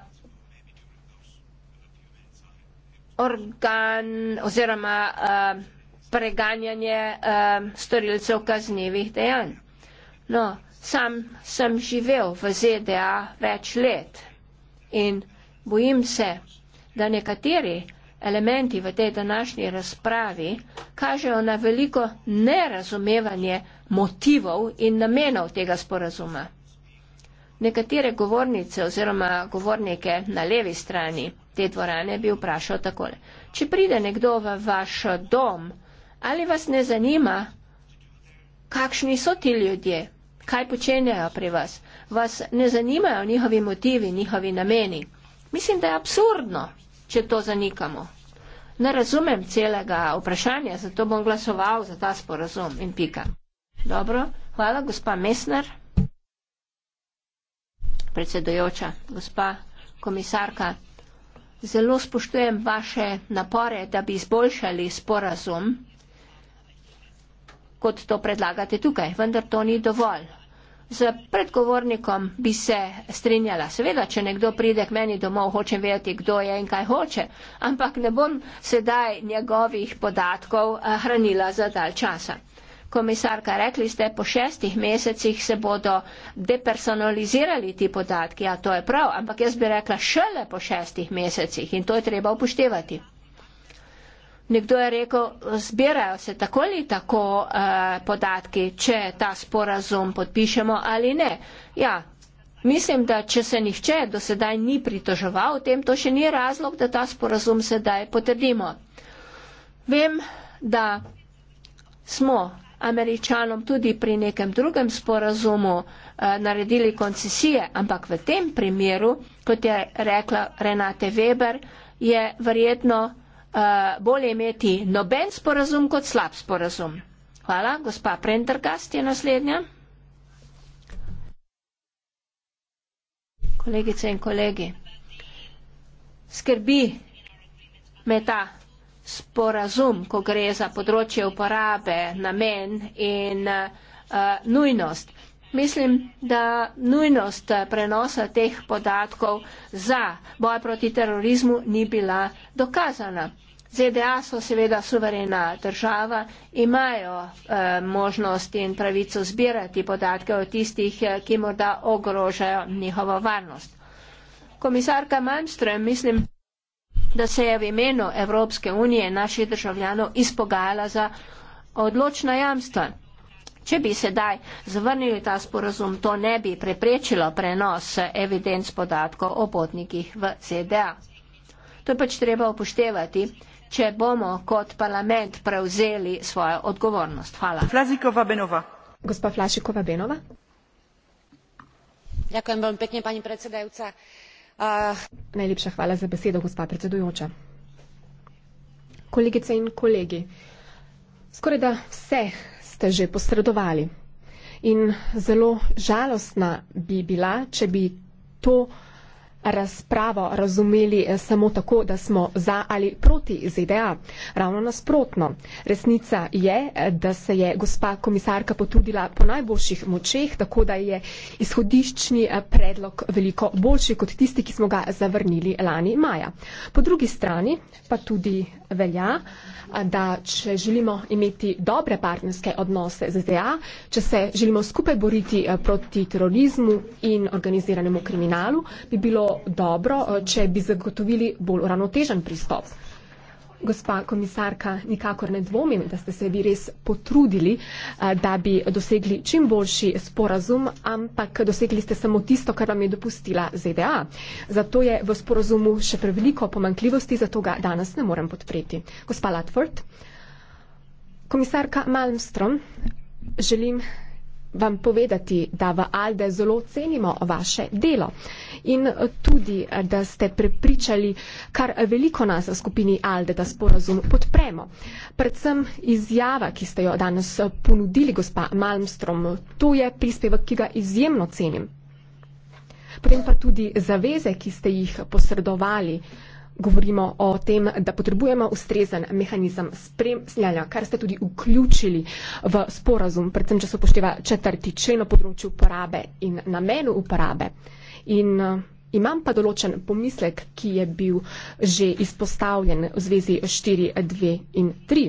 organ oziroma uh, preganjanje uh, storilcev kaznjivih dejanj no sam sem živel v zda več let in Bojim se, da nekateri elementi v tej današnji razpravi kažejo na veliko nerazumevanje motivov in namenov tega sporazuma. Nekatere govornice oziroma govornike na levi strani te dvorane bi vprašal takole. Če pride nekdo v vaš dom, ali vas ne zanima, kakšni so ti ljudje, kaj počenjajo pri vas, vas ne zanimajo njihovi motivi, njihovi nameni. Mislim, da je absurdno, če to zanikamo. Ne razumem celega vprašanja, zato bom glasoval za ta sporazum in pika. Dobro, hvala, gospa Mesner. Predsedujoča, gospa komisarka, zelo spoštujem vaše napore, da bi izboljšali sporazum, kot to predlagate tukaj, vendar to ni dovolj. Z predgovornikom bi se strinjala. Seveda, če nekdo pride k meni domov, hočem vedeti, kdo je in kaj hoče, ampak ne bom sedaj njegovih podatkov eh, hranila za dalj časa. Komisarka, rekli ste, po šestih mesecih se bodo depersonalizirali ti podatki. Ja, to je prav, ampak jaz bi rekla šele po šestih mesecih in to je treba upoštevati. Nekdo je rekel, zbirajo se tako ali tako uh, podatki, če ta sporazum podpišemo ali ne. Ja, mislim, da če se nihče do sedaj ni pritoževal o tem, to še ni razlog, da ta sporazum sedaj potrdimo. Vem, da smo američanom tudi pri nekem drugem sporazumu uh, naredili koncesije, ampak v tem primeru, kot je rekla Renate Weber, je verjetno uh, bolje imeti noben sporazum kot slab sporazum. Hvala, gospa Prendergast je naslednja. Kolegice in kolegi, skrbi me ta sporazum, ko gre za področje uporabe, namen in uh, nujnost. Mislim, da nujnost prenosa teh podatkov za boj proti terorizmu ni bila dokazana. ZDA so seveda suverena država, imajo eh, možnost in pravico zbirati podatke o tistih, eh, ki morda ogrožajo njihovo varnost. Komisarka Malmström, mislim, da se je v imenu Evropske unije naših državljanov izpogajala za odločna jamstva. Če bi sedaj zvrnili ta sporozum, to ne bi preprečilo prenos evidenc podatkov o potnikih v ZDA. To je pač treba upoštevati, če bomo kot parlament prevzeli svojo odgovornost. Hvala. Flazikova Benova. Gospa Flašikova Benova. Ďakujem veľmi pekne, pani predsedajúca. Uh... Najlepšia chvála za besedo, gospa predsedujúča. Kolegice in kolegi, skoraj da vseh ste že posredovali. In zelo žalostna bi bila, če bi to razpravo razumeli eh, samo tako, da smo za ali proti ZDA. Ravno nasprotno. Resnica je, eh, da se je gospa komisarka potrudila po najboljših močeh, tako da je izhodiščni eh, predlog veliko boljši kot tisti, ki smo ga zavrnili lani maja. Po drugi strani pa tudi velja, da če želimo imeti dobre partnerske odnose z ZDA, če se želimo skupaj boriti eh, proti terorizmu in organiziranemu kriminalu, bi bilo dobro, eh, če bi zagotovili bolj uravnotežen pristop. Gospa komisarka, nikakor ne dvomim, da ste se vi res potrudili, eh, da bi dosegli čim boljši sporazum, ampak dosegli ste samo tisto, kar vam je dopustila ZDA. Zato je v sporazumu še preveliko pomankljivosti, zato ga danes ne morem podpreti. Gospa Latford, komisarka Malmström, želim vam povedati, da v Alde zelo cenimo vaše delo in tudi, da ste prepričali kar veliko nas v skupini Alde, da sporazum podpremo. Predvsem izjava, ki ste jo danes ponudili, gospa Malmstrom, to je prispevek, ki ga izjemno cenim. Potem pa tudi zaveze, ki ste jih posredovali govorimo o tem, da potrebujemo ustrezen mehanizem spremljanja, kar ste tudi vključili v sporazum, predvsem, če se upošteva četrti člen o področju uporabe in namenu uporabe. In eh, imam pa določen pomislek, ki je bil že izpostavljen v zvezi 4, 2 in 3.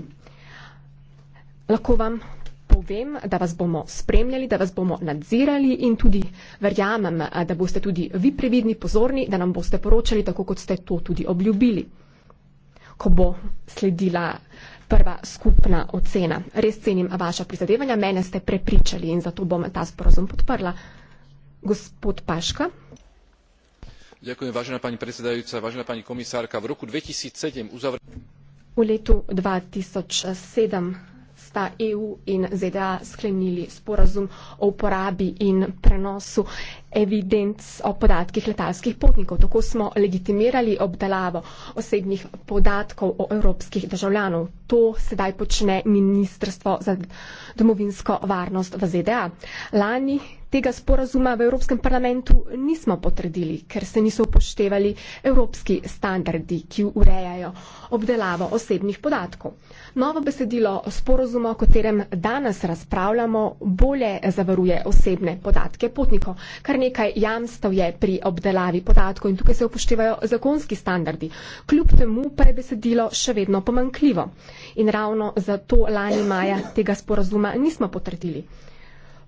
Lahko vam povem, da vas bomo spremljali, da vas bomo nadzirali in tudi verjamem, da boste tudi vi previdni, pozorni, da nam boste poročali, tako kot ste to tudi obljubili, ko bo sledila prva skupna ocena. Res cenim vaša prizadevanja, mene ste prepričali in zato bom ta sporozum podprla. Gospod Paška. Ďakujem, vážená pani predsedajúca, vážená pani komisárka. V roku 2007 uzavrela... V letu 2007 sta EU in ZDA sklenili sporazum o uporabi in prenosu evidenc o podatkih letalskih potnikov. Tako smo legitimirali obdelavo osebnih podatkov o evropskih državljanov. To sedaj počne Ministrstvo za domovinsko varnost v ZDA. Lani tega sporazuma v Evropskem parlamentu nismo potrdili, ker se niso upoštevali evropski standardi, ki urejajo obdelavo osebnih podatkov. Novo besedilo sporozuma, o katerem danes razpravljamo, bolje zavaruje osebne podatke potnikov. Kar nekaj jamstv je pri obdelavi podatkov in tukaj se upoštevajo zakonski standardi. Kljub temu pa je besedilo še vedno pomankljivo. In ravno zato lani maja tega sporozuma nismo potrdili.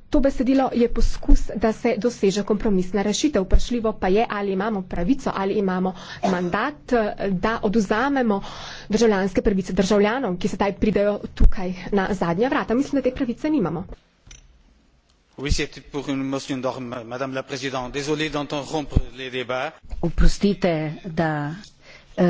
To besedilo je poskus, da se doseže kompromisna rešitev. Vprašljivo pa je, ali imamo pravico, ali imamo mandat, da oduzamemo državljanske pravice državljanov, ki se taj pridajo tukaj na zadnja vrata. Mislim, da te pravice nimamo. Oprostite, da. Uh,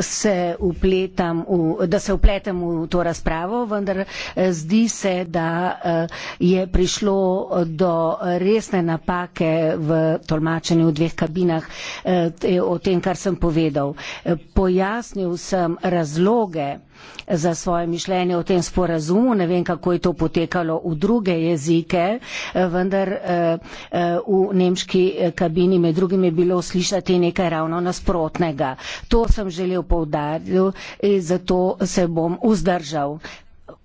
se upletam v, da se upletem v to razpravo, vendar eh, zdi se, da eh, je prišlo do resne napake v tolmačenju v dveh kabinah eh, o tem, kar sem povedal. Pojasnil sem razloge, za svoje mišljenje o tem sporazumu. Ne vem, kako je to potekalo v druge jezike, eh, vendar eh, eh, v nemški kabini med drugim je bilo slišati nekaj ravno nasprotnega. To sem želel povdariti in zato se bom vzdržal.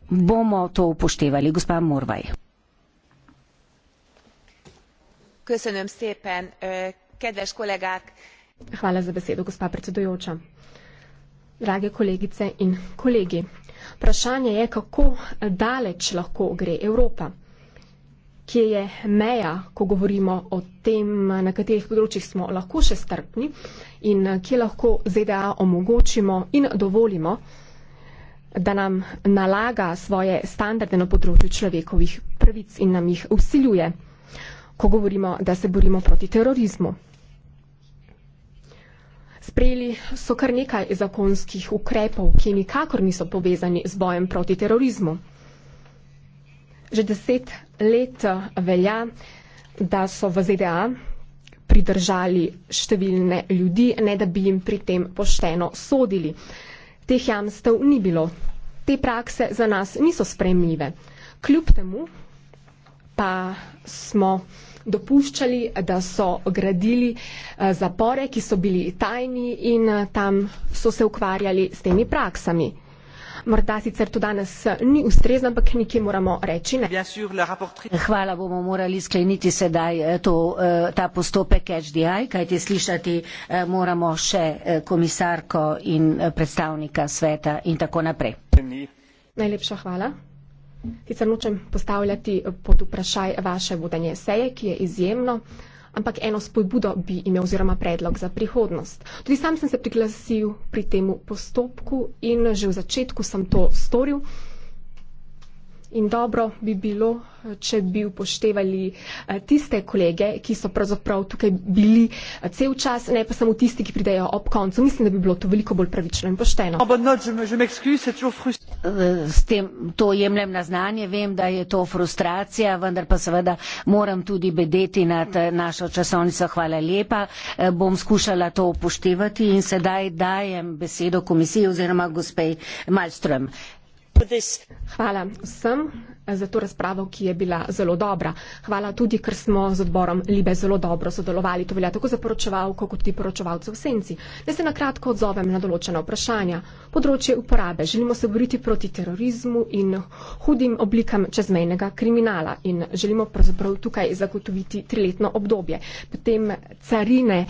Bomo to upoštevali, gospa Morvaj. Köszönöm szépen, kedves kollégák! Hvala za besedo, gospa predsedujoča drage kolegice in kolegi. Vprašanje je, kako daleč lahko gre Evropa. Kje je meja, ko govorimo o tem, na katerih področjih smo lahko še strpni in kje lahko ZDA omogočimo in dovolimo, da nam nalaga svoje standarde na področju človekovih prvic in nam jih usiljuje, ko govorimo, da se borimo proti terorizmu. Sprejeli so kar nekaj zakonskih ukrepov, ki nikakor niso povezani z bojem proti terorizmu. Že deset let eh, velja, da so v ZDA pridržali številne ljudi, ne da bi jim pri tem pošteno sodili. Teh jamstev ni bilo. Te prakse za nas niso spremljive. Kljub temu pa smo dopuščali, da so gradili eh, zapore, ki so bili tajni in eh, tam so se ukvarjali s temi praksami. Morda sicer to danes eh, ni ustrezno, ampak nekje moramo reči ne. Hvala, bomo morali skleniti sedaj to, ta postopek HDI, kajti slišati moramo še komisarko in predstavnika sveta in tako naprej. Najlepša hvala. Sicer nočem postavljati eh, pod vprašaj vaše vodenje seje, ki je izjemno, ampak eno spodbudo bi imel oziroma predlog za prihodnost. Tudi sam sem se priglasil pri temu postopku in že v začetku sem to storil. In dobro bi bilo, če bi upoštevali eh, tiste kolege, ki so pravzaprav tukaj bili eh, cel čas, ne pa samo tisti, ki pridejo ob koncu. Mislim, da bi bilo to veliko bolj pravično in pošteno. Oh, eh, s tem to jemljem na znanje, vem, da je to frustracija, vendar pa seveda moram tudi bedeti nad našo časovnico. Hvala lepa. Bom skušala to upoštevati in sedaj dajem besedo komisiji oziroma gospej Malström. Hvala vsem za to razpravo, ki je bila zelo dobra. Hvala tudi, ker smo z odborom Libe zelo dobro sodelovali. To velja tako za poročevalko, kot tudi poročevalce v senci. Da se nakratko odzovem na določena vprašanja. Področje uporabe. Želimo se boriti proti terorizmu in hudim oblikam čezmejnega kriminala in želimo pravzaprav tukaj zagotoviti triletno obdobje. Potem carine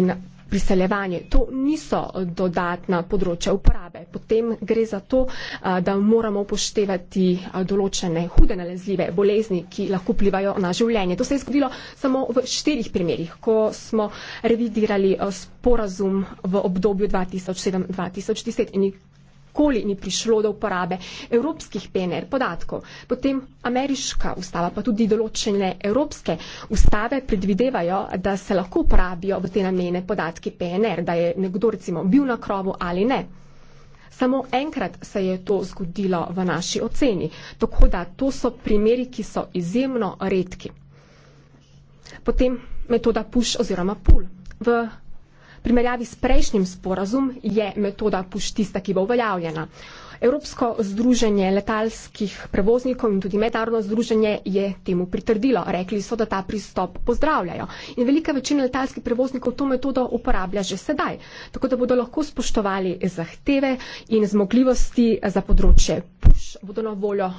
in priseljevanje. To niso eh, dodatna področja uporabe. Potem gre za to, eh, da moramo upoštevati eh, določene hude nalezljive bolezni, ki lahko plivajo na življenje. To se je zgodilo samo v štirih primerjih, ko smo revidirali sporazum v obdobju 2007-2010 in nikoli ni prišlo do uporabe evropskih PNR podatkov. Potem ameriška ustava, pa tudi določene evropske ustave predvidevajo, da se lahko uporabijo v te namene podatki PNR, da je nekdo recimo bil na krovu ali ne. Samo enkrat se je to zgodilo v naši oceni. Tako da to so primeri, ki so izjemno redki. Potem metoda push oziroma pull. V primerjavi s prejšnjim sporazum je metoda PUŠ tista, ki bo uveljavljena. Evropsko združenje letalskih prevoznikov in tudi mednarodno združenje je temu pritrdilo. Rekli so, da ta pristop pozdravljajo. In velika večina letalskih prevoznikov to metodo uporablja že sedaj, tako da bodo lahko spoštovali zahteve in zmogljivosti za področje PUŠ bodo na voljo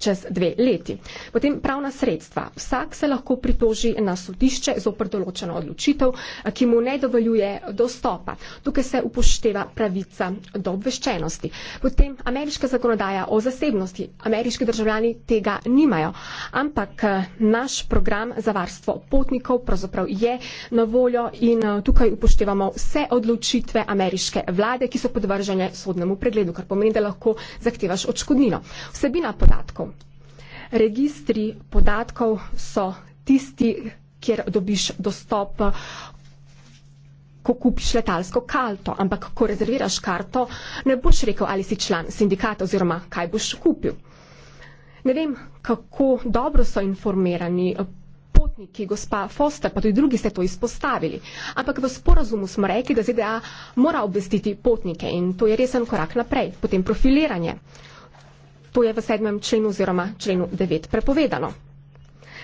čez dve leti. Potem pravna sredstva. Vsak se lahko pritoži na sodišče zopr določeno odločitev, ki mu ne dovoljuje dostopa. Tukaj se upošteva pravica do obveščenosti. Potem ameriška zakonodaja o zasebnosti. Ameriški državljani tega nimajo, ampak eh, naš program za varstvo potnikov pravzaprav je na voljo in eh, tukaj upoštevamo vse odločitve ameriške vlade, ki so podvržene sodnemu pregledu, kar pomeni, da lahko zahtevaš odškodnino. Vsebina podatkov. Registri podatkov so tisti, kjer dobiš dostop, ko kupiš letalsko karto, ampak ko rezerviraš karto, ne boš rekel, ali si član sindikata oziroma kaj boš kupil. Ne vem, kako dobro so informirani potniki, gospa Foster, pa tudi drugi ste to izpostavili, ampak v sporazumu smo rekli, da ZDA mora obvestiti potnike in to je resen korak naprej, potem profiliranje. To je v sedmem členu oziroma členu devet prepovedano.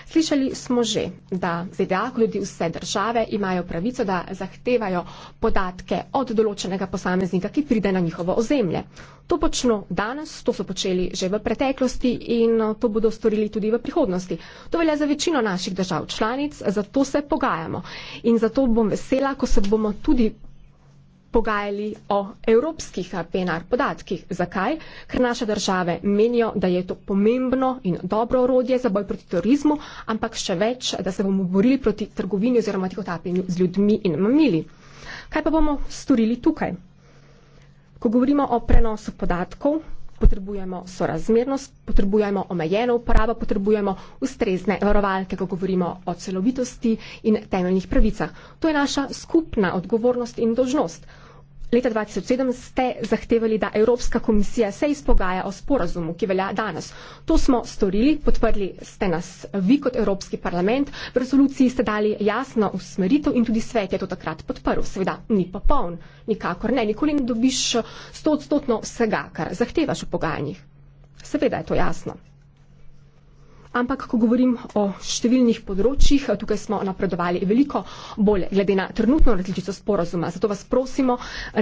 Slišali smo že, da ZDA, kot tudi vse države, imajo pravico, da zahtevajo podatke od določenega posameznika, ki pride na njihovo ozemlje. To počno danes, to so počeli že v preteklosti in no, to bodo storili tudi v prihodnosti. To velja za večino naših držav članic, zato se pogajamo in zato bom vesela, ko se bomo tudi pogajali o evropskih PNR podatkih. Zakaj? Ker naše države menijo, da je to pomembno in dobro orodje za boj proti turizmu, ampak še več, da se bomo borili proti trgovini oziroma tihotapljenju z ljudmi in mamili. Kaj pa bomo storili tukaj? Ko govorimo o prenosu podatkov, potrebujemo sorazmernost, potrebujemo omejeno uporabo, potrebujemo ustrezne varovalke, ko govorimo o celovitosti in temeljnih pravicah. To je naša skupna odgovornost in dožnost. Leta 2007 ste zahtevali, da Evropska komisija se izpogaja o sporazumu, ki velja danes. To smo storili, podprli ste nas vi kot Evropski parlament, v resoluciji ste dali jasno usmeritev in tudi svet je to takrat podprl. Seveda ni popoln, nikakor ne, nikoli ne dobiš sto odstotno vsega, kar zahtevaš v pogajanjih. Seveda je to jasno ampak ko govorim o številnih področjih, tukaj smo napredovali veliko bolje glede na trenutno različico sporazuma. Zato vas prosimo,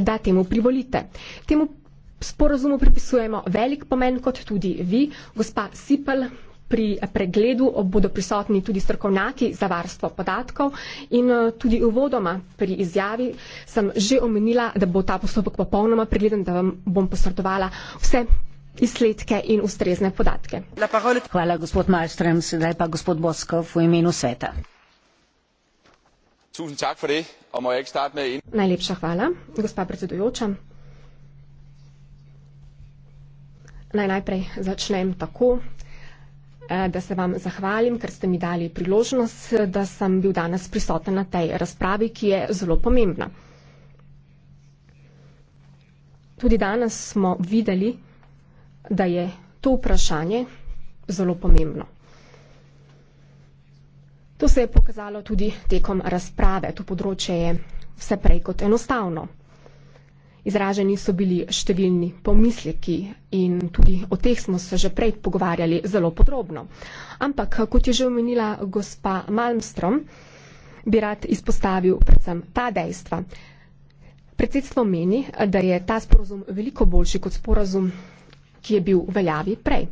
da temu privolite. Temu sporazumu pripisujemo velik pomen, kot tudi vi, gospa Sipel. Pri pregledu bodo prisotni tudi strokovnjaki za varstvo podatkov in tudi uvodoma pri izjavi sem že omenila, da bo ta postopek popolnoma pregleden, da vam bom posredovala vse izsledke in ustrezne podatke. Hvala, gospod Malstrem. Sedaj pa gospod Boskov v imenu sveta. Najlepša hvala, gospa predsedujoča. Naj najprej začnem tako, eh, da se vam zahvalim, ker ste mi dali priložnost, da sem bil danes prisoten na tej razpravi, ki je zelo pomembna. Tudi danes smo videli, da je to vprašanje zelo pomembno. To se je pokazalo tudi tekom razprave, to področje je vse prej kot enostavno. Izraženi so bili številni pomisleki in tudi o teh smo se že prej pogovarjali zelo podrobno. Ampak, kot je že omenila gospa Malmstrom, bi rad izpostavil predvsem ta dejstva. Predsedstvo meni, da je ta sporozum veliko boljši kot sporozum ki je bil v veljavi prej.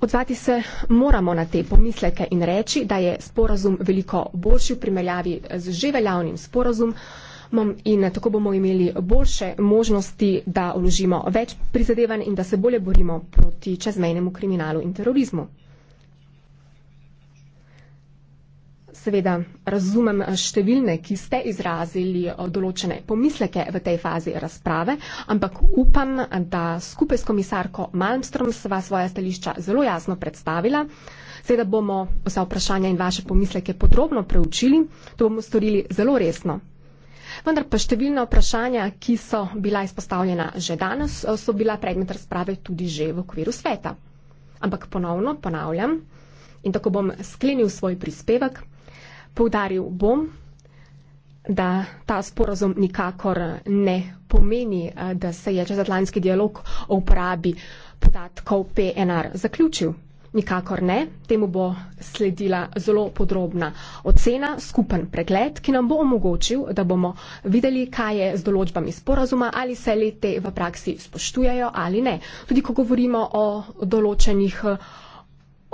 Odzvati se moramo na te pomisleke in reči, da je sporazum veliko boljši v primerjavi z že veljavnim sporazumom in tako bomo imeli boljše možnosti, da uložimo več prizadevanj in da se bolje borimo proti čezmejnemu kriminalu in terorizmu. Seveda razumem eh, številne, ki ste izrazili eh, določene pomisleke v tej fazi razprave, ampak upam, da skupaj s komisarko Malmstrom sva svoja stališča zelo jasno predstavila. Seveda bomo vsa vprašanja in vaše pomisleke podrobno preučili, to bomo storili zelo resno. Vendar pa številna vprašanja, ki so bila izpostavljena že danes, eh, so bila predmet razprave tudi že v okviru sveta. Ampak ponovno ponavljam in tako bom sklenil svoj prispevek. Poudaril bom, da ta sporozum nikakor ne pomeni, eh, da se je čezatlantski dialog o uporabi podatkov PNR zaključil. Nikakor ne, temu bo sledila zelo podrobna ocena, skupen pregled, ki nam bo omogočil, da bomo videli, kaj je z določbami sporazuma, ali se le te v praksi spoštujajo ali ne. Tudi ko govorimo o določenih eh,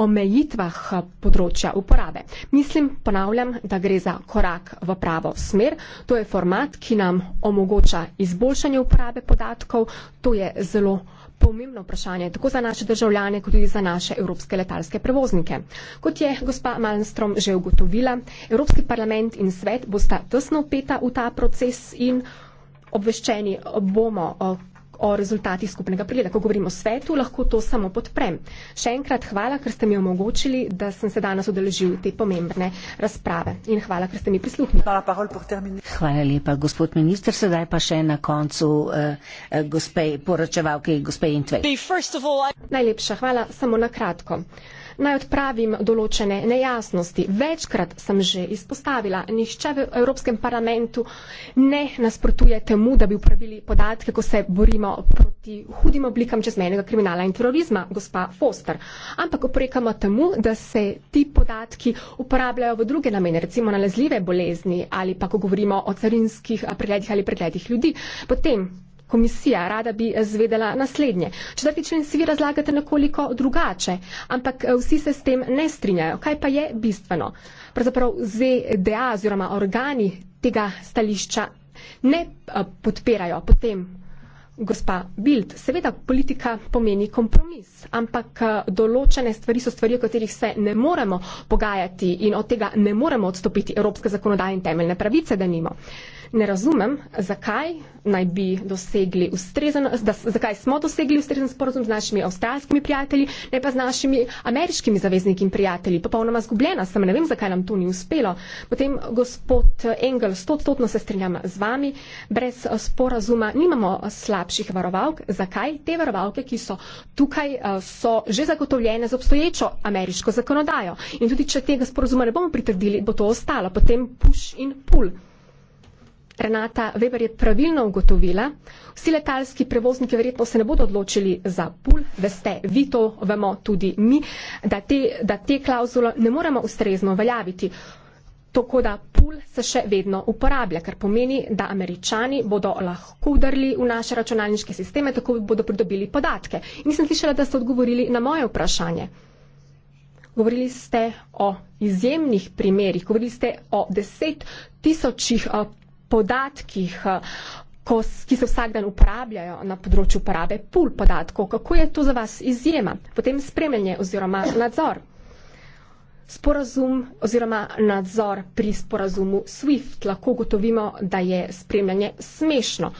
omejitvah eh, področja uporabe. Mislim, ponavljam, da gre za korak v pravo smer. To je format, ki nam omogoča izboljšanje uporabe podatkov. To je zelo pomembno vprašanje tako za naše državljane, kot tudi za naše evropske letalske prevoznike. Kot je gospa Malmstrom že ugotovila, Evropski parlament in svet bosta tesno upeta v ta proces in obveščeni bomo, eh, o rezultatih skupnega pregleda. Ko govorimo o svetu, lahko to samo podprem. Še enkrat hvala, ker ste mi omogočili, da sem se danes odeležil te pomembne razprave. In hvala, ker ste mi prisluhnili. Hvala, hvala lepa, gospod minister. Sedaj pa še na koncu eh, eh gospej poročevalke, gospej Intvej. All, I... Najlepša hvala, samo na kratko. Naj odpravim določene nejasnosti. Večkrat sem že izpostavila, nišče v Evropskem parlamentu ne nasprotuje temu, da bi upravili podatke, ko se borimo proti hudim oblikam čezmenega kriminala in terorizma, gospa Foster. Ampak oprekamo temu, da se ti podatki uporabljajo v druge namene, recimo nalezljive bolezni ali pa ko govorimo o carinskih pregledih ali pregledih ljudi. Potem komisija. Rada bi eh, zvedela naslednje. Četrti člen si vi razlagate nekoliko drugače, ampak eh, vsi se s tem ne strinjajo. Kaj pa je bistveno? Pravzaprav ZDA oziroma organi tega stališča ne eh, podpirajo. Potem Gospa Bild, seveda politika pomeni kompromis, ampak eh, določene stvari so stvari, o katerih se ne moremo pogajati in od tega ne moremo odstopiti evropske zakonodaje in temeljne pravice, da nimo. Ne razumem, zakaj, naj bi dosegli ustrezen, da, zakaj smo dosegli ustrezen sporozum z našimi avstralskimi prijatelji, ne pa z našimi ameriškimi zavezniki in prijatelji. Popolnoma zgubljena sem, ne vem, zakaj nam to ni uspelo. Potem, gospod Engel, stotstotno se strinjam z vami, brez eh, sporazuma nimamo slabo slabših varovalk. Zakaj te varovalke, ki so tukaj, eh, so že zagotovljene z obstoječo ameriško zakonodajo? In tudi, če tega sporozuma ne bomo pritrdili, bo to ostalo, potem push in pull. Renata Weber je pravilno ugotovila, vsi letalski prevozniki verjetno se ne bodo odločili za pul, veste, vi to vemo tudi mi, da te, da te klauzulo ne moremo ustrezno uveljaviti. Tako da pul se še vedno uporablja, kar pomeni, da američani bodo lahko udrli v naše računalniške sisteme, tako bodo pridobili podatke. Nisem slišala, da ste odgovorili na moje vprašanje. Govorili ste o izjemnih primerih, govorili ste o deset tisočih eh, podatkih, eh, ki se vsak dan uporabljajo na področju uporabe pul podatkov. Kako je to za vas izjema? Potem spremljanje oziroma nadzor sporazum oziroma nadzor pri sporazumu SWIFT. Lahko gotovimo, da je spremljanje smešno.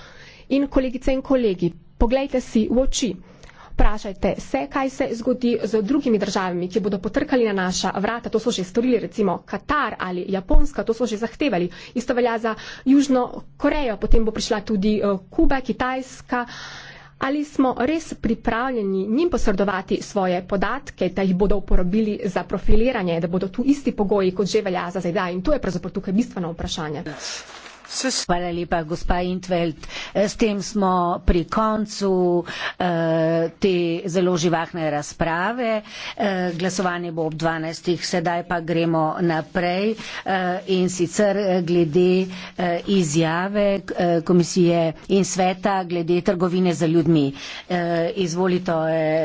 In kolegice in kolegi, poglejte si v oči. Vprašajte se, kaj se zgodi z drugimi državami, ki bodo potrkali na naša vrata. To so že storili recimo Katar ali Japonska, to so že zahtevali. Isto velja za Južno Korejo, potem bo prišla tudi eh, Kuba, Kitajska ali smo res pripravljeni njim posredovati svoje podatke, da jih bodo uporabili za profiliranje, da bodo tu isti pogoji, kot že velja za zdaj. In to je pravzaprav tukaj bistveno vprašanje. Hvala lepa, gospa Intveld. E, s tem smo pri koncu e, te zelo živahne razprave. E, glasovanje bo ob 12. Sedaj pa gremo naprej in sicer glede izjave komisije in sveta glede trgovine za ljudmi. Izvolite.